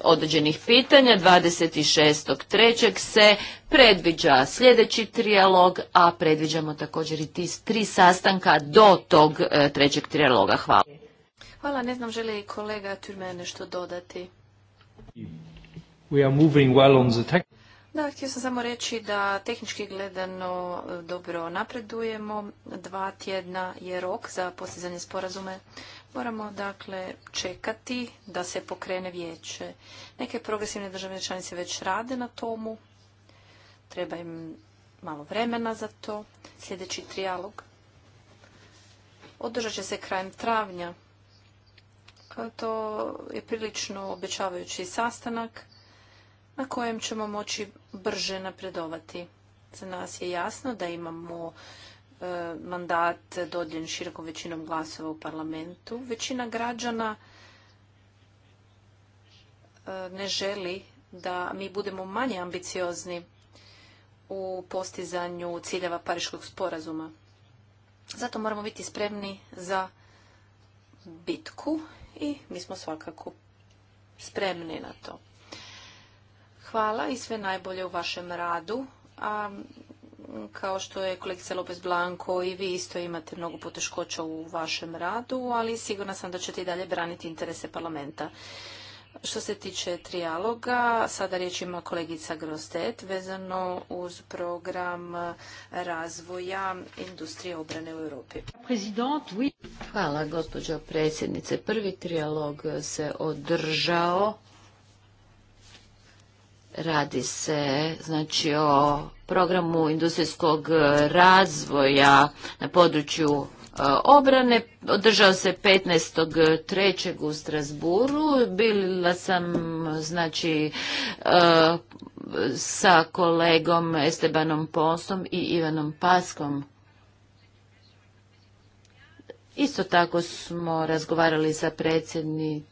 određenih pitanja. 26.3. se predviđa sljedeći trijalog, a predviđamo također i tri sastanka do tog trećeg trijaloga. Hvala. Hvala, ne znam želi kolega Turme nešto dodati. We are moving well on the Da, htio sam samo reći da tehnički gledano e, dobro napredujemo. Dva tjedna je rok za postizanje sporazume. Moramo dakle čekati da se pokrene vijeće. Neke progresivne države članice već rade na tomu. Treba im malo vremena za to. Sljedeći trijalog održat će se krajem travnja. E, to je prilično obećavajući sastanak na kojem ćemo moći brže napredovati. Za nas je jasno da imamo e, mandat dodljen širokom većinom glasova u parlamentu. Većina građana e, ne želi da mi budemo manje ambiciozni u postizanju ciljeva Pariškog sporazuma. Zato moramo biti spremni za bitku i mi smo svakako spremni na to. Hvala i sve najbolje u vašem radu. A, kao što je kolegica Lopez Blanco i vi isto imate mnogo poteškoća u vašem radu, ali sigurna sam da ćete i dalje braniti interese parlamenta. Što se tiče trijaloga, sada riječ ima kolegica Grostet vezano uz program razvoja industrije obrane u Europi. Hvala gospođo predsjednice. Prvi trijalog se održao Radi se znači o programu industrijskog razvoja na području e, obrane. Održao se 15.3. u Strasburu. Bila sam znači e, sa kolegom Estebanom Postom i Ivanom Paskom. Isto tako smo razgovarali sa predsjednič,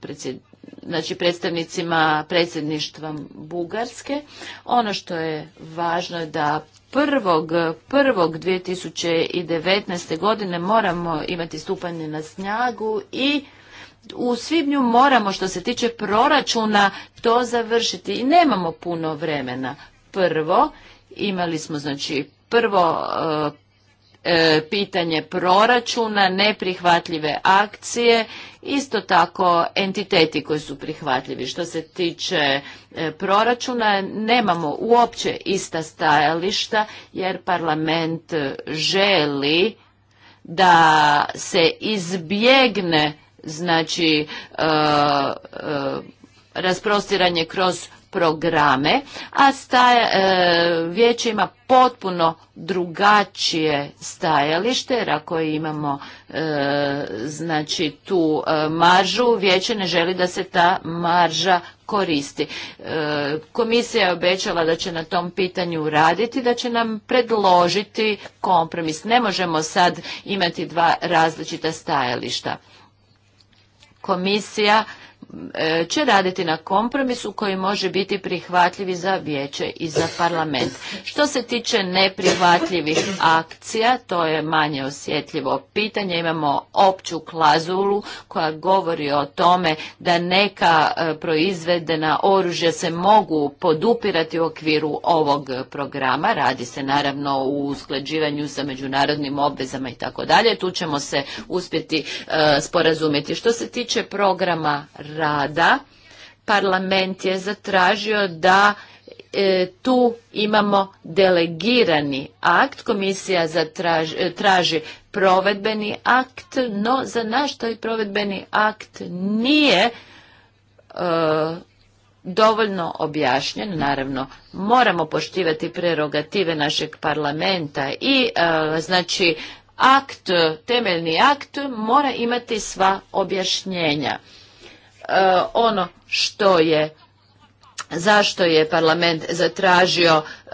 predsjed, znači predstavnicima predsjedništva Bugarske. Ono što je važno je da prvog, prvog 2019. godine moramo imati stupanje na snagu i u svibnju moramo što se tiče proračuna to završiti i nemamo puno vremena. Prvo, imali smo znači prvo e, e, pitanje proračuna, neprihvatljive akcije Isto tako entiteti koji su prihvatljivi. Što se tiče e, proračuna, nemamo uopće ista stajališta jer parlament želi da se izbjegne znači e, e, rasprostiranje kroz programe, a staje, e, vijeće ima potpuno drugačije stajalište, jer ako imamo e, znači tu e, maržu, vijeće ne želi da se ta marža koristi. Komisija je obećala da će na tom pitanju raditi, da će nam predložiti kompromis. Ne možemo sad imati dva različita stajališta. Komisija E, će raditi na kompromisu koji može biti prihvatljivi za vijeće i za parlament. Što se tiče neprihvatljivih akcija, to je manje osjetljivo pitanje. Imamo opću klazulu koja govori o tome da neka e, proizvedena oružja se mogu podupirati u okviru ovog programa. Radi se naravno o usklađivanju sa međunarodnim obvezama i tako dalje. Tu ćemo se uspjeti e, sporazumjeti. Što se tiče programa rada parlament je zatražio da e, tu imamo delegirani akt komisija e, traži provedbeni akt no za naš taj provedbeni akt nije e, dovoljno objašnjen naravno moramo poštivati prerogative našeg parlamenta i znači akt temeljni akt mora imati sva objašnjenja E, ono što je zašto je parlament zatražio e,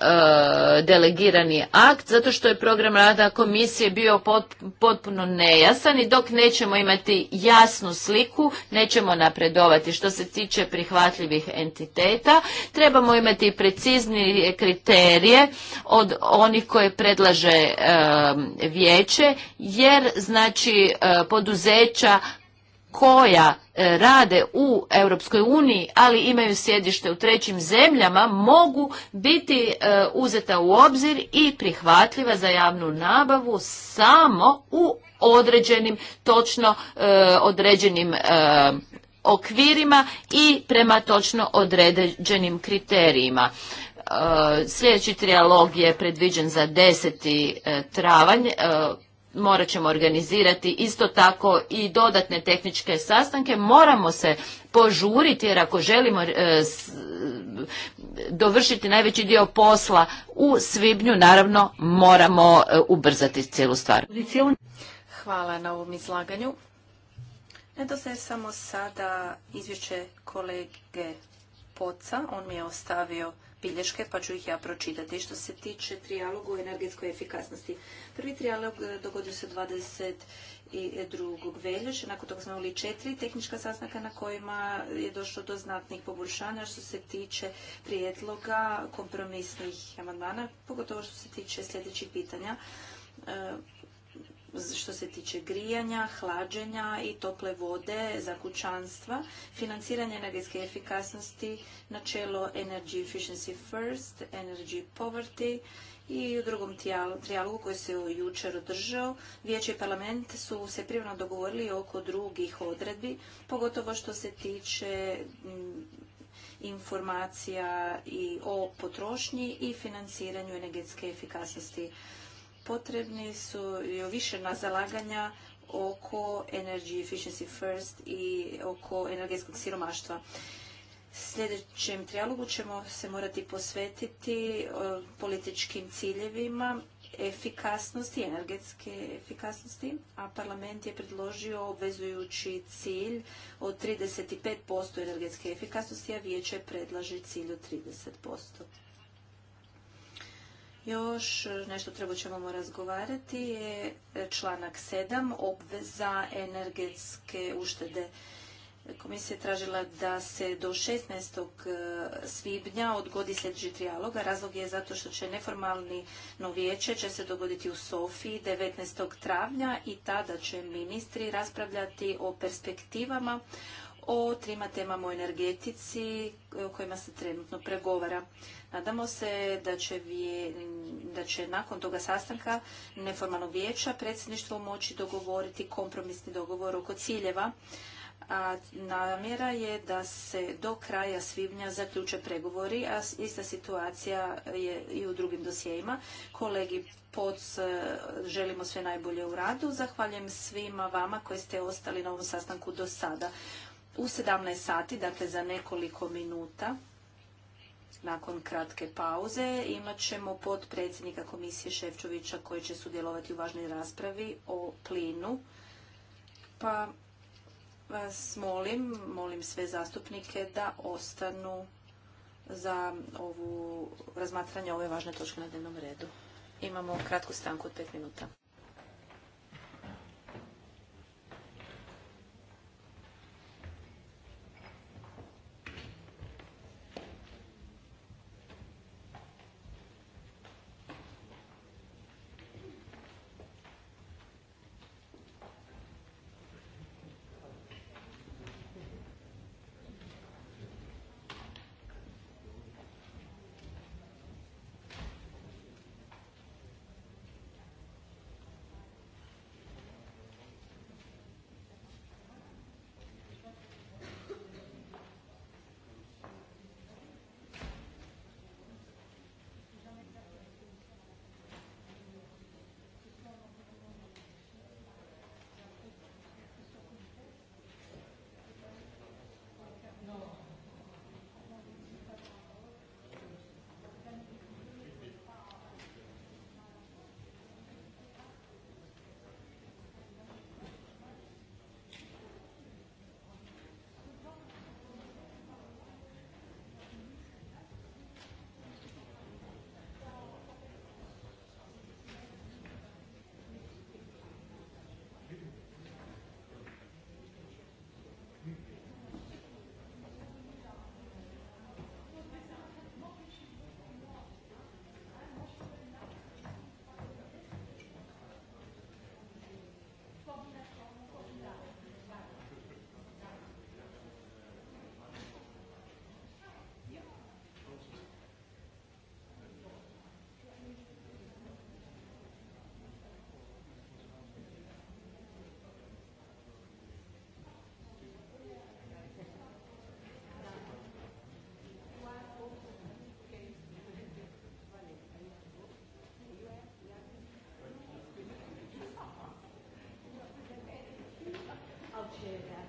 delegirani akt zato što je program rada komisije bio potpuno nejasan i dok nećemo imati jasnu sliku nećemo napredovati što se tiče prihvatljivih entiteta trebamo imati preciznije kriterije od onih koje predlaže e, vijeće jer znači poduzeća koja e, rade u Europskoj uniji, ali imaju sjedište u trećim zemljama, mogu biti e, uzeta u obzir i prihvatljiva za javnu nabavu samo u određenim, točno e, određenim okvirima i prema točno određenim kriterijima. Sljedeći trijalog je predviđen za 10. travanj morat ćemo organizirati isto tako i dodatne tehničke sastanke. Moramo se požuriti jer ako želimo e, dovršiti najveći dio posla u svibnju, naravno moramo e, ubrzati cijelu stvar. Hvala na ovom izlaganju. Ne Nedostaje samo sada izvješće kolege Poca. On mi je ostavio bilješke, pa ću ih ja pročitati. Što se tiče trijalogu o energetskoj efikasnosti, Prvi trijalog e, dogodio se 22. veljače, nakon toga smo imali četiri tehnička sastanka na kojima je došlo do znatnih poboljšanja što se tiče prijedloga kompromisnih amandmana, pogotovo što se tiče sljedećih pitanja e, što se tiče grijanja, hlađenja i tople vode za kućanstva, financiranje energetske efikasnosti, načelo Energy Efficiency First, Energy Poverty, i u drugom trijalogu koji se jučer održao, Vijeće i parlament su se privno dogovorili oko drugih odredbi, pogotovo što se tiče mm, informacija i o potrošnji i financiranju energetske efikasnosti. Potrebni su više na zalaganja oko Energy Efficiency First i oko energetskog siromaštva sljedećem trijalogu ćemo se morati posvetiti e, političkim ciljevima efikasnosti, energetske efikasnosti, a parlament je predložio obvezujući cilj od 35% energetske efikasnosti, a vijeće predlaže cilj od 30%. Još nešto treba ćemo razgovarati je članak 7, obveza energetske uštede Komisija je tražila da se do 16. E, svibnja odgodi sljedeći trijalog, razlog je zato što će neformalni vijeće će se dogoditi u Sofiji 19. travnja i tada će ministri raspravljati o perspektivama o trima temama o energetici e, o kojima se trenutno pregovara. Nadamo se da će, da će nakon toga sastanka neformalnog vijeća predsjedništvo moći dogovoriti kompromisni dogovor oko ciljeva a namjera je da se do kraja svibnja zaključe pregovori, a ista situacija je i u drugim dosijejima. Kolegi POC e, želimo sve najbolje u radu. Zahvaljujem svima vama koji ste ostali na ovom sastanku do sada. U 17 sati, dakle za nekoliko minuta, nakon kratke pauze imat ćemo potpredsjednika komisije Ševčovića koji će sudjelovati u važnoj raspravi o plinu. Pa vas molim, molim sve zastupnike da ostanu za ovu razmatranje ove važne točke na dnevnom redu. Imamo kratku stanku od pet minuta. to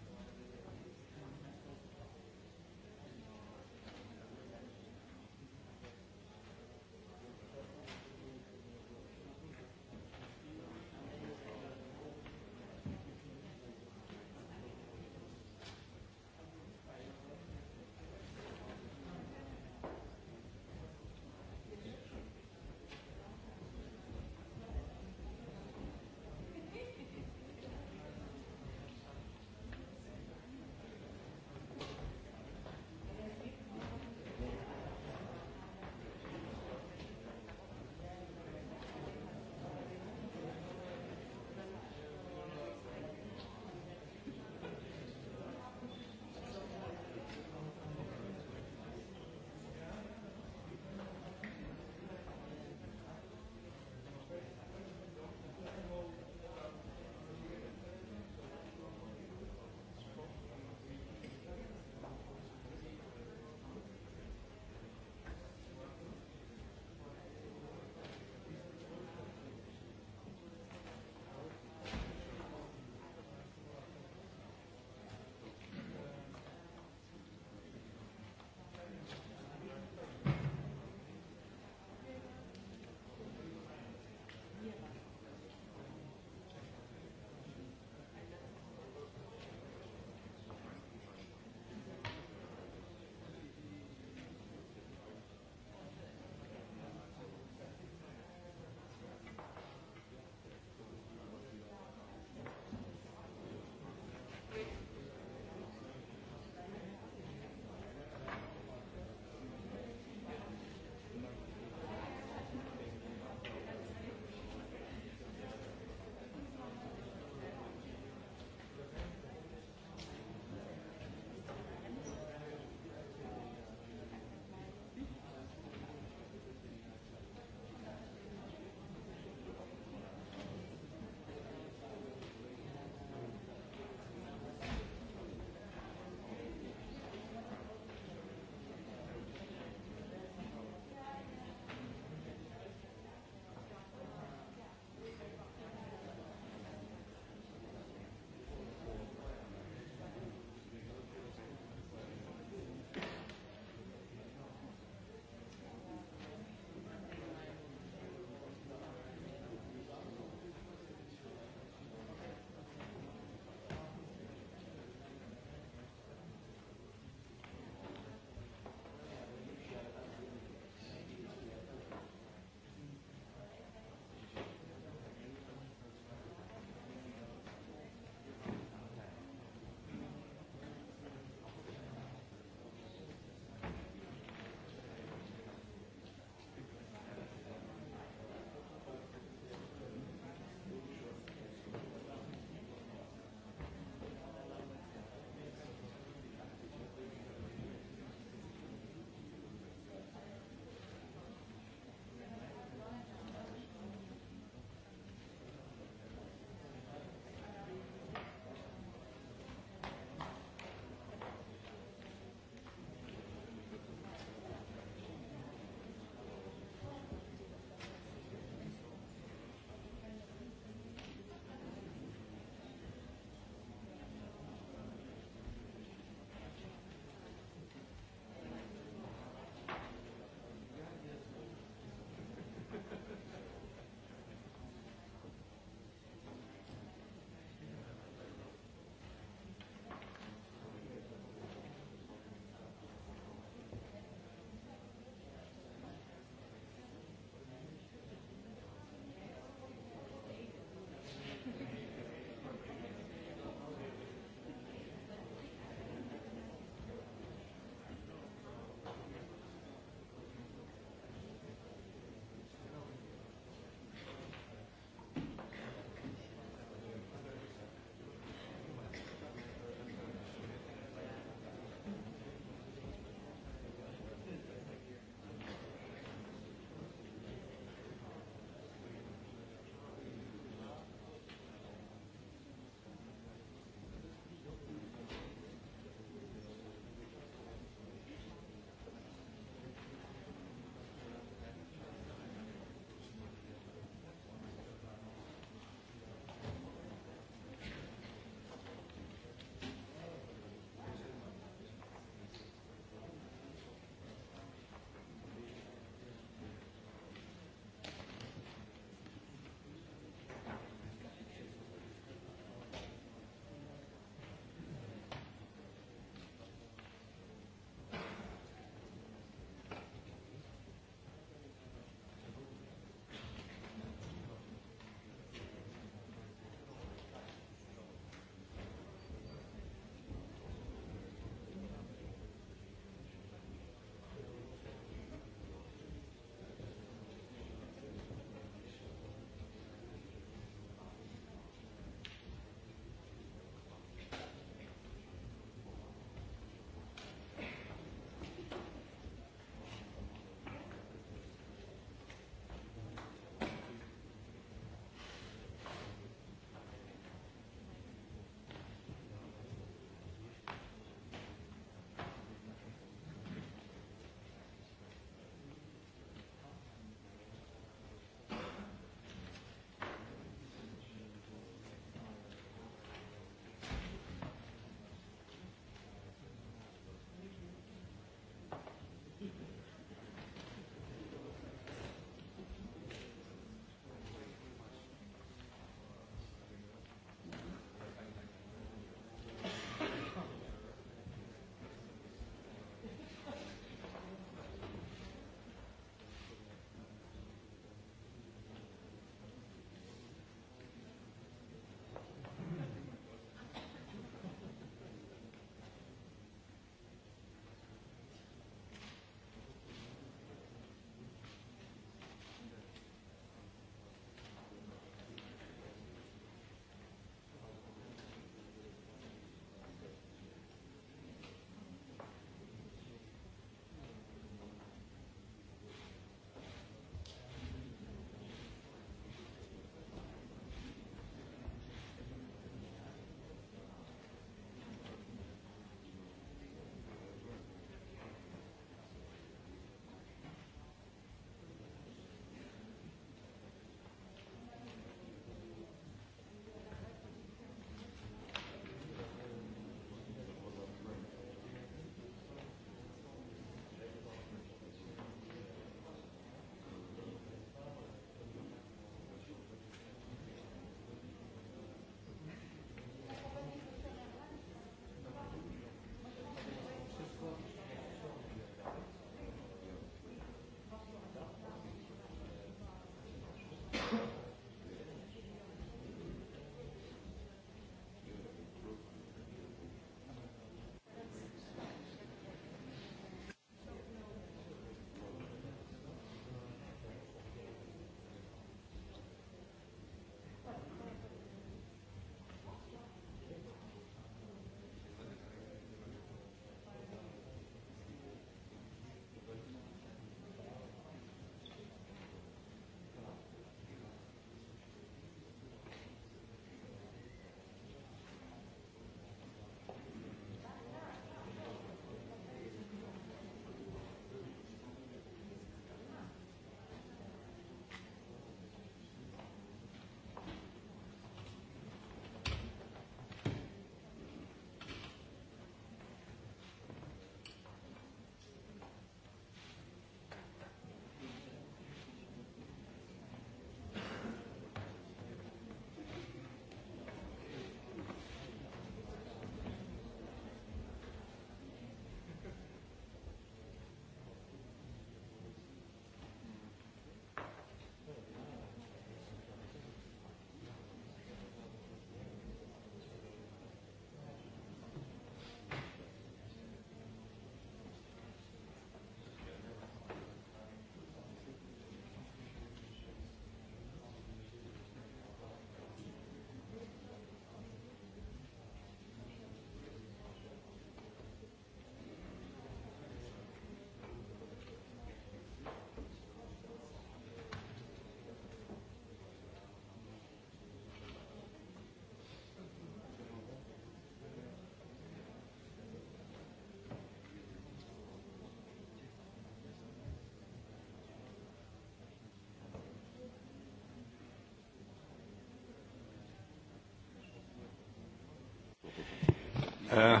Uh,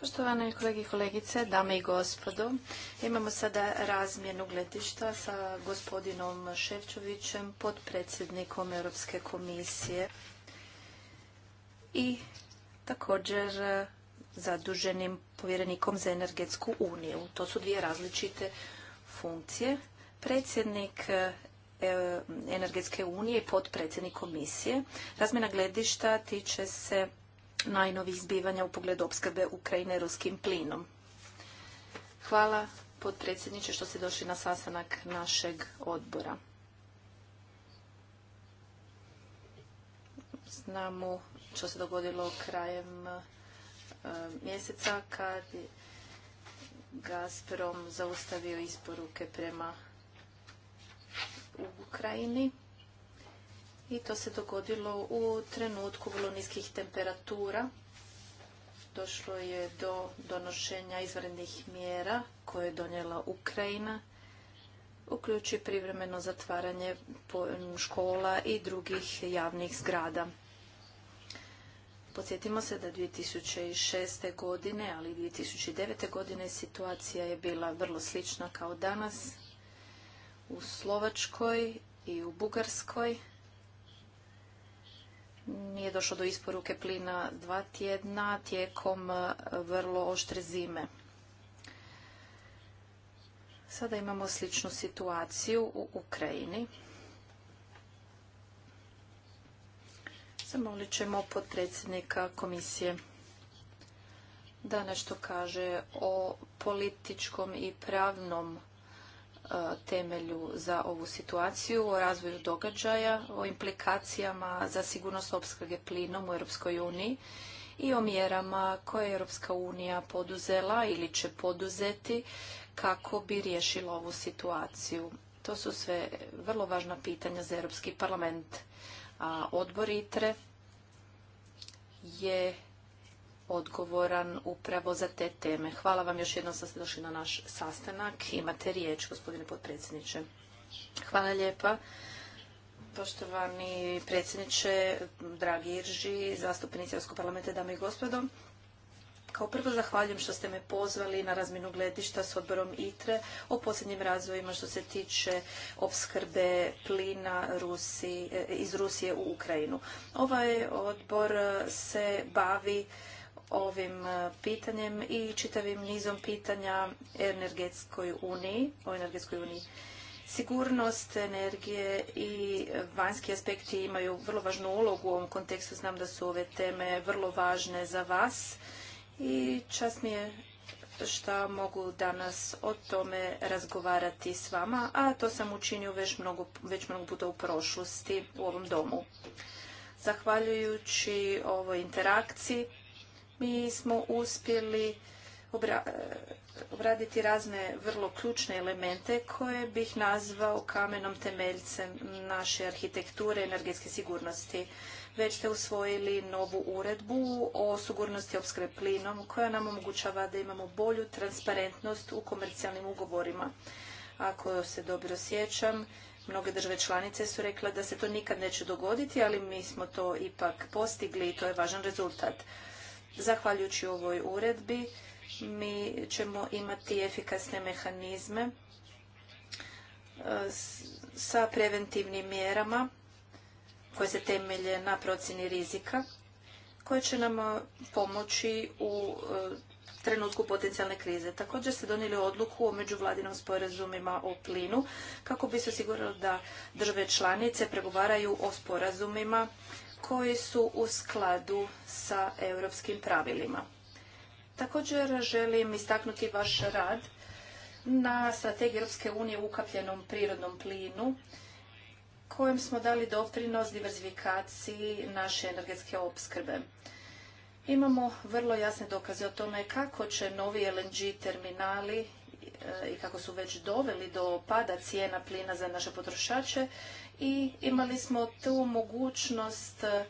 Poštovane kolege i kolegice, dame i gospodo, imamo sada razmjenu gledišta sa gospodinom Ševčovićem, podpredsjednikom Europske komisije i također zaduženim povjerenikom za energetsku uniju. To su dvije različite funkcije. Predsjednik e, Energetske unije i potpredsjednik komisije. Razmjena gledišta tiče se najnovih zbivanja u pogledu opskrbe Ukrajine ruskim plinom. Hvala potpredsjedniče što ste došli na sastanak našeg odbora. Znamo što se dogodilo krajem eh, mjeseca kad je Gazprom zaustavio isporuke prema Ukrajini i to se dogodilo u trenutku vrlo niskih temperatura. Došlo je do donošenja izvanrednih mjera koje je donijela Ukrajina, uključi privremeno zatvaranje škola i drugih javnih zgrada. Podsjetimo se da 2006. godine, ali 2009. godine situacija je bila vrlo slična kao danas u Slovačkoj i u Bugarskoj nije došlo do isporuke plina dva tjedna tijekom e, vrlo oštre zime. Sada imamo sličnu situaciju u Ukrajini. Zamolit ćemo potpredsjednika komisije da nešto kaže o političkom i pravnom temelju za ovu situaciju, o razvoju događaja, o implikacijama za sigurnost opskrbe plinom u Europskoj uniji i o mjerama koje je Europska unija poduzela ili će poduzeti kako bi riješila ovu situaciju. To su sve vrlo važna pitanja za Europski parlament. A odbor ITRE je odgovoran upravo za te teme. Hvala vam još jednom što ste došli na naš sastanak. Imate riječ, gospodine potpredsjedniče. Hvala lijepa. Poštovani predsjedniče, dragi Irži, zastupnici Europskog parlamenta, dame i gospodo. Kao prvo zahvaljujem što ste me pozvali na razminu gledišta s odborom ITRE o posljednjim razvojima što se tiče opskrbe plina iz Rusije u Ukrajinu. Ovaj odbor se bavi ovim e, pitanjem i čitavim nizom pitanja energetskoj uniji, o energetskoj uniji. Sigurnost energije i vanjski aspekti imaju vrlo važnu ulogu u ovom kontekstu. Znam da su ove teme vrlo važne za vas i čast mi je što mogu danas o tome razgovarati s vama, a to sam učinio već mnogo, već mnogo puta u prošlosti u ovom domu. Zahvaljujući ovoj interakciji mi smo uspjeli eh, obraditi razne vrlo ključne elemente koje bih nazvao kamenom temeljcem naše arhitekture energetske sigurnosti. Već ste usvojili novu uredbu o sigurnosti opskrbe plinom koja nam omogućava da imamo bolju transparentnost u komercijalnim ugovorima. Ako se dobro sjećam, mnoge države članice su rekle da se to nikad neće dogoditi, ali mi smo to ipak postigli i to je važan rezultat. Zahvaljujući ovoj uredbi mi ćemo imati efikasne mehanizme e, sa preventivnim mjerama koje se temelje na procjeni rizika koje će nam e, pomoći u e, trenutku potencijalne krize. Također ste donijeli odluku o međuvladinom sporazumima o plinu kako bi se osiguralo da države članice pregovaraju o sporazumima koji su u skladu sa europskim pravilima. Također želim istaknuti vaš rad na strategiji Europske unije u ukapljenom prirodnom plinu kojem smo dali doprinos diversifikaciji naše energetske opskrbe. Imamo vrlo jasne dokaze o tome kako će novi LNG terminali e, i kako su već doveli do pada cijena plina za naše potrošače i imali smo tu mogućnost e,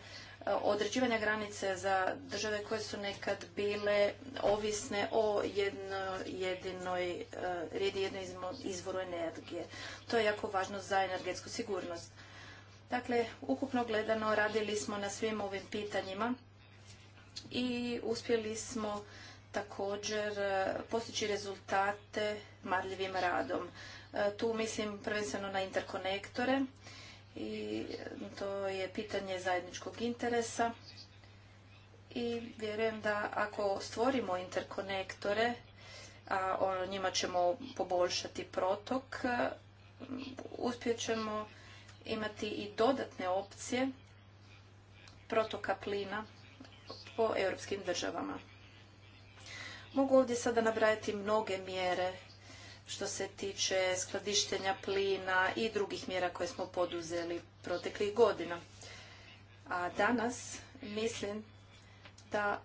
određivanja granice za države koje su nekad bile ovisne o jedno, jedinoj, e, jednoj izvoru energije. To je jako važno za energetsku sigurnost. Dakle, ukupno gledano radili smo na svim ovim pitanjima i uspjeli smo također e, postići rezultate marljivim radom. Tu mislim prvenstveno na interkonektore i to je pitanje zajedničkog interesa i vjerujem da ako stvorimo interkonektore, a njima ćemo poboljšati protok, uspjet ćemo imati i dodatne opcije protoka plina po europskim državama. Mogu ovdje sada nabrajati mnoge mjere što se tiče skladištenja plina i drugih mjera koje smo poduzeli proteklih godina. A danas mislim da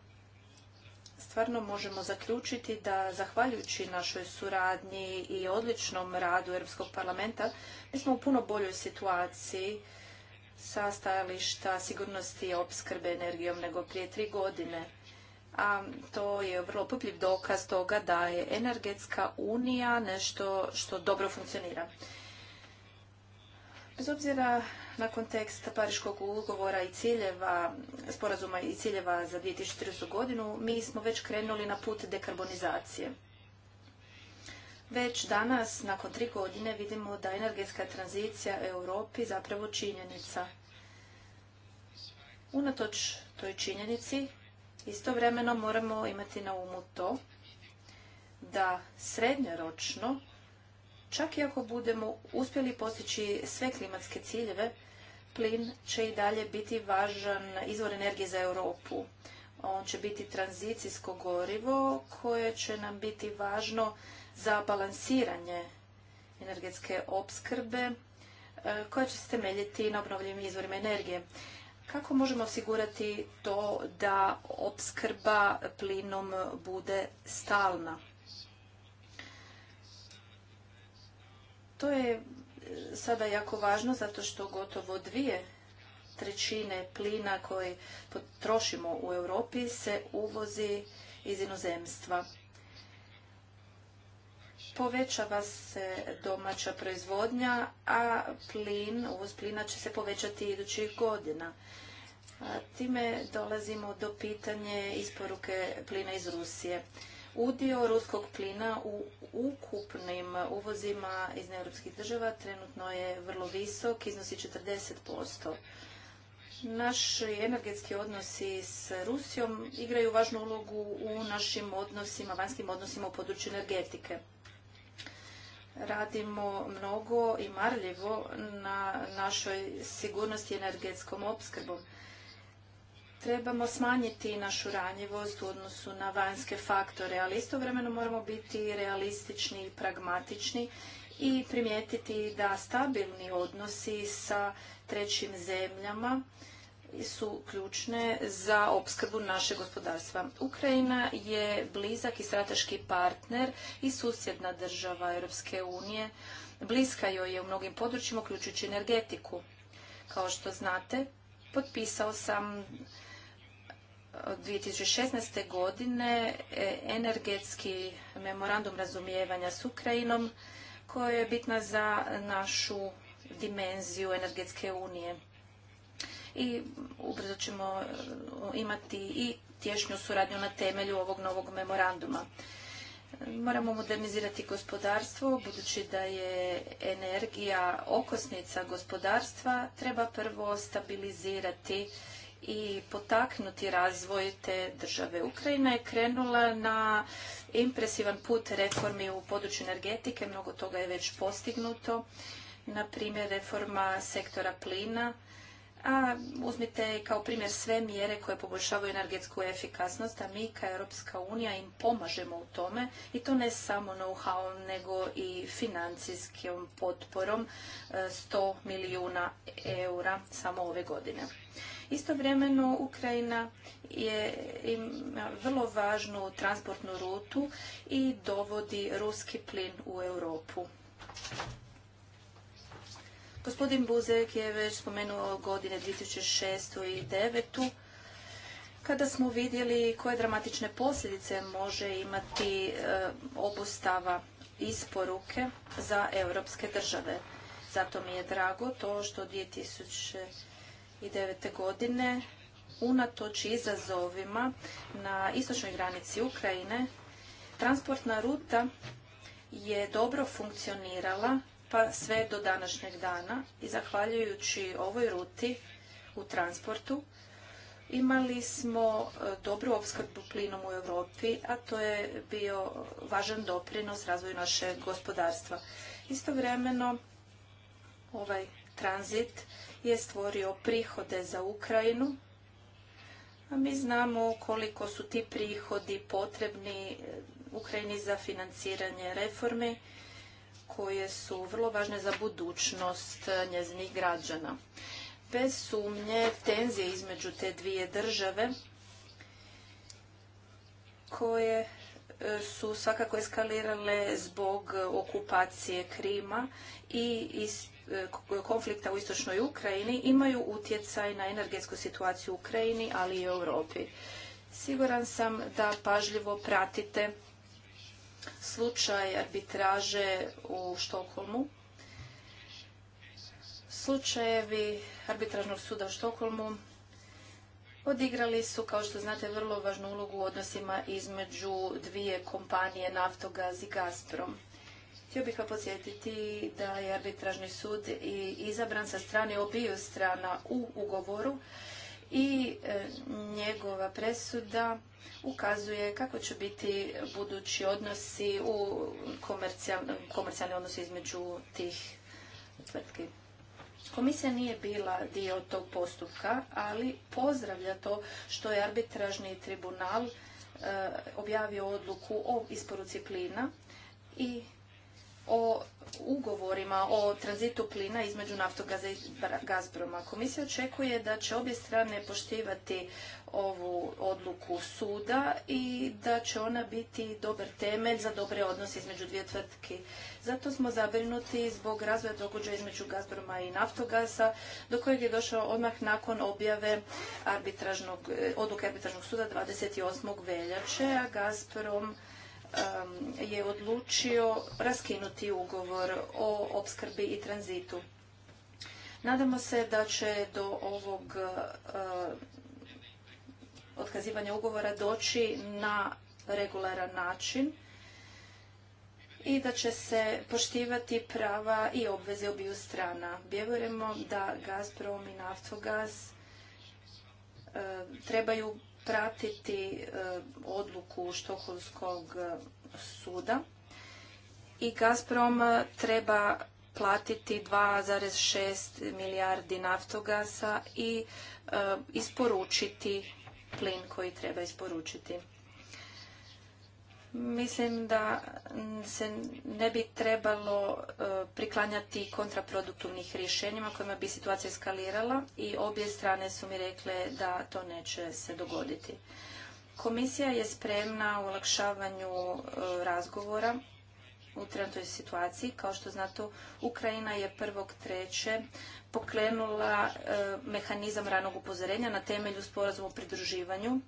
stvarno možemo zaključiti da zahvaljujući našoj suradnji i odličnom radu Europskog parlamenta mi smo u puno boljoj situaciji sa stajališta sigurnosti opskrbe energijom nego prije tri godine a to je vrlo popljiv dokaz toga da je energetska unija nešto što dobro funkcionira. Bez obzira na kontekst Pariškog ugovora i ciljeva, sporazuma i ciljeva za 2030. godinu, mi smo već krenuli na put dekarbonizacije. Već danas, nakon tri godine, vidimo da energetska tranzicija Europi zapravo činjenica. Unatoč toj činjenici, Istovremeno moramo imati na umu to da srednjoročno, čak i ako budemo uspjeli postići sve klimatske ciljeve, plin će i dalje biti važan izvor energije za Europu. On će biti tranzicijsko gorivo koje će nam biti važno za balansiranje energetske opskrbe e, koje će se temeljiti na obnovljivim izvorima energije. Kako možemo osigurati to da opskrba plinom bude stalna? To je e, sada jako važno zato što gotovo dvije trećine plina koje potrošimo u Europi se uvozi iz inozemstva povećava se domaća proizvodnja, a plin, uvoz plina će se povećati idućih godina. time dolazimo do pitanje isporuke plina iz Rusije. Udio ruskog plina u ukupnim uvozima iz europskih država trenutno je vrlo visok, iznosi 40%. Naši energetski odnosi s Rusijom igraju važnu ulogu u našim odnosima, vanjskim odnosima u području energetike radimo mnogo i marljivo na našoj sigurnosti energetskom opskrbom. Trebamo smanjiti našu ranjivost u odnosu na vanjske faktore, ali istovremeno moramo biti realistični i pragmatični i primijetiti da stabilni odnosi sa trećim zemljama su ključne za opskrbu našeg gospodarstva. Ukrajina je blizak i strateški partner i susjedna država Europske unije. Bliska joj je u mnogim područjima, uključujući energetiku. Kao što znate, potpisao sam 2016. E, godine e, energetski memorandum razumijevanja s Ukrajinom koja je bitna za našu dimenziju energetske unije i ubrzo ćemo e, imati i tješnju suradnju na temelju ovog novog memoranduma. Moramo modernizirati gospodarstvo, budući da je energija okosnica gospodarstva, treba prvo stabilizirati i potaknuti razvoj te države. Ukrajina je krenula na impresivan put reformi u području energetike, mnogo toga je već postignuto, na primjer reforma sektora plina, a uzmite kao primjer sve mjere koje poboljšavaju energetsku efikasnost, a mi kao Europska unija im pomažemo u tome i to ne samo know-how, nego i financijskom potporom 100 e, milijuna eura samo ove godine. Istovremeno Ukrajina je, ima vrlo važnu transportnu rutu i dovodi ruski plin u Europu. Gospodin Buzek je već spomenuo godine 2006. i 2009. kada smo vidjeli koje dramatične posljedice može imati e, obustava isporuke za europske države. Zato mi je drago to što 2009. godine unatoč izazovima na istočnoj granici Ukrajine transportna ruta je dobro funkcionirala pa sve do današnjeg dana i zahvaljujući ovoj ruti u transportu imali smo e, dobru opskrbu plinom u Europi, a to je bio važan doprinos razvoju naše gospodarstva. Istovremeno ovaj tranzit je stvorio prihode za Ukrajinu, a mi znamo koliko su ti prihodi potrebni e, Ukrajini za financiranje reformi koje su vrlo važne za budućnost eh, njezinih građana. Bez sumnje, tenzije između te dvije države koje eh, su svakako eskalirale zbog okupacije Krima i eh, konflikta u istočnoj Ukrajini imaju utjecaj na energetsku situaciju u Ukrajini, ali i u Europi. Siguran sam da pažljivo pratite slučaj arbitraže u Štokholmu. Slučajevi arbitražnog suda u Štokholmu odigrali su, kao što znate, vrlo važnu ulogu u odnosima između dvije kompanije Naftogaz i Gazprom. Htio bih podsjetiti da je arbitražni sud i izabran sa strane obiju strana u ugovoru i e, njegova presuda ukazuje kako će biti budući odnosi u komercijalni odnosi između tih tvrtki. Komisija nije bila dio tog postupka, ali pozdravlja to što je arbitražni tribunal e, objavio odluku o isporuci plina i o ugovorima o tranzitu plina između Naftogaza i Gazbroma. Komisija očekuje da će obje strane poštivati ovu odluku suda i da će ona biti dobar temelj za dobre odnose između dvije tvrtke. Zato smo zabrinuti zbog razvoja događaja između Gazbroma i Naftogasa, do kojeg je došao odmah nakon objave arbitražnog, odluke arbitražnog suda 28. veljače, a Gazprom je odlučio raskinuti ugovor o opskrbi i tranzitu. Nadamo se da će do ovog otkazivanja ugovora doći na regularan način i da će se poštivati prava i obveze obiju strana. Vjerujemo da Gazprom i Naftogaz trebaju pratiti e, odluku Štoholskog e, suda i Gazprom e, treba platiti 2,6 milijardi naftogasa i isporučiti plin koji treba isporučiti. Mislim da se ne bi trebalo e, priklanjati kontraproduktivnih rješenjima kojima bi situacija eskalirala i obje strane su mi rekle da to neće se dogoditi. Komisija je spremna u olakšavanju e, razgovora u trenutnoj situaciji. Kao što znate, Ukrajina je 1.3. pokrenula e, mehanizam ranog upozorenja na temelju sporazuma o pridruživanju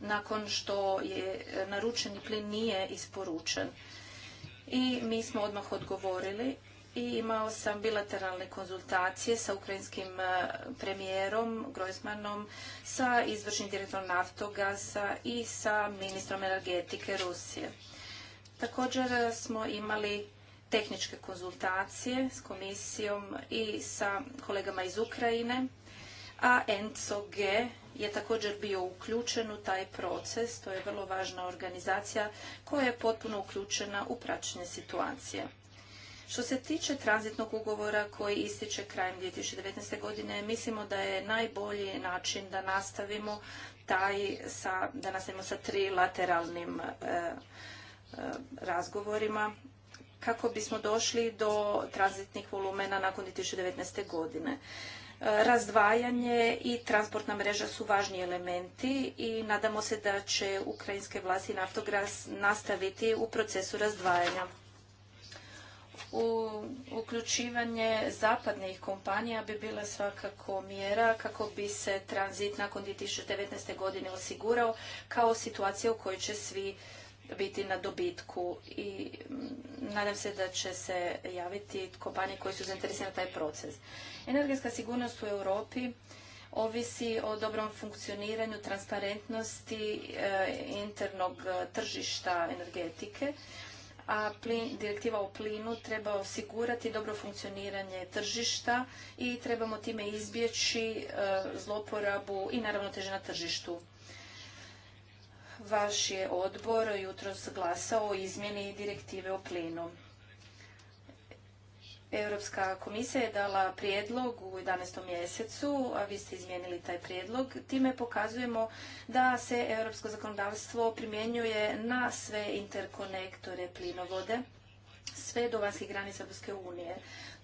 nakon što je naručeni plin nije isporučen. I mi smo odmah odgovorili i imao sam bilateralne konzultacije sa ukrajinskim e, premijerom Grozmanom sa izvršnim direktorom Naftogasa i sa ministrom energetike Rusije. Također e, smo imali tehničke konzultacije s komisijom i sa kolegama iz Ukrajine, a ENCOG je također bio uključen u taj proces. To je vrlo važna organizacija koja je potpuno uključena u praćenje situacije. Što se tiče tranzitnog ugovora koji ističe krajem 2019. godine, mislimo da je najbolji način da nastavimo taj sa, da nastavimo sa trilateralnim e, e, razgovorima kako bismo došli do tranzitnih volumena nakon 2019. godine. Razdvajanje i transportna mreža su važni elementi i nadamo se da će ukrajinske vlasti naftograz nastaviti u procesu razdvajanja. U uključivanje zapadnih kompanija bi bila svakako mjera kako bi se tranzit nakon 2019. godine osigurao kao situacija u kojoj će svi biti na dobitku i mm, nadam se da će se javiti kompanije koji su zainteresirane taj proces. Energetska sigurnost u Europi ovisi o dobrom funkcioniranju, transparentnosti eh, internog eh, tržišta energetike, a plin, direktiva o plinu treba osigurati dobro funkcioniranje tržišta i trebamo time izbjeći eh, zloporabu i naravno teže na tržištu. Vaš je odbor jutros glasao o izmjeni direktive o plinu. Europska komisija je dala prijedlog u 11. mjesecu, a vi ste izmijenili taj prijedlog. Time pokazujemo da se europsko zakonodavstvo primjenjuje na sve interkonektore plinovode sve do vanjskih granica Europske unije.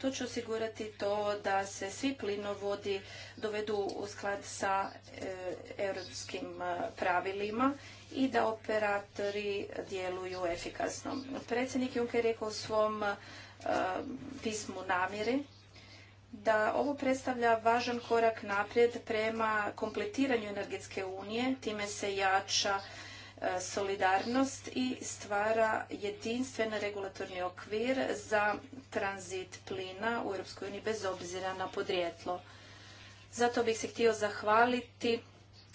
To će osigurati to da se svi plinovodi dovedu u sklad sa e, europskim e, pravilima i da operatori djeluju efikasno. Predsjednik Juncker je rekao u svom e, pismu namjere da ovo predstavlja važan korak naprijed prema kompletiranju energetske unije, time se jača E, solidarnost i stvara jedinstven regulatorni okvir za tranzit plina u EU bez obzira na podrijetlo. Zato bih se htio zahvaliti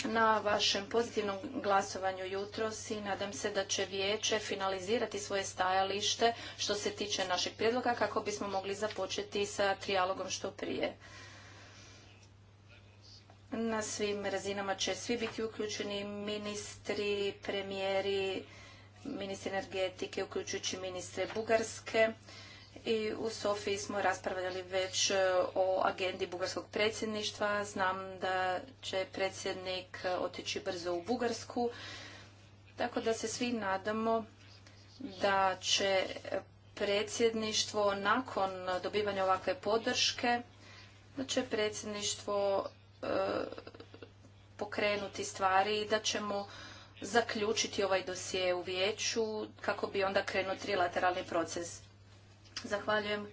na vašem pozitivnom glasovanju jutros i nadam se da će vijeće finalizirati svoje stajalište što se tiče našeg prijedloga kako bismo mogli započeti sa trijalogom što prije. Na svim razinama će svi biti uključeni ministri, premijeri, ministri energetike, uključujući ministre Bugarske. I u Sofiji smo raspravljali već e, o agendi bugarskog predsjedništva. Znam da će predsjednik e, otići brzo u Bugarsku. Tako da se svi nadamo da će predsjedništvo nakon dobivanja ovakve podrške, da će predsjedništvo pokrenuti stvari i da ćemo zaključiti ovaj dosije u vijeću kako bi onda krenuo trilateralni proces. Zahvaljujem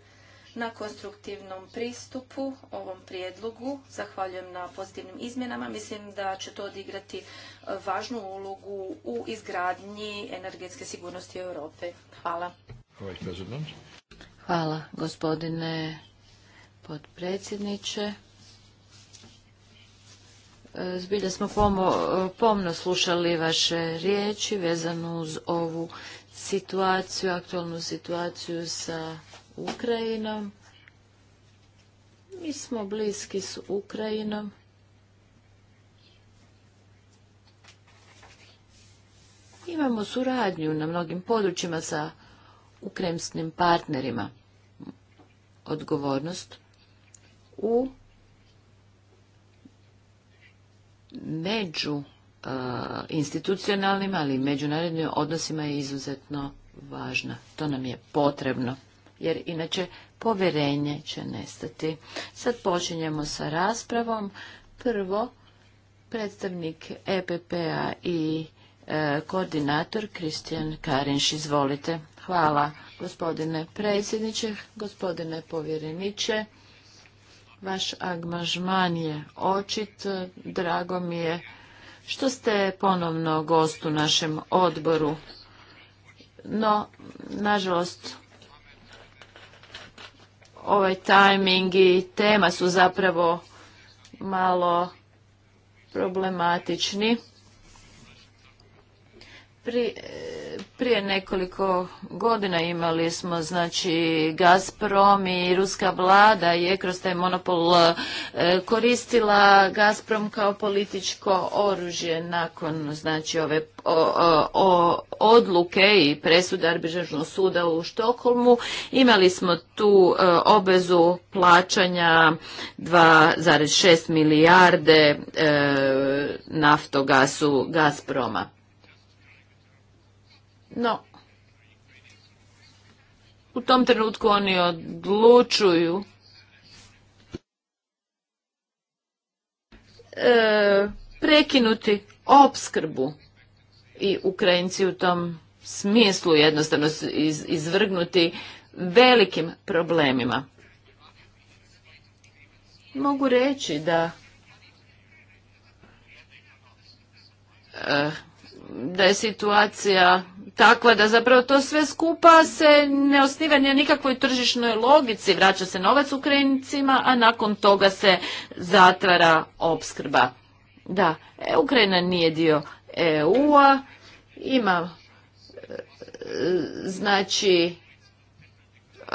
na konstruktivnom pristupu ovom prijedlogu. Zahvaljujem na pozitivnim izmjenama. Mislim da će to odigrati važnu ulogu u izgradnji energetske sigurnosti Europe. Hvala. Hvala gospodine potpredsjedniče. Zbilja smo pomno slušali vaše riječi vezano uz ovu situaciju, aktualnu situaciju sa Ukrajinom. Mi smo bliski s Ukrajinom. Imamo suradnju na mnogim područjima sa ukrajinskim partnerima. Odgovornost u među e, institucionalnim, ali i međunarodnim odnosima je izuzetno važna. To nam je potrebno, jer inače povjerenje će nestati. Sad počinjemo sa raspravom. Prvo, predstavnik EPP-a i e, koordinator Kristijan Karinš, izvolite. Hvala gospodine predsjedniče, gospodine povjereniče. Vaš angažman je očit, drago mi je što ste ponovno gost u našem odboru. No, nažalost, ovaj tajming i tema su zapravo malo problematični prije nekoliko godina imali smo znači Gazprom i ruska vlada je kroz taj monopol e, koristila Gazprom kao političko oružje nakon znači ove odluke i presude arbitražnog suda u Štokolmu Imali smo tu e, obezu plaćanja 2,6 milijarde e, naftogasu Gazproma. No, u tom trenutku oni odlučuju e, prekinuti opskrbu i Ukrajinci u tom smislu jednostavno izvrgnuti velikim problemima. Mogu reći da e, da je situacija tako da zapravo to sve skupa se ne osniva ni nikakvoj tržišnoj logici. Vraća se novac Ukrajincima, a nakon toga se zatvara opskrba. Da, e, Ukrajina nije dio EU-a, ima e, znači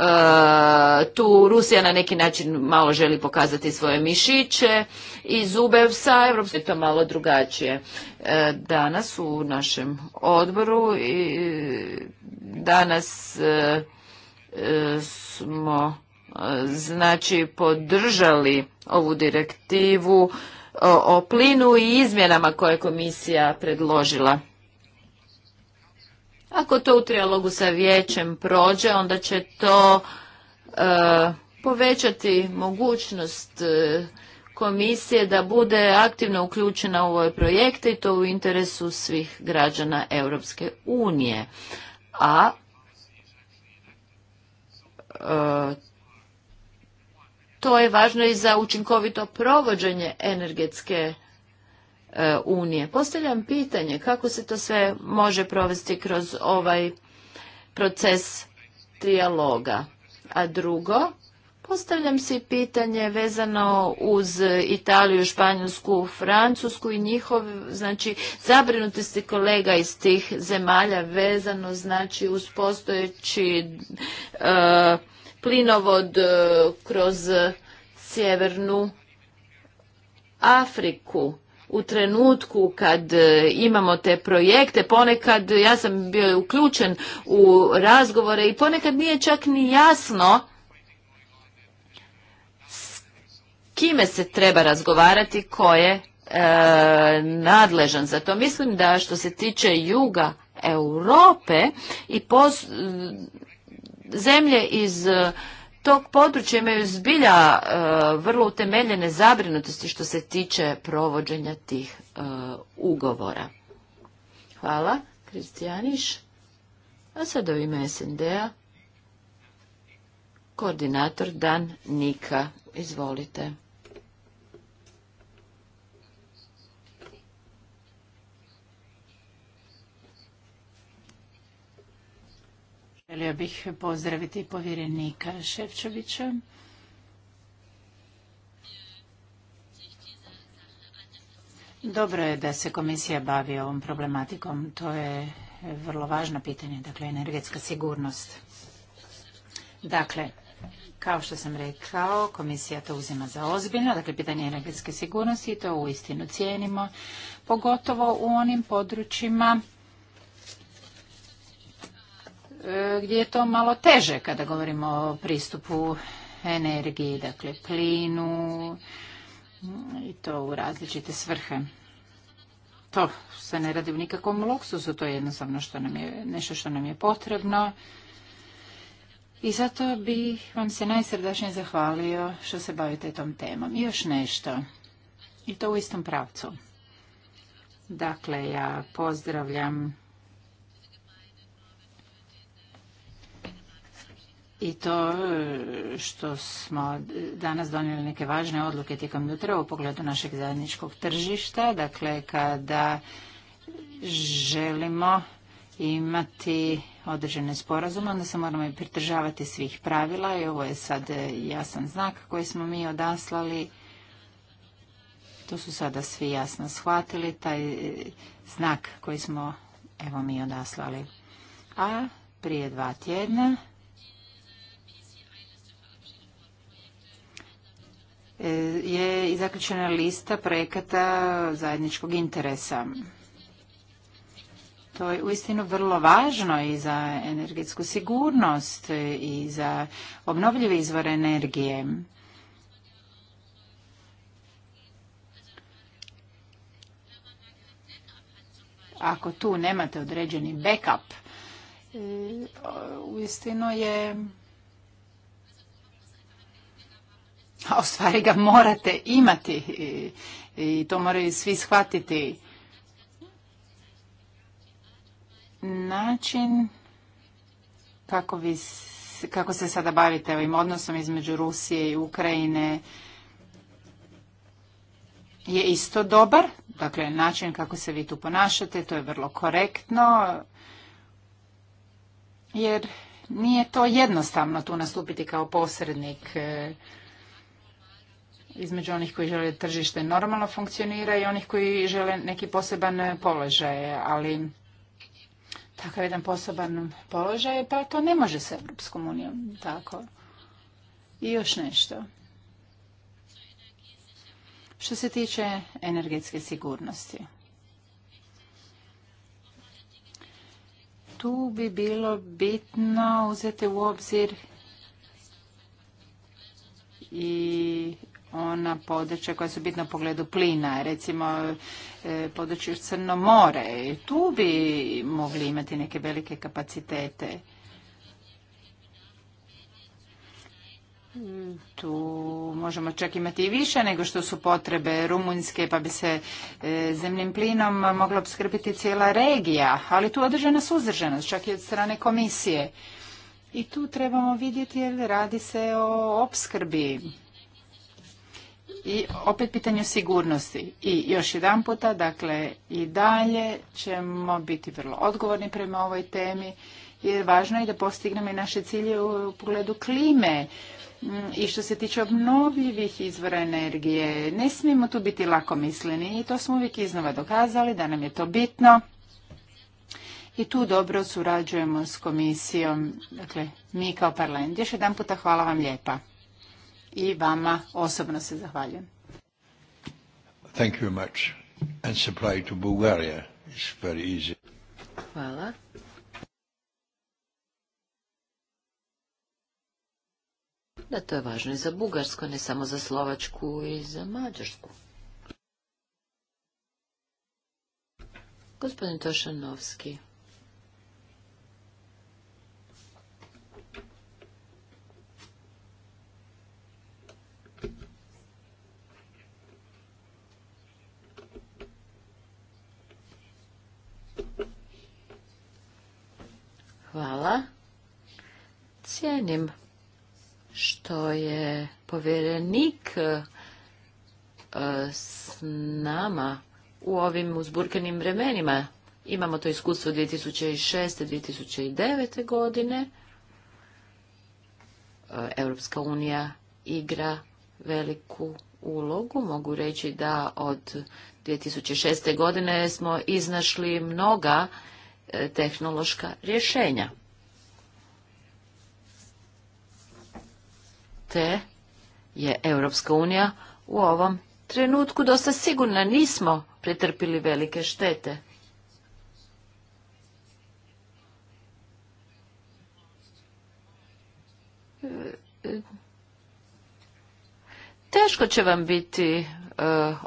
E, tu Rusija na neki način malo želi pokazati svoje mišiće i zube sa Evropske, to malo drugačije. E, danas u našem odboru i danas e, smo znači podržali ovu direktivu o plinu i izmjenama koje je komisija predložila. Ako to u trialogu sa vijećem prođe, onda će to e, povećati mogućnost e, komisije da bude aktivno uključena u ove projekte i to u interesu svih građana Europske unije. A e, to je važno i za učinkovito provođenje energetske E, unije. Postavljam pitanje kako se to sve može provesti kroz ovaj proces trijaloga. A drugo, postavljam si pitanje vezano uz Italiju, Španjolsku, Francusku i njihov, znači, zabrinutosti kolega iz tih zemalja vezano, znači, uz postojeći e, plinovod e, kroz sjevernu Afriku u trenutku kad e, imamo te projekte, ponekad ja sam bio uključen u razgovore i ponekad nije čak ni jasno s kime se treba razgovarati, ko je e, nadležan za to. Mislim da što se tiče juga Europe i e, zemlje iz tog područja imaju zbilja e, vrlo utemeljene zabrinutosti što se tiče provođenja tih e, ugovora. Hvala, Kristijaniš. A sada u ime SND-a koordinator Dan Nika. Izvolite. Želio bih pozdraviti povjerenika Ševčevića. Dobro je da se komisija bavi ovom problematikom. To je vrlo važno pitanje, dakle energetska sigurnost. Dakle, kao što sam rekao, komisija to uzima za ozbiljno, dakle pitanje energetske sigurnosti i to uistinu cijenimo, pogotovo u onim područjima E, gdje je to malo teže kada govorimo o pristupu energiji, dakle plinu i to u različite svrhe. To se ne radi u nikakvom luksusu, to je jednostavno što nam je, nešto što nam je potrebno. I zato bih vam se najsrdačnije zahvalio što se bavite tom temom. I još nešto. I to u istom pravcu. Dakle, ja pozdravljam i to e, što smo danas donijeli neke važne odluke tijekom jutra u pogledu našeg zajedničkog tržišta, dakle kada želimo imati određene sporazume, onda se moramo i pridržavati svih pravila i ovo je sad jasan znak koji smo mi odaslali. To su sada svi jasno shvatili, taj znak koji smo evo mi odaslali. A prije dva tjedna E, je i zaključena lista projekata zajedničkog interesa. To je uistinu vrlo važno i za energetsku sigurnost i za obnovljive izvore energije. Ako tu nemate određeni backup, e, uistinu je a u stvari ga morate imati i, to moraju svi shvatiti. Način kako, vi, kako se sada bavite ovim odnosom između Rusije i Ukrajine je isto dobar. Dakle, način kako se vi tu ponašate, to je vrlo korektno, jer nije to jednostavno tu nastupiti kao posrednik e, između onih koji žele tržište normalno funkcionira i onih koji žele neki poseban položaj, ali takav jedan poseban položaj, pa to ne može sa Europskom unijom, tako. I još nešto. Što se tiče energetske sigurnosti. Tu bi bilo bitno uzeti u obzir i ona područja koja su bitna u pogledu plina, recimo e, područje Crno more. Tu bi mogli imati neke velike kapacitete. Tu možemo čak imati i više nego što su potrebe Rumunjske, pa bi se e, zemnim plinom mogla obskrbiti cijela regija, ali tu je određena suzdržanost, čak i od strane komisije. I tu trebamo vidjeti jer radi se o opskrbi i opet pitanje sigurnosti. I još jedan puta, dakle i dalje ćemo biti vrlo odgovorni prema ovoj temi jer važno je da postignemo i naše cilje u pogledu klime i što se tiče obnovljivih izvora energije. Ne smijemo tu biti lakomisleni i to smo uvijek iznova dokazali da nam je to bitno. I tu dobro surađujemo s komisijom, dakle mi kao parlament. Još jedan puta hvala vam lijepa i vama osobno se zahvaljujem. Thank you much. And supply to Bulgaria is very easy. Hvala. Da, to je važno i za Bugarsko, ne samo za Slovačku i za Mađarsku. Gospodin Tošanovski. Hvala. Cijenim što je povjerenik e, s nama u ovim uzburkanim vremenima. Imamo to iskustvo 2006. 2009. godine. E, Europska unija igra veliku ulogu. Mogu reći da od 2006. godine smo iznašli mnoga E, tehnološka rješenja. Te je Europska unija u ovom trenutku dosta sigurna, nismo pretrpili velike štete. E, e, teško će vam biti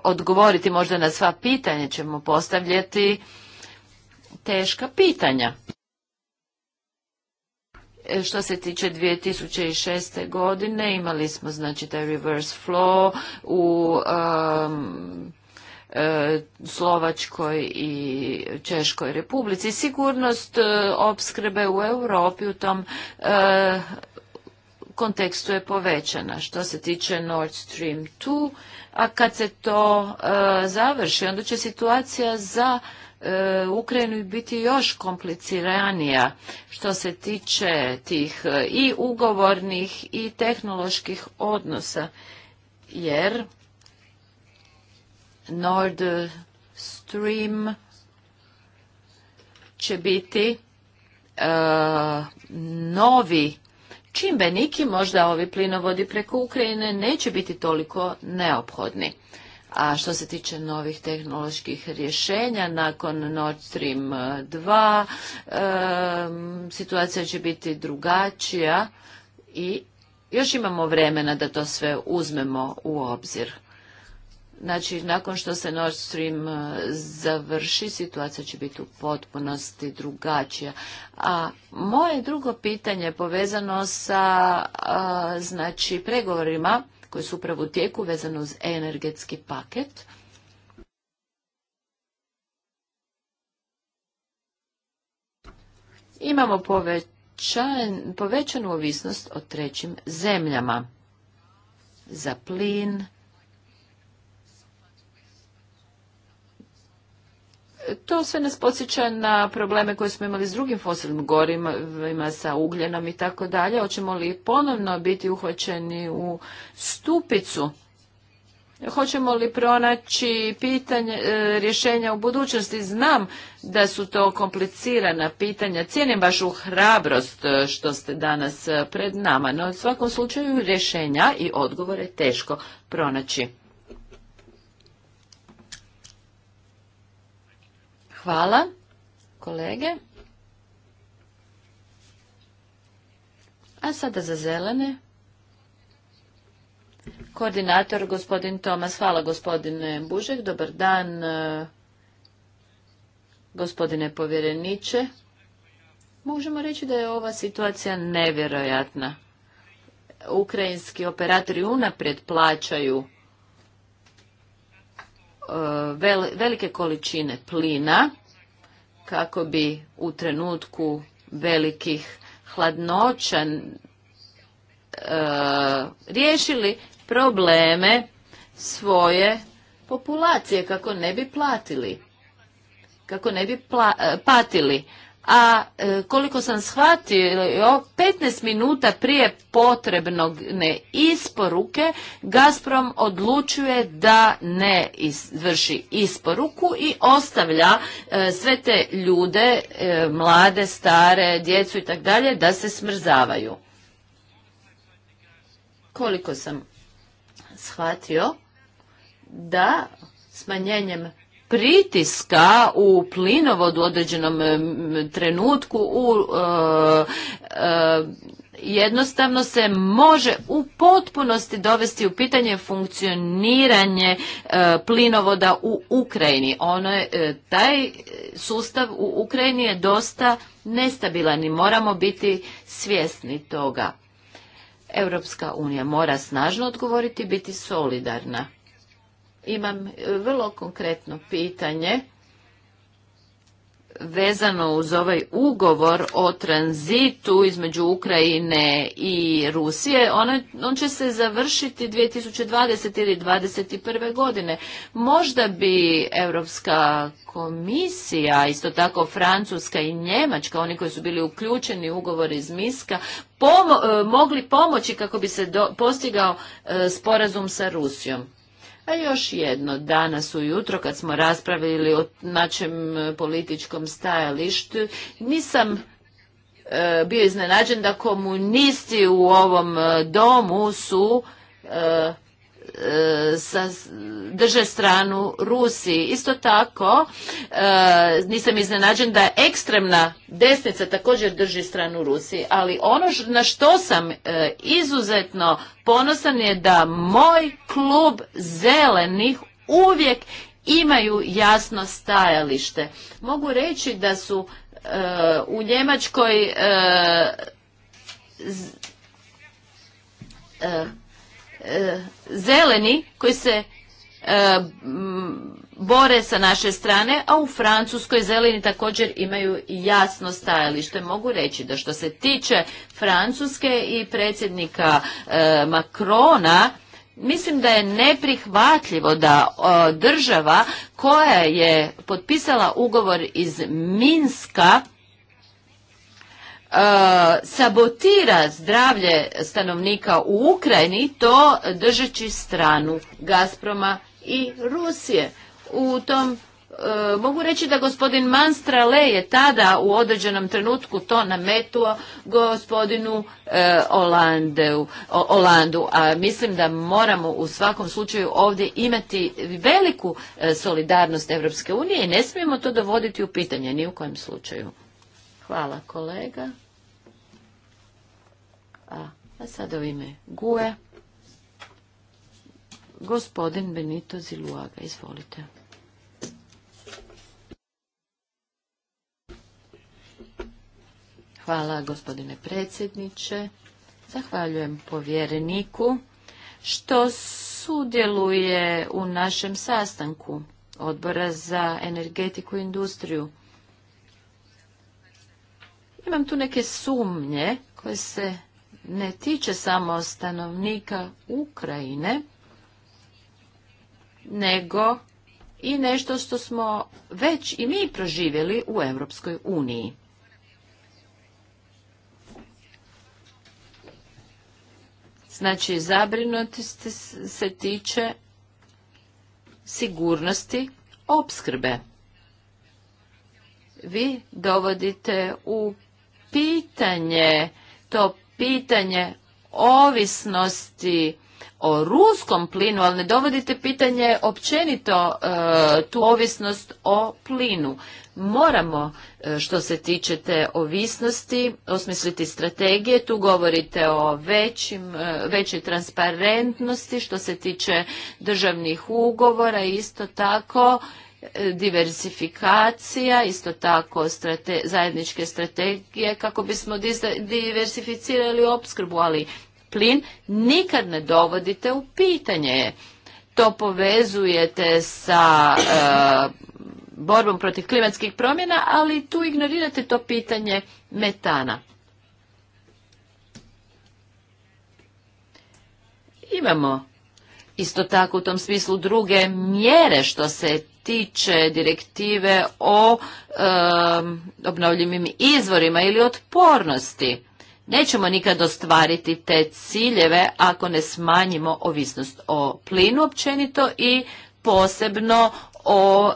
odgovoriti, možda na sva pitanja ćemo postavljati teška pitanja. E, što se tiče 2006. godine imali smo znači taj reverse flow u um, e, Slovačkoj i Češkoj republici. Sigurnost e, opskrbe u Europi u tom kontekstu je povećana. Što se tiče Nord Stream 2, a kad se to završi, onda će situacija za Ukrajinu biti još kompliciranija što se tiče tih e, i ugovornih i tehnoloških odnosa, jer Nord Stream će biti e, novi čimbenik i možda ovi plinovodi preko Ukrajine neće biti toliko neophodni. A što se tiče novih tehnoloških rješenja, nakon Nord Stream 2 situacija će biti drugačija i još imamo vremena da to sve uzmemo u obzir. Znači, nakon što se Nord Stream e, završi, situacija će biti u potpunosti drugačija. A moje drugo pitanje je povezano sa e, znači, pregovorima koje su upravo u tijeku vezano uz energetski paket. Imamo povećan, povećanu ovisnost o trećim zemljama za plin, To sve nas podsjeća na probleme koje smo imali s drugim fosilnim gorivima, sa ugljenom i tako dalje. Hoćemo li ponovno biti uhvaćeni u stupicu? Hoćemo li pronaći pitanje, e, rješenja u budućnosti? Znam da su to komplicirana pitanja. Cijenim vašu hrabrost e, što ste danas e, pred nama, no u svakom slučaju rješenja i odgovore teško pronaći. Hvala, kolege. A sada za zelene. Koordinator gospodin Tomas. Hvala gospodine Bužek. Dobar dan eh, gospodine povjereniče. Možemo reći da je ova situacija nevjerojatna. Ukrajinski operatori unaprijed plaćaju E, velike količine plina kako bi u trenutku velikih hladnoća e, riješili probleme svoje populacije kako ne bi platili kako ne bi e, patili a e, koliko sam shvatio, 15 minuta prije potrebnog ne isporuke, Gazprom odlučuje da ne izvrši isporuku i ostavlja e, sve te ljude, e, mlade, stare, djecu i tako dalje, da se smrzavaju. Koliko sam shvatio, da smanjenjem pritiska u plinovod u određenom trenutku u e, e, jednostavno se može u potpunosti dovesti u pitanje funkcioniranje e, plinovoda u Ukrajini. Ono taj sustav u Ukrajini je dosta nestabilan i moramo biti svjesni toga. Europska unija mora snažno odgovoriti, biti solidarna imam e, vrlo konkretno pitanje vezano uz ovaj ugovor o tranzitu između Ukrajine i Rusije, on, će se završiti 2020 ili 2021. godine. Možda bi Europska komisija, isto tako Francuska i Njemačka, oni koji su bili uključeni u ugovor iz Miska, e, mogli pomoći kako bi se postigao e, sporazum sa Rusijom. A još jedno, danas ujutro kad smo raspravili o našem političkom stajalištu, nisam e, bio iznenađen da komunisti u ovom e, domu su e, E, sa, drže stranu Rusiji. Isto tako e, nisam iznenađen da ekstremna desnica također drži stranu Rusiji, ali ono na što sam e, izuzetno ponosan je da moj klub zelenih uvijek imaju jasno stajalište. Mogu reći da su u Njemačkoj e, zeleni koji se e, bore sa naše strane, a u Francuskoj zeleni također imaju jasno stajalište. Mogu reći da što se tiče Francuske i predsjednika e, Macrona, Makrona, mislim da je neprihvatljivo da e, država koja je potpisala ugovor iz Minska Eh, sabotira zdravlje stanovnika u Ukrajini to držeći stranu Gazproma i Rusije. U tom eh, mogu reći da gospodin Manstrale je tada u određenom trenutku to nametuo gospodinu eh, Olandu, a mislim da moramo u svakom slučaju ovdje imati veliku solidarnost Europske unije i ne smijemo to dovoditi u pitanje ni u kojem slučaju. Hvala kolega. A sada u ime Gue, gospodin Benito Ziluaga, izvolite. Hvala gospodine predsjedniče. Zahvaljujem povjereniku što sudjeluje u našem sastanku odbora za energetiku i industriju. Imam tu neke sumnje koje se ne tiče samo stanovnika Ukrajine, nego i nešto što smo već i mi proživjeli u Europskoj uniji. Znači, zabrinutost se tiče sigurnosti opskrbe. Vi dovodite u pitanje to pitanje ovisnosti o ruskom plinu, ali ne dovodite pitanje općenito e, tu ovisnost o plinu. Moramo, e, što se tiče te ovisnosti, osmisliti strategije. Tu govorite o e, većoj transparentnosti što se tiče državnih ugovora. Isto tako diversifikacija, isto tako strate, zajedničke strategije kako bismo diversificirali opskrbu, ali plin nikad ne dovodite u pitanje. To povezujete sa e, borbom protiv klimatskih promjena, ali tu ignorirate to pitanje metana. Imamo isto tako u tom smislu druge mjere što se tiče direktive o obnovljivim izvorima ili otpornosti. Nećemo nikad ostvariti te ciljeve ako ne smanjimo ovisnost o plinu općenito i posebno o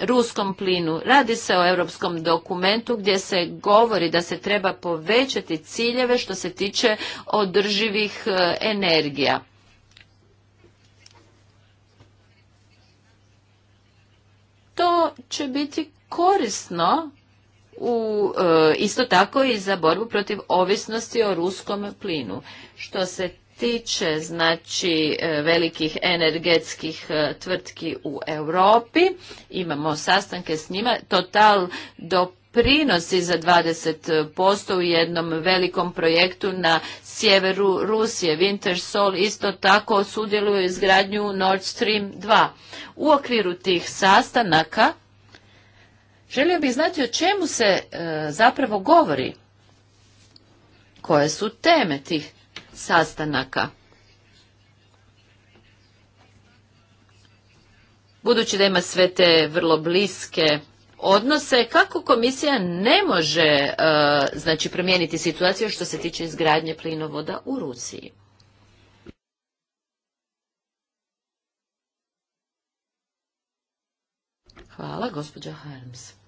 ruskom plinu. Radi se o europskom dokumentu gdje se govori da se treba povećati ciljeve što se tiče održivih energija. to će biti korisno u, e, isto tako i za borbu protiv ovisnosti o ruskom plinu. Što se tiče znači e, velikih energetskih e, tvrtki u Europi. Imamo sastanke s njima. Total do prinosi za 20% u jednom velikom projektu na sjeveru Rusije. Wintersol isto tako sudjeluje u izgradnju Nord Stream 2. U okviru tih sastanaka želio bih znati o čemu se e, zapravo govori. Koje su teme tih sastanaka? Budući da ima sve te vrlo bliske odnose, kako komisija ne može e, znači promijeniti situaciju što se tiče izgradnje plinovoda u Rusiji? Hvala, gospođa Harms.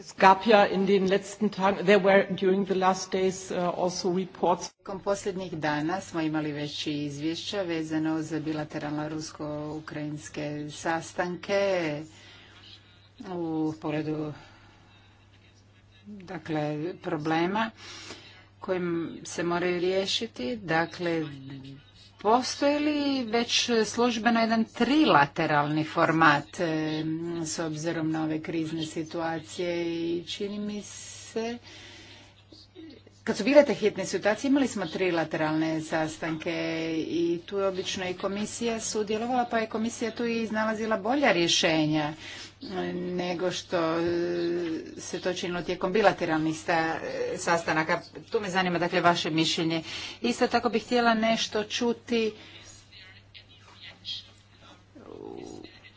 Es gab ja in den letzten Tagen, there were during the last days uh, also reports. posljednjih dana smo imali već izvješća vezano za bilateralno rusko-ukrajinske sastanke u pogledu dakle, problema kojim se moraju riješiti. Dakle, Postoji li već službeno jedan trilateralni format e, s obzirom na ove krizne situacije i čini mi se kad su bile te hitne situacije imali smo trilateralne sastanke i tu je obično i komisija sudjelovala, pa je komisija tu i iznalazila bolja rješenja e, nego što e, se to činilo tijekom bilateralnih e, sastanaka. Tu me zanima dakle vaše mišljenje. Isto tako bih htjela nešto čuti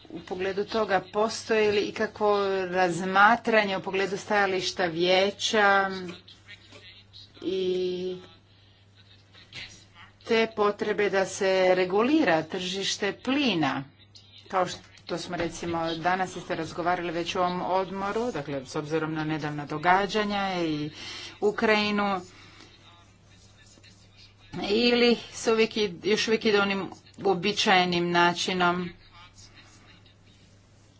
u pogledu toga postoji li ikakvo razmatranje u pogledu stajališta vijeća i te potrebe da se regulira tržište plina, kao što smo recimo danas ste razgovarali već o ovom odmoru, dakle s obzirom na nedavna događanja i Ukrajinu, ili se još uvijek ide onim uobičajenim načinom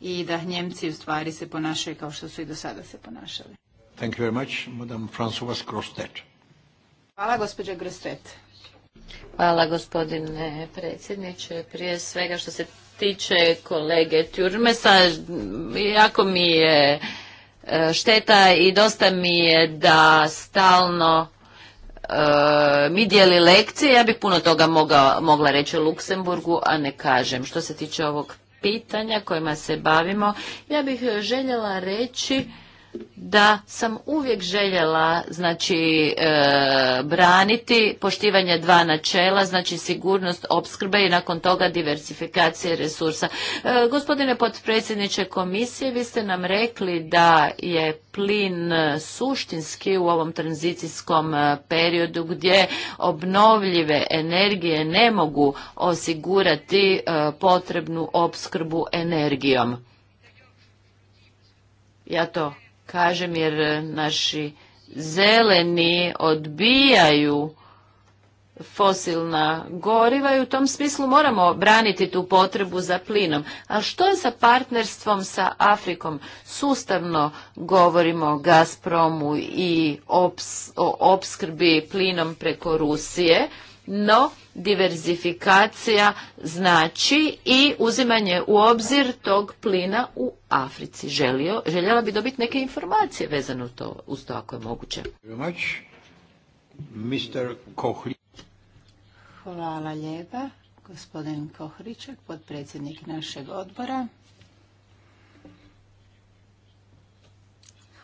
i da Njemci u stvari se ponašaju kao što su i do sada se ponašali. Thank you very much, Madame Hvala, gospođa Hvala, gospodine predsjedniče. Prije svega što se tiče kolege Tjurmesa, jako mi je e, šteta i dosta mi je da stalno e, mi dijeli lekcije. Ja bih puno toga mogla reći o Luksemburgu, a ne kažem. Što se tiče ovog pitanja kojima se bavimo, ja bih željela reći da sam uvijek željela znači e, braniti poštivanje dva načela znači sigurnost opskrbe i nakon toga diversifikacije resursa e, gospodine potpredsjedniče komisije vi ste nam rekli da je plin suštinski u ovom tranzicijskom e, periodu gdje obnovljive energije ne mogu osigurati potrebnu opskrbu energijom ja to kažem jer naši zeleni odbijaju fosilna goriva i u tom smislu moramo braniti tu potrebu za plinom. A što je sa partnerstvom sa Afrikom? Sustavno govorimo o Gazpromu i o opskrbi plinom preko Rusije, no diverzifikacija znači i uzimanje u obzir tog plina u Africi. Želio, željela bi dobiti neke informacije vezano to, uz to ako je moguće. Hvala lijepa, gospodin Kohričak, podpredsjednik našeg odbora.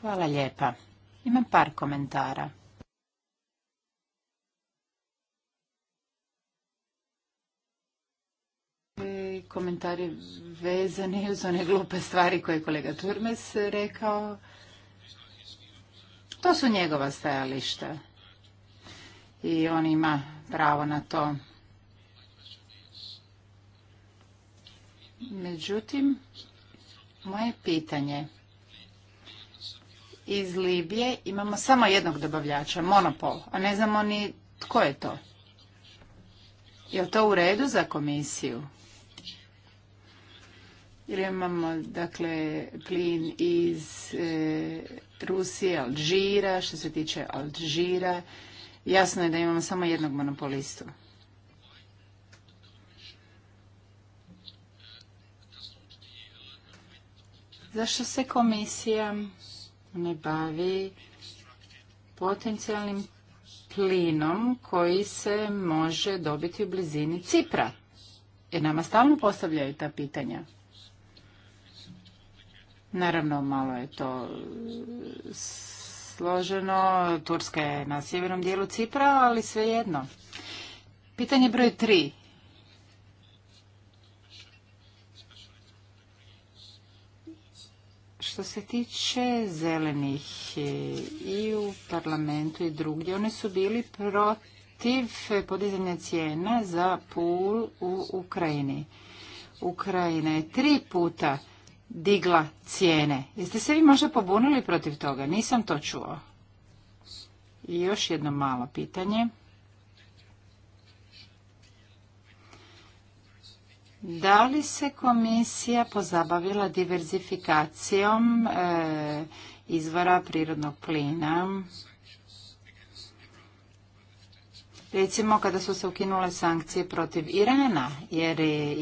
Hvala lijepa. Imam par komentara. komentari vezani uz one glupe stvari koje je kolega Turmes rekao. To su njegova stajališta. I on ima pravo na to. Međutim, moje pitanje. Iz Libije imamo samo jednog dobavljača, monopol, a ne znamo ni tko je to. Je li to u redu za komisiju? jer imamo dakle plin iz e, Rusije, Alžira, što se tiče Alžira, jasno je da imamo samo jednog monopolistu. Zašto se komisija ne bavi potencijalnim plinom koji se može dobiti u blizini Cipra? Jer nama stalno postavljaju ta pitanja. Naravno, malo je to e, složeno. Turska je na sjevernom dijelu Cipra, ali svejedno. Pitanje broj tri. Što se tiče zelenih e, i u parlamentu i drugdje, oni su bili protiv podizanja cijena za pul u Ukrajini. Ukrajina je tri puta digla cijene. Jeste se vi možda pobunili protiv toga? Nisam to čuo. I još jedno malo pitanje. Da li se komisija pozabavila diverzifikacijom e, izvora prirodnog plina recimo kada su se ukinule sankcije protiv Irana, jer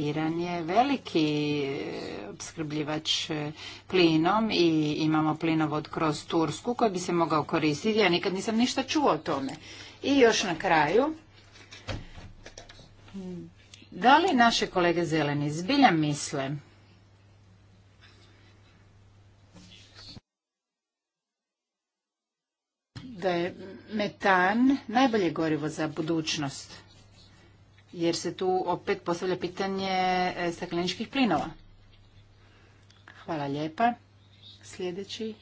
Iran je veliki e, opskrbljivač e, plinom i imamo plinovod kroz Tursku koji bi se mogao koristiti, ja nikad nisam ništa čuo o tome. I još na kraju, da li naše kolege zeleni zbilja misle da je metan najbolje gorivo za budućnost? Jer se tu opet postavlja pitanje e, stakleničkih plinova. Hvala lijepa. Sljedeći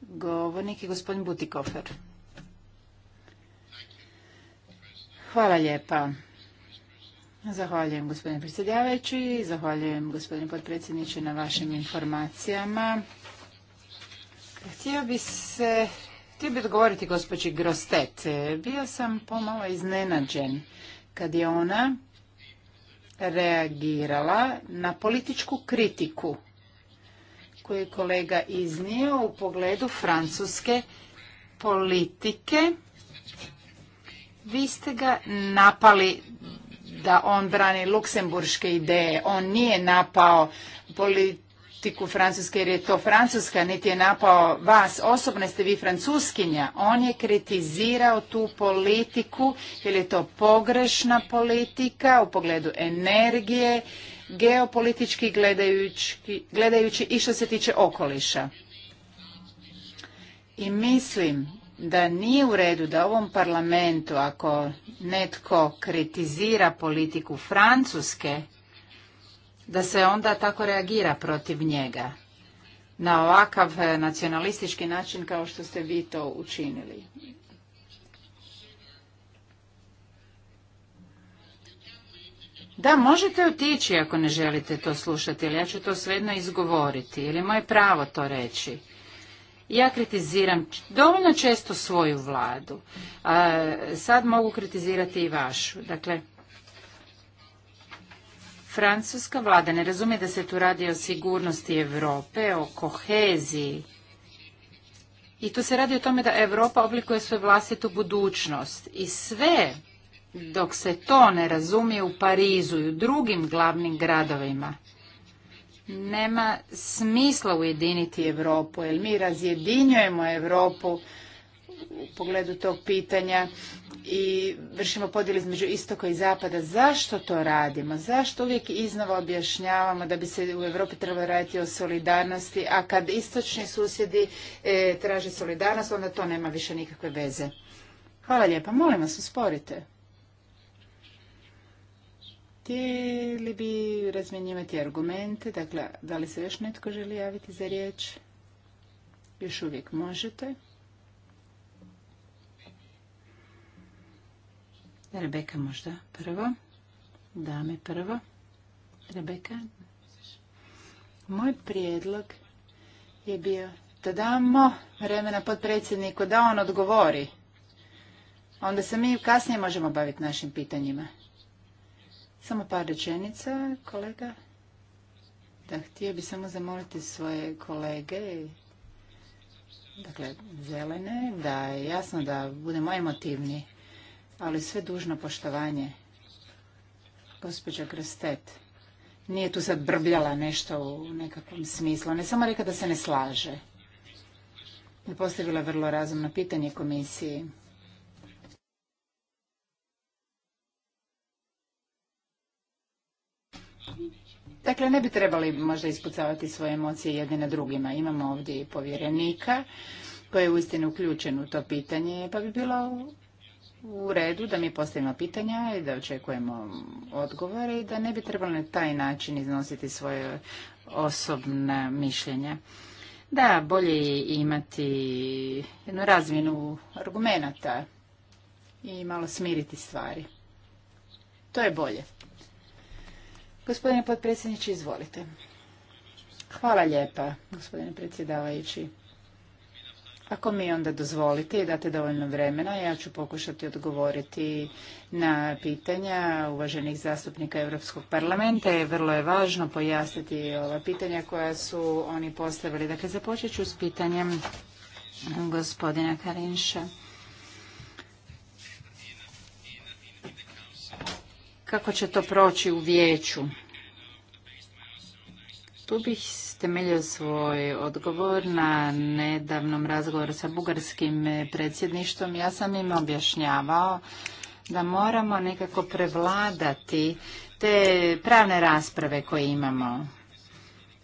govornik je gospodin Butikofer. Hvala lijepa. Zahvaljujem gospodine predsjedavajući, zahvaljujem gospodine potpredsjedniče na vašim informacijama. Htio bi se Htio bih odgovoriti gospođi Grostet. Bio sam pomalo iznenađen kad je ona reagirala na političku kritiku koju je kolega iznio u pogledu francuske politike. Vi ste ga napali da on brani luksemburške ideje. On nije napao politiku politiku Francuske jer je to Francuska, niti je napao vas. Osobno ste vi Francuskinja. On je kritizirao tu politiku jer je to pogrešna politika u pogledu energije, geopolitički gledajući, gledajući i što se tiče okoliša. I mislim da nije u redu da ovom parlamentu ako netko kritizira politiku Francuske, da se onda tako reagira protiv njega na ovakav e, nacionalistički način kao što ste vi to učinili. Da, možete otići ako ne želite to slušati, ali ja ću to svejedno izgovoriti, ili moje pravo to reći. Ja kritiziram dovoljno često svoju vladu. sad mogu kritizirati i vašu. Dakle, Francuska vlada ne razumije da se tu radi o sigurnosti Europe, o koheziji. I tu se radi o tome da Europa oblikuje svoju vlastitu budućnost. I sve dok se to ne razumije u Parizu i u drugim glavnim gradovima, nema smisla ujediniti Europu, jer mi razjedinjujemo Europu u pogledu tog pitanja i vršimo podijel između istoka i zapada. Zašto to radimo? Zašto uvijek iznova objašnjavamo da bi se u Europi trebalo raditi o solidarnosti, a kad istočni susjedi e, traže solidarnost, onda to nema više nikakve veze. Hvala lijepa. Molim vas, usporite. Htjeli bi razmjenjivati argumente. Dakle, da li se još netko želi javiti za riječ? Još uvijek možete. Rebeka možda prvo. Dame prvo. Rebeka. Moj prijedlog je bio da damo vremena potpredsjedniku da on odgovori. Onda se mi kasnije možemo baviti našim pitanjima. Samo par rečenica, kolega. Da, htio bi samo zamoliti svoje kolege, dakle, zelene, da je jasno da budemo emotivni ali sve dužno poštovanje. Gospođa Grstet nije tu sad brbljala nešto u nekakvom smislu. Ne samo rekla da se ne slaže. ne postavila vrlo razumno pitanje komisiji. Dakle, ne bi trebali možda ispucavati svoje emocije jedne na drugima. Imamo ovdje i povjerenika koji je uistinu uključen u to pitanje, pa bi bilo u redu da mi postavimo pitanja i da očekujemo odgovore i da ne bi trebalo na taj način iznositi svoje osobna mišljenja. Da, bolje imati jednu razvinu argumenata i malo smiriti stvari. To je bolje. Gospodine potpredsjedniče, izvolite. Hvala lijepa, gospodine predsjedavajući. Ako mi onda dozvolite i date dovoljno vremena, ja ću pokušati odgovoriti na pitanja uvaženih zastupnika Europskog parlamenta. I vrlo je važno pojasniti ova pitanja koja su oni postavili. Dakle, započet ću s pitanjem gospodina Karinša. Kako će to proći u vijeću? Tu bih temeljio svoj odgovor na nedavnom razgovoru sa bugarskim predsjedništvom. Ja sam im objašnjavao da moramo nekako prevladati te pravne rasprave koje imamo.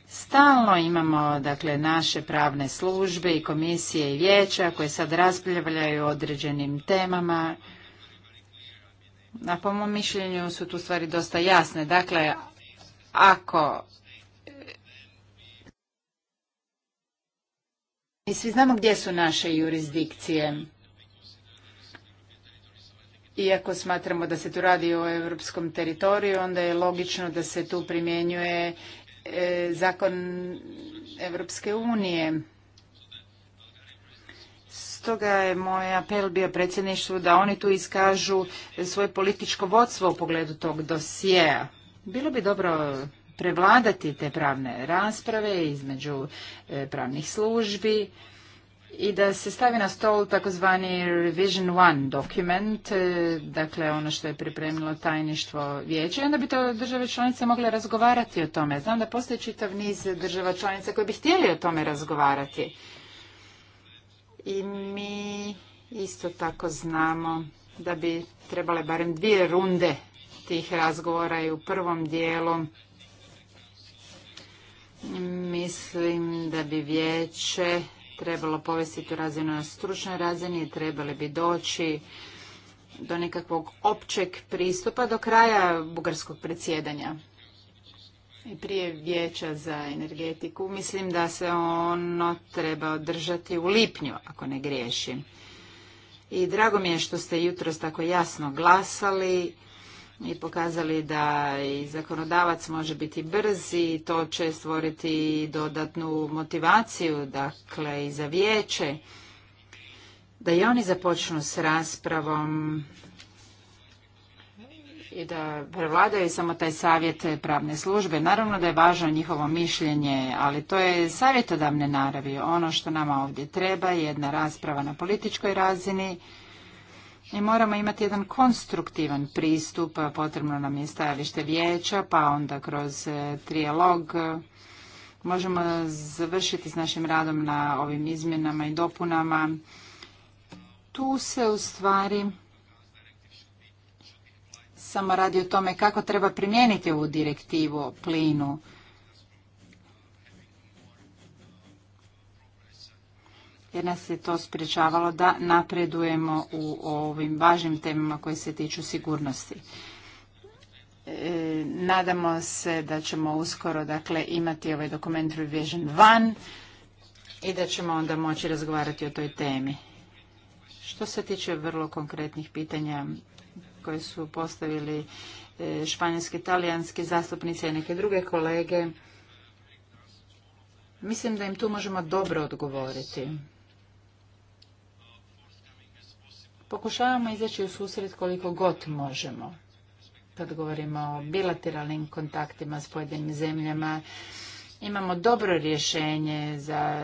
Stalno imamo dakle naše pravne službe i komisije i vijeća koje sad raspravljaju o određenim temama. Na po mom mišljenju su tu stvari dosta jasne. Dakle, ako Mi svi znamo gdje su naše jurisdikcije. Iako smatramo da se tu radi o europskom teritoriju, onda je logično da se tu primjenjuje e, zakon Evropske unije. Stoga je moj apel bio predsjedništvu da oni tu iskažu svoje političko vodstvo u pogledu tog dosjea. Bilo bi dobro prevladati te pravne rasprave između e, pravnih službi i da se stavi na stol takozvani Revision One dokument, e, dakle ono što je pripremilo tajništvo vijeća i onda bi to države članice mogle razgovarati o tome. Znam da postoji čitav niz država članica koji bi htjeli o tome razgovarati. I mi isto tako znamo da bi trebale barem dvije runde tih razgovora i u prvom dijelu Mislim da bi vijeće trebalo povesti tu razinu na stručnoj razini, trebali bi doći do nekakvog općeg pristupa do kraja bugarskog predsjedanja i prije vijeća za energetiku. Mislim da se ono treba održati u lipnju, ako ne griješim. I drago mi je što ste jutros tako jasno glasali i pokazali da i zakonodavac može biti brz i to će stvoriti dodatnu motivaciju, dakle i za vijeće, da i oni započnu s raspravom i da prevladaju samo taj savjet pravne službe. Naravno da je važno njihovo mišljenje, ali to je savjetodavne naravi. Ono što nama ovdje treba je jedna rasprava na političkoj razini, i moramo imati jedan konstruktivan pristup, potrebno nam je stajalište vijeća, pa onda kroz e, trijalog e, možemo završiti s našim radom na ovim izmjenama i dopunama. Tu se u stvari samo radi o tome kako treba primijeniti ovu direktivu o plinu jer nas je to spriječavalo da napredujemo u ovim važnim temama koje se tiču sigurnosti. E, nadamo se da ćemo uskoro dakle, imati ovaj dokument Revision van i da ćemo onda moći razgovarati o toj temi. Što se tiče vrlo konkretnih pitanja koje su postavili e, španjanski, talijanski zastupnici i neke druge kolege, mislim da im tu možemo dobro odgovoriti. Pokušavamo izaći u susret koliko god možemo. Kad govorimo o bilateralnim kontaktima s pojedinim zemljama, imamo dobro rješenje za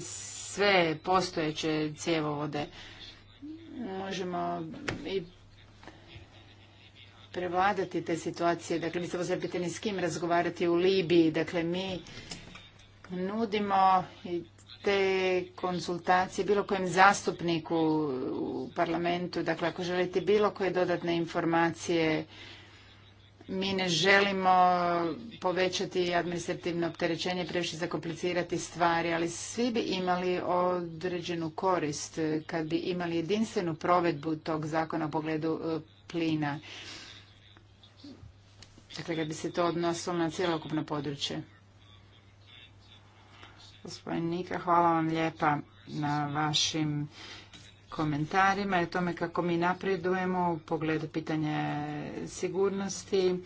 sve postojeće cjevovode. Možemo i prevladati te situacije. Dakle, mi se pitanje s kim razgovarati u Libiji. Dakle, mi nudimo i te konsultacije bilo kojem zastupniku u parlamentu, dakle ako želite bilo koje dodatne informacije, mi ne želimo povećati administrativno opterećenje, previše zakomplicirati stvari, ali svi bi imali određenu korist kad bi imali jedinstvenu provedbu tog zakona u pogledu e, plina. Dakle, kad bi se to odnosilo na cijelokupno područje. Gospodin Nika, hvala vam lijepa na vašim komentarima i tome kako mi napredujemo u pogledu pitanja sigurnosti.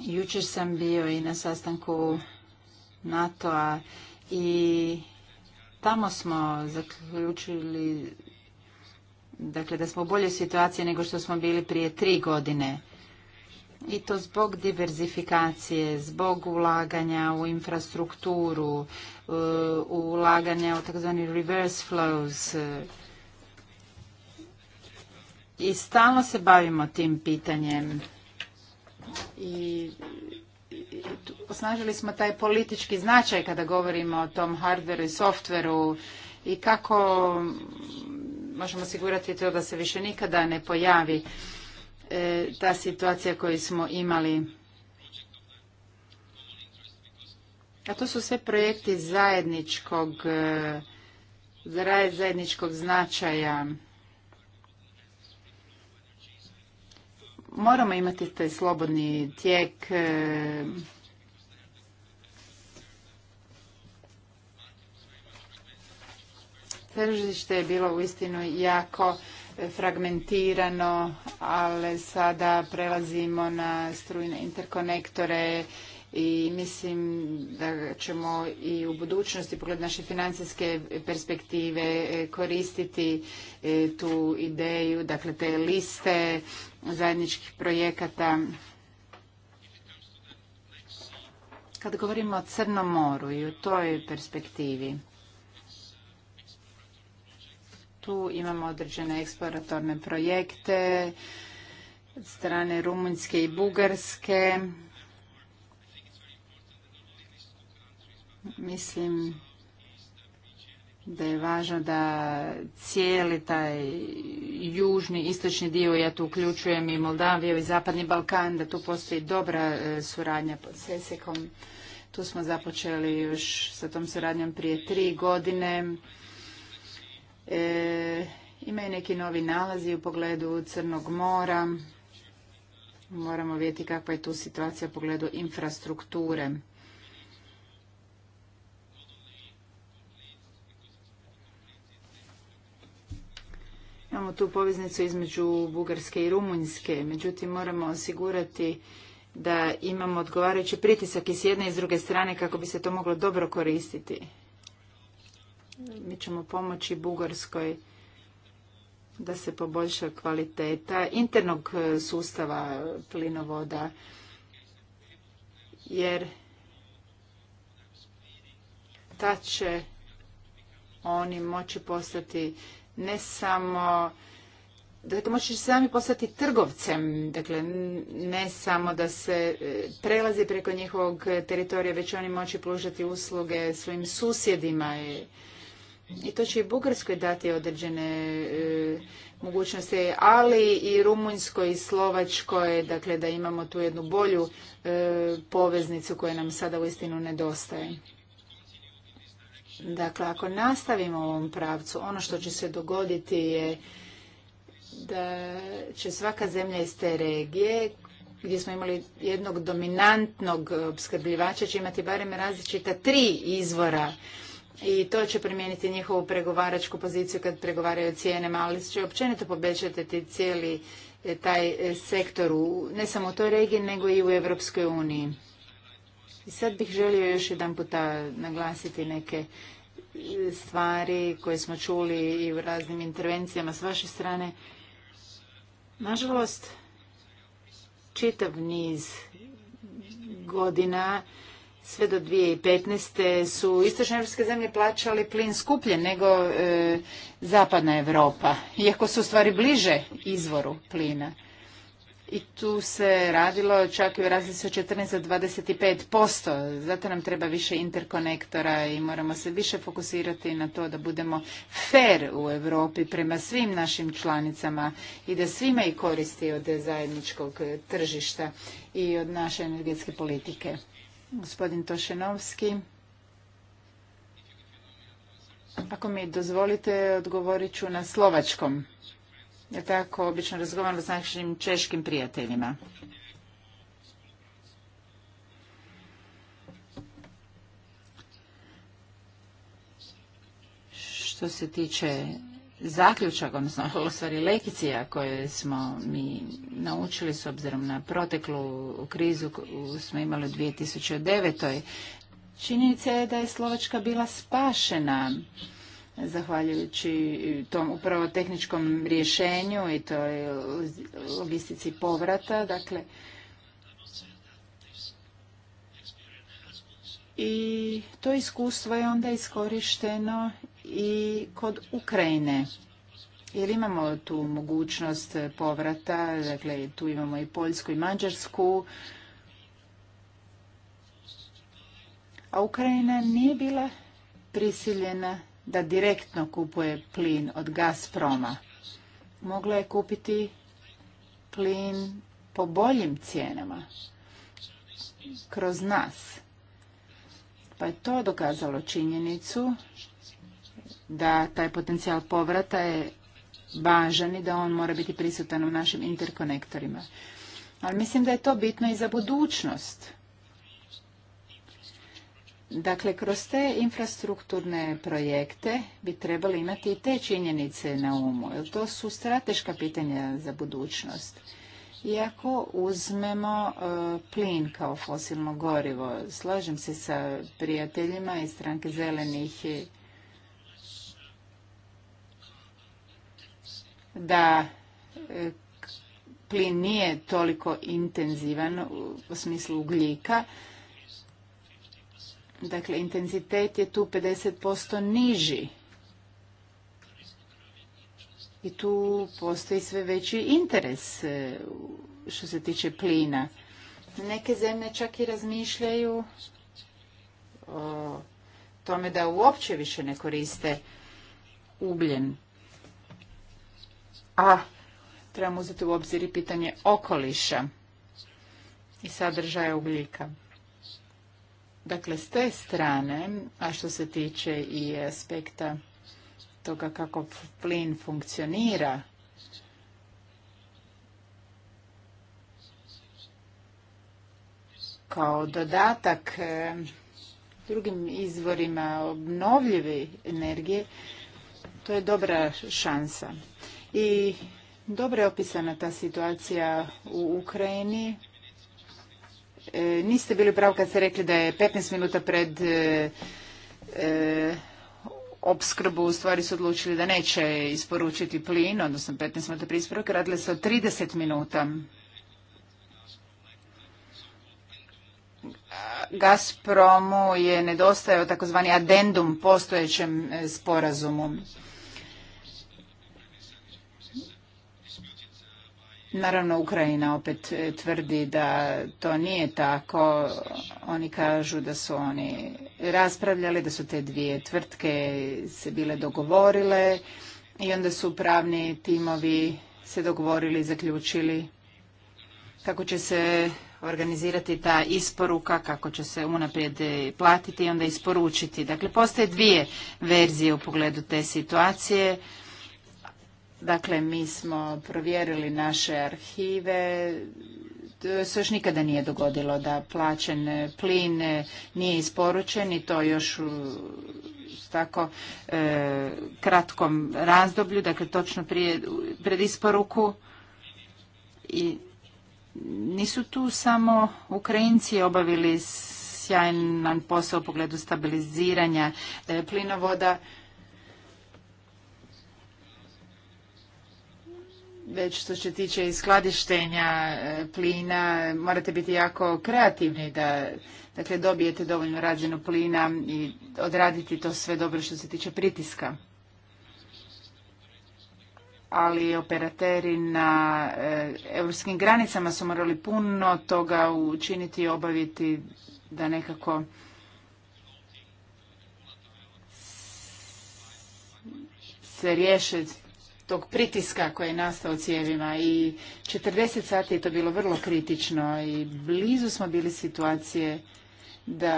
Jučer sam bio i na sastanku NATO-a i tamo smo zaključili dakle, da smo u boljoj situaciji nego što smo bili prije tri godine i to zbog diverzifikacije, zbog ulaganja u infrastrukturu, eh, ulaganja u takozvani reverse flows. I stalno se bavimo tim pitanjem. I osnažili smo taj politički značaj kada govorimo o tom hardveru i softveru i kako možemo osigurati to da se više nikada ne pojavi. E, ta situacija koju smo imali. A to su sve projekti zajedničkog, e, zajedničkog značaja. Moramo imati taj slobodni tijek e, tržište je bilo uistinu jako fragmentirano, ali sada prelazimo na strujne interkonektore i mislim da ćemo i u budućnosti pogled naše financijske perspektive e, koristiti e, tu ideju, dakle te liste zajedničkih projekata. Kad govorimo o Crnom moru i u toj perspektivi, tu imamo određene eksploratorne projekte od strane Rumunjske i Bugarske. Mislim da je važno da cijeli taj južni, istočni dio, ja tu uključujem i Moldaviju i Zapadni Balkan, da tu postoji dobra e, suradnja pod Sesekom. Tu smo započeli još sa tom suradnjom prije tri godine. E, i neki novi nalazi u pogledu Crnog mora. Moramo vidjeti kakva je tu situacija u pogledu infrastrukture. Imamo tu poveznicu između Bugarske i Rumunjske, međutim moramo osigurati da imamo odgovarajući pritisak i s jedne i s druge strane kako bi se to moglo dobro koristiti. Mi ćemo pomoći Bugarskoj da se poboljša kvaliteta internog e, sustava plinovoda, jer ta će oni moći postati ne samo dakle, moći moći sami postati trgovcem, dakle ne samo da se e, prelazi preko njihovog teritorija, već oni moći pružati usluge svojim susjedima i i to će i Bugarskoj dati određene e, mogućnosti, ali i Rumunjskoj i Slovačkoj, dakle da imamo tu jednu bolju e, poveznicu koja nam sada uistinu nedostaje. Dakle, ako nastavimo u ovom pravcu, ono što će se dogoditi je da će svaka zemlja iz te regije gdje smo imali jednog dominantnog opskrbljivača će imati barem različita tri izvora i to će promijeniti njihovu pregovaračku poziciju kad pregovaraju o cijenama, ali će općenito poboljšati cijeli e, taj e, sektor, u, ne samo u toj regiji, nego i u Europskoj uniji. I sad bih želio još jedan puta naglasiti neke e, stvari koje smo čuli i u raznim intervencijama s vaše strane. Nažalost, čitav niz godina sve do 2015. su istočne europske zemlje plaćali plin skuplje nego e, zapadna Europa, iako su u stvari bliže izvoru plina. I tu se radilo čak i u razlici od 14 do 25%. Zato nam treba više interkonektora i moramo se više fokusirati na to da budemo fair u Europi prema svim našim članicama i da svima i koristi od zajedničkog tržišta i od naše energetske politike gospodin Tošenovski. Ako mi dozvolite, odgovorit ću na slovačkom. Ja tako obično razgovaram s našim češkim prijateljima. Što se tiče zaključak, odnosno stvari lekcija koje smo mi naučili s obzirom na proteklu krizu koju smo imali u 2009. Činjenica je da je Slovačka bila spašena zahvaljujući tom upravo tehničkom rješenju i toj logistici povrata. Dakle, i to iskustvo je onda iskorišteno i kod Ukrajine. Jer imamo tu mogućnost povrata, dakle tu imamo i Poljsku i Mađarsku, a Ukrajina nije bila prisiljena da direktno kupuje plin od Gazproma. Mogla je kupiti plin po boljim cijenama kroz nas. Pa je to dokazalo činjenicu da taj potencijal povrata je važan i da on mora biti prisutan u našim interkonektorima. Ali mislim da je to bitno i za budućnost. Dakle, kroz te infrastrukturne projekte bi trebali imati i te činjenice na umu, jer to su strateška pitanja za budućnost. Iako uzmemo e, plin kao fosilno gorivo, slažem se sa prijateljima iz stranke zelenih i da e, plin nije toliko intenzivan u smislu ugljika. Dakle, intenzitet je tu 50% niži. I tu postoji sve veći interes e, što se tiče plina. Neke zemlje čak i razmišljaju o tome da uopće više ne koriste ugljen a trebamo uzeti u obzir i pitanje okoliša i sadržaja ugljika. Dakle, s te strane, a što se tiče i aspekta toga kako plin funkcionira, kao dodatak e, drugim izvorima obnovljive energije, to je dobra šansa. I dobro je opisana ta situacija u Ukrajini. E, niste bili pravi kad ste rekli da je 15 minuta pred obskrbu e, e, opskrbu u stvari su odlučili da neće isporučiti plin, odnosno 15 minuta prije isporuke, se o 30 minuta. Gazpromu je nedostajao takozvani adendum postojećem sporazumu. Naravno, Ukrajina opet e, tvrdi da to nije tako. Oni kažu da su oni raspravljali, da su te dvije tvrtke se bile dogovorile i onda su pravni timovi se dogovorili, i zaključili kako će se organizirati ta isporuka, kako će se unaprijed e, platiti i onda isporučiti. Dakle, postoje dvije verzije u pogledu te situacije. Dakle, mi smo provjerili naše arhive, to se još nikada nije dogodilo da plaćen plin nije isporučen i to još u tako e, kratkom razdoblju, dakle točno pred isporuku. I nisu tu samo Ukrajinci obavili sjajan posao u pogledu stabiliziranja e, plinovoda, već što se tiče i skladištenja e, plina, morate biti jako kreativni da dakle, dobijete dovoljno razinu plina i odraditi to sve dobro što se tiče pritiska. Ali operateri na e, europskim granicama su morali puno toga učiniti i obaviti da nekako se riješiti tog pritiska koji je nastao cijevima i 40 sati je to bilo vrlo kritično i blizu smo bili situacije da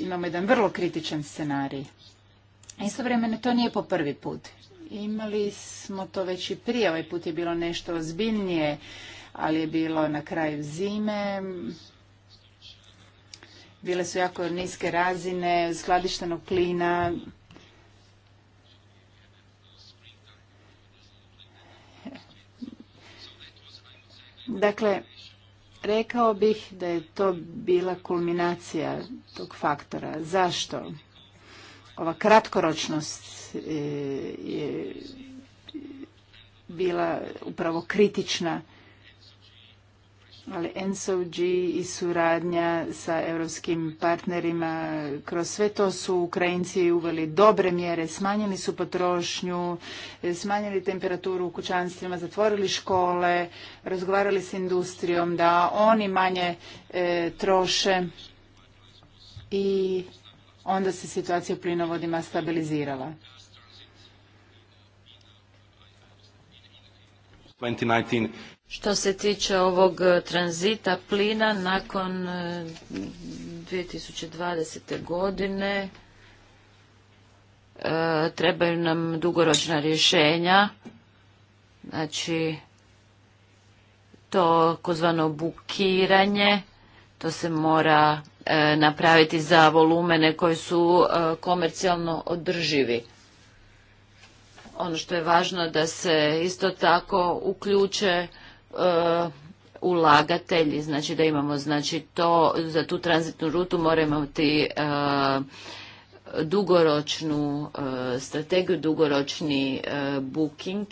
imamo jedan vrlo kritičan scenarij. Istovremeno to nije po prvi put. Imali smo to već i prije, ovaj put je bilo nešto ozbiljnije, ali je bilo na kraju zime, bile su jako niske razine skladištenog plina, Dakle, rekao bih da je to bila kulminacija tog faktora. Zašto? Ova kratkoročnost e, je bila upravo kritična ali NSOG i suradnja sa europskim partnerima, kroz sve to su Ukrajinci uveli dobre mjere, smanjili su potrošnju, e, smanjili temperaturu u kućanstvima, zatvorili škole, razgovarali s industrijom da oni manje e, troše i onda se situacija u plinovodima stabilizirala. 2019 što se tiče ovog e, tranzita plina nakon 2020. E, godine e, trebaju nam dugoročna rješenja, znači to kozvano bukiranje, to se mora napraviti za volumene koji su komercijalno održivi. Ono što je važno da se isto tako uključe E, ulagatelji, znači da imamo znači to za tu tranzitnu rutu moramo imati e, dugoročnu e, strategiju, dugoročni booking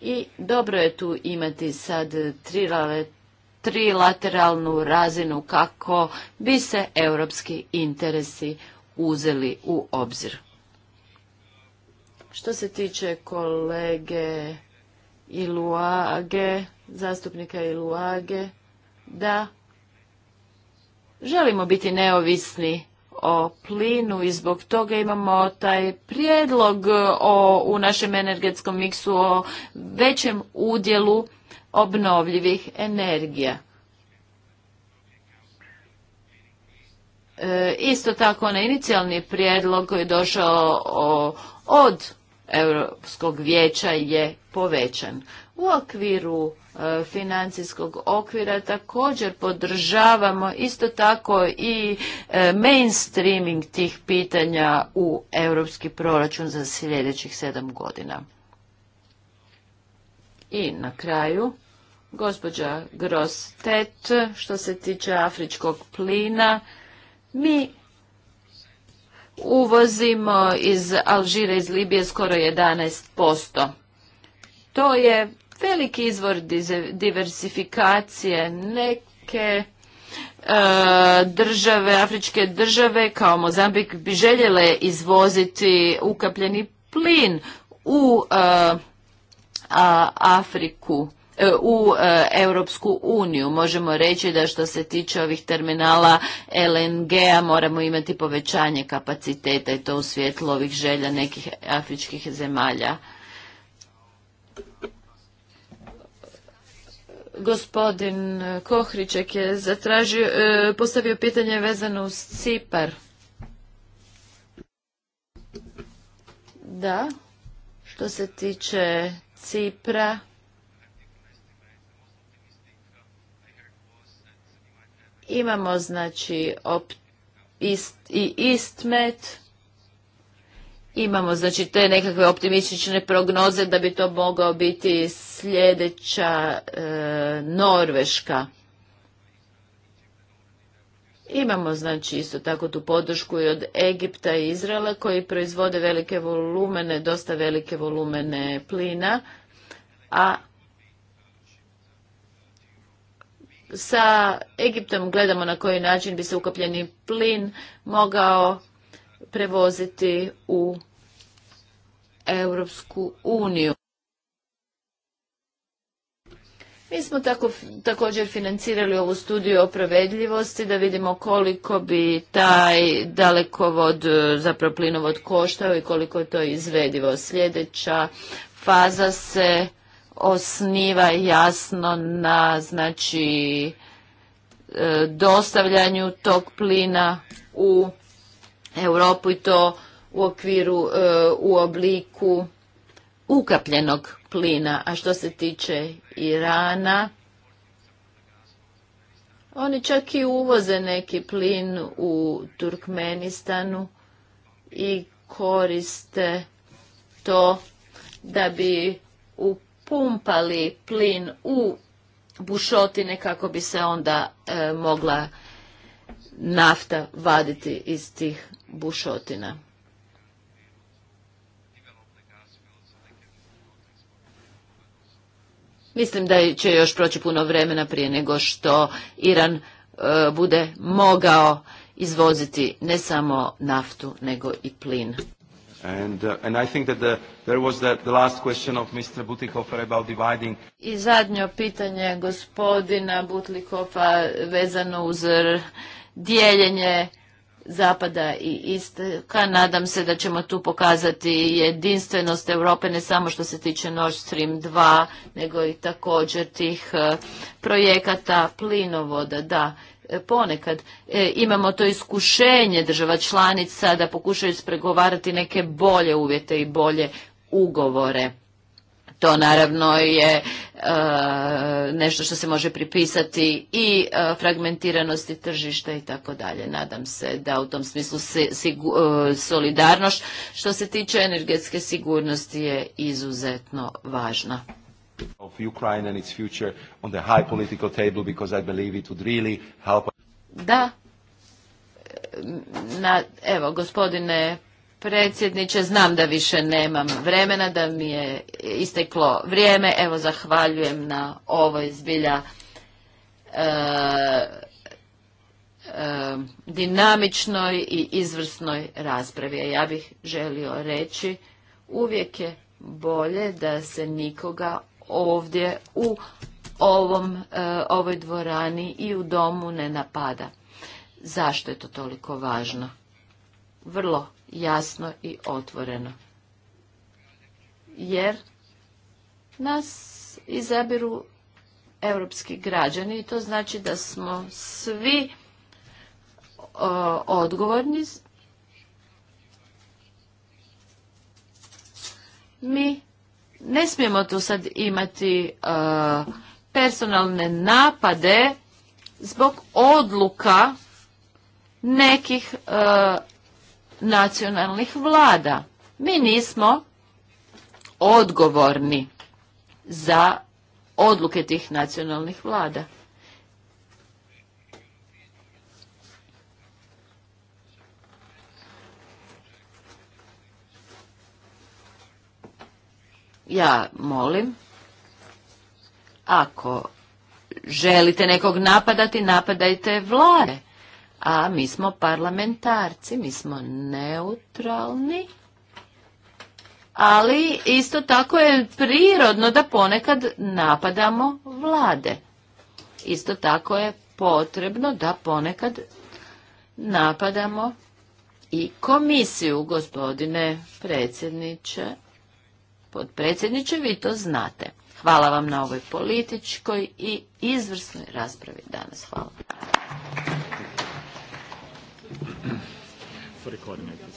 i dobro je tu imati sad trilateralnu razinu kako bi se europski interesi uzeli u obzir. Što se tiče kolege Iluage, zastupnika Iluage da želimo biti neovisni o plinu i zbog toga imamo taj prijedlog o, u našem energetskom miksu o većem udjelu obnovljivih energija. E, isto tako na inicijalni prijedlog koji je došao od Europskog vijeća je povećan. U okviru e, financijskog okvira također podržavamo isto tako i e, mainstreaming tih pitanja u europski proračun za sljedećih sedam godina. I na kraju, gospođa Tet, što se tiče afričkog plina, mi uvozimo iz Alžira, iz Libije skoro 11%. To je veliki izvor diversifikacije neke e, države, afričke države kao Mozambik bi željele izvoziti ukapljeni plin u e, Afriku e, u Europsku uniju. Možemo reći da što se tiče ovih terminala LNG-a moramo imati povećanje kapaciteta i to u svjetlu ovih želja nekih afričkih zemalja. Gospodin e, Kohriček je zatražio, e, postavio pitanje vezano uz Cipar. Da, što se tiče Cipra, imamo znači ist, i istmet, Imamo znači te nekakve optimistične prognoze da bi to mogao biti sljedeća e, Norveška. Imamo znači isto tako tu podršku i od Egipta i Izraela koji proizvode velike volumene, dosta velike volumene plina, a sa Egiptom gledamo na koji način bi se ukapljeni plin mogao prevoziti u Europsku uniju. Mi smo također financirali ovu studiju o provedljivosti da vidimo koliko bi taj dalekovod, e, zapravo plinovod koštao i koliko je to izvedivo. Sljedeća faza se osniva jasno na znači e, dostavljanju tog plina u Europu i to u okviru e, u obliku ukapljenog plina, a što se tiče Irana, oni čak i uvoze neki plin u Turkmenistanu i koriste to da bi upumpali plin u bušotine kako bi se onda e, mogla nafta vaditi iz tih bušotina. Mislim da će još proći puno vremena prije nego što Iran e, bude mogao izvoziti ne samo naftu nego i plin. Uh, I zadnjo pitanje gospodina Butlikova vezano uz dijeljenje zapada i istoka. Nadam se da ćemo tu pokazati jedinstvenost Europe ne samo što se tiče Nord Stream 2, nego i također tih e, projekata plinovoda. Da, e, ponekad e, imamo to iskušenje država članica da pokušaju spregovarati neke bolje uvjete i bolje ugovore. To naravno je e, nešto što se može pripisati i e, fragmentiranosti tržišta i tako dalje. Nadam se da u tom smislu e, solidarnost što se tiče energetske sigurnosti je izuzetno važna. I Da. evo, gospodine predsjedniče, znam da više nemam vremena, da mi je isteklo vrijeme. Evo, zahvaljujem na ovoj zbilja e, e, dinamičnoj i izvrsnoj raspravi. Ja bih želio reći, uvijek je bolje da se nikoga ovdje u e, ovoj dvorani i u domu ne napada. Zašto je to toliko važno? Vrlo jasno i otvoreno. Jer nas izabiru europski građani i to znači da smo svi e, odgovorni. Mi ne smijemo tu sad imati e, personalne napade zbog odluka nekih e, nacionalnih vlada. Mi nismo odgovorni za odluke tih nacionalnih vlada. Ja molim, ako želite nekog napadati, napadajte vlade a mi smo parlamentarci, mi smo neutralni, ali isto tako je prirodno da ponekad napadamo vlade. Isto tako je potrebno da ponekad napadamo i komisiju, gospodine predsjedniče, podpredsjedniče, vi to znate. Hvala vam na ovoj političkoj i izvrsnoj raspravi danas. Hvala for the coordinator.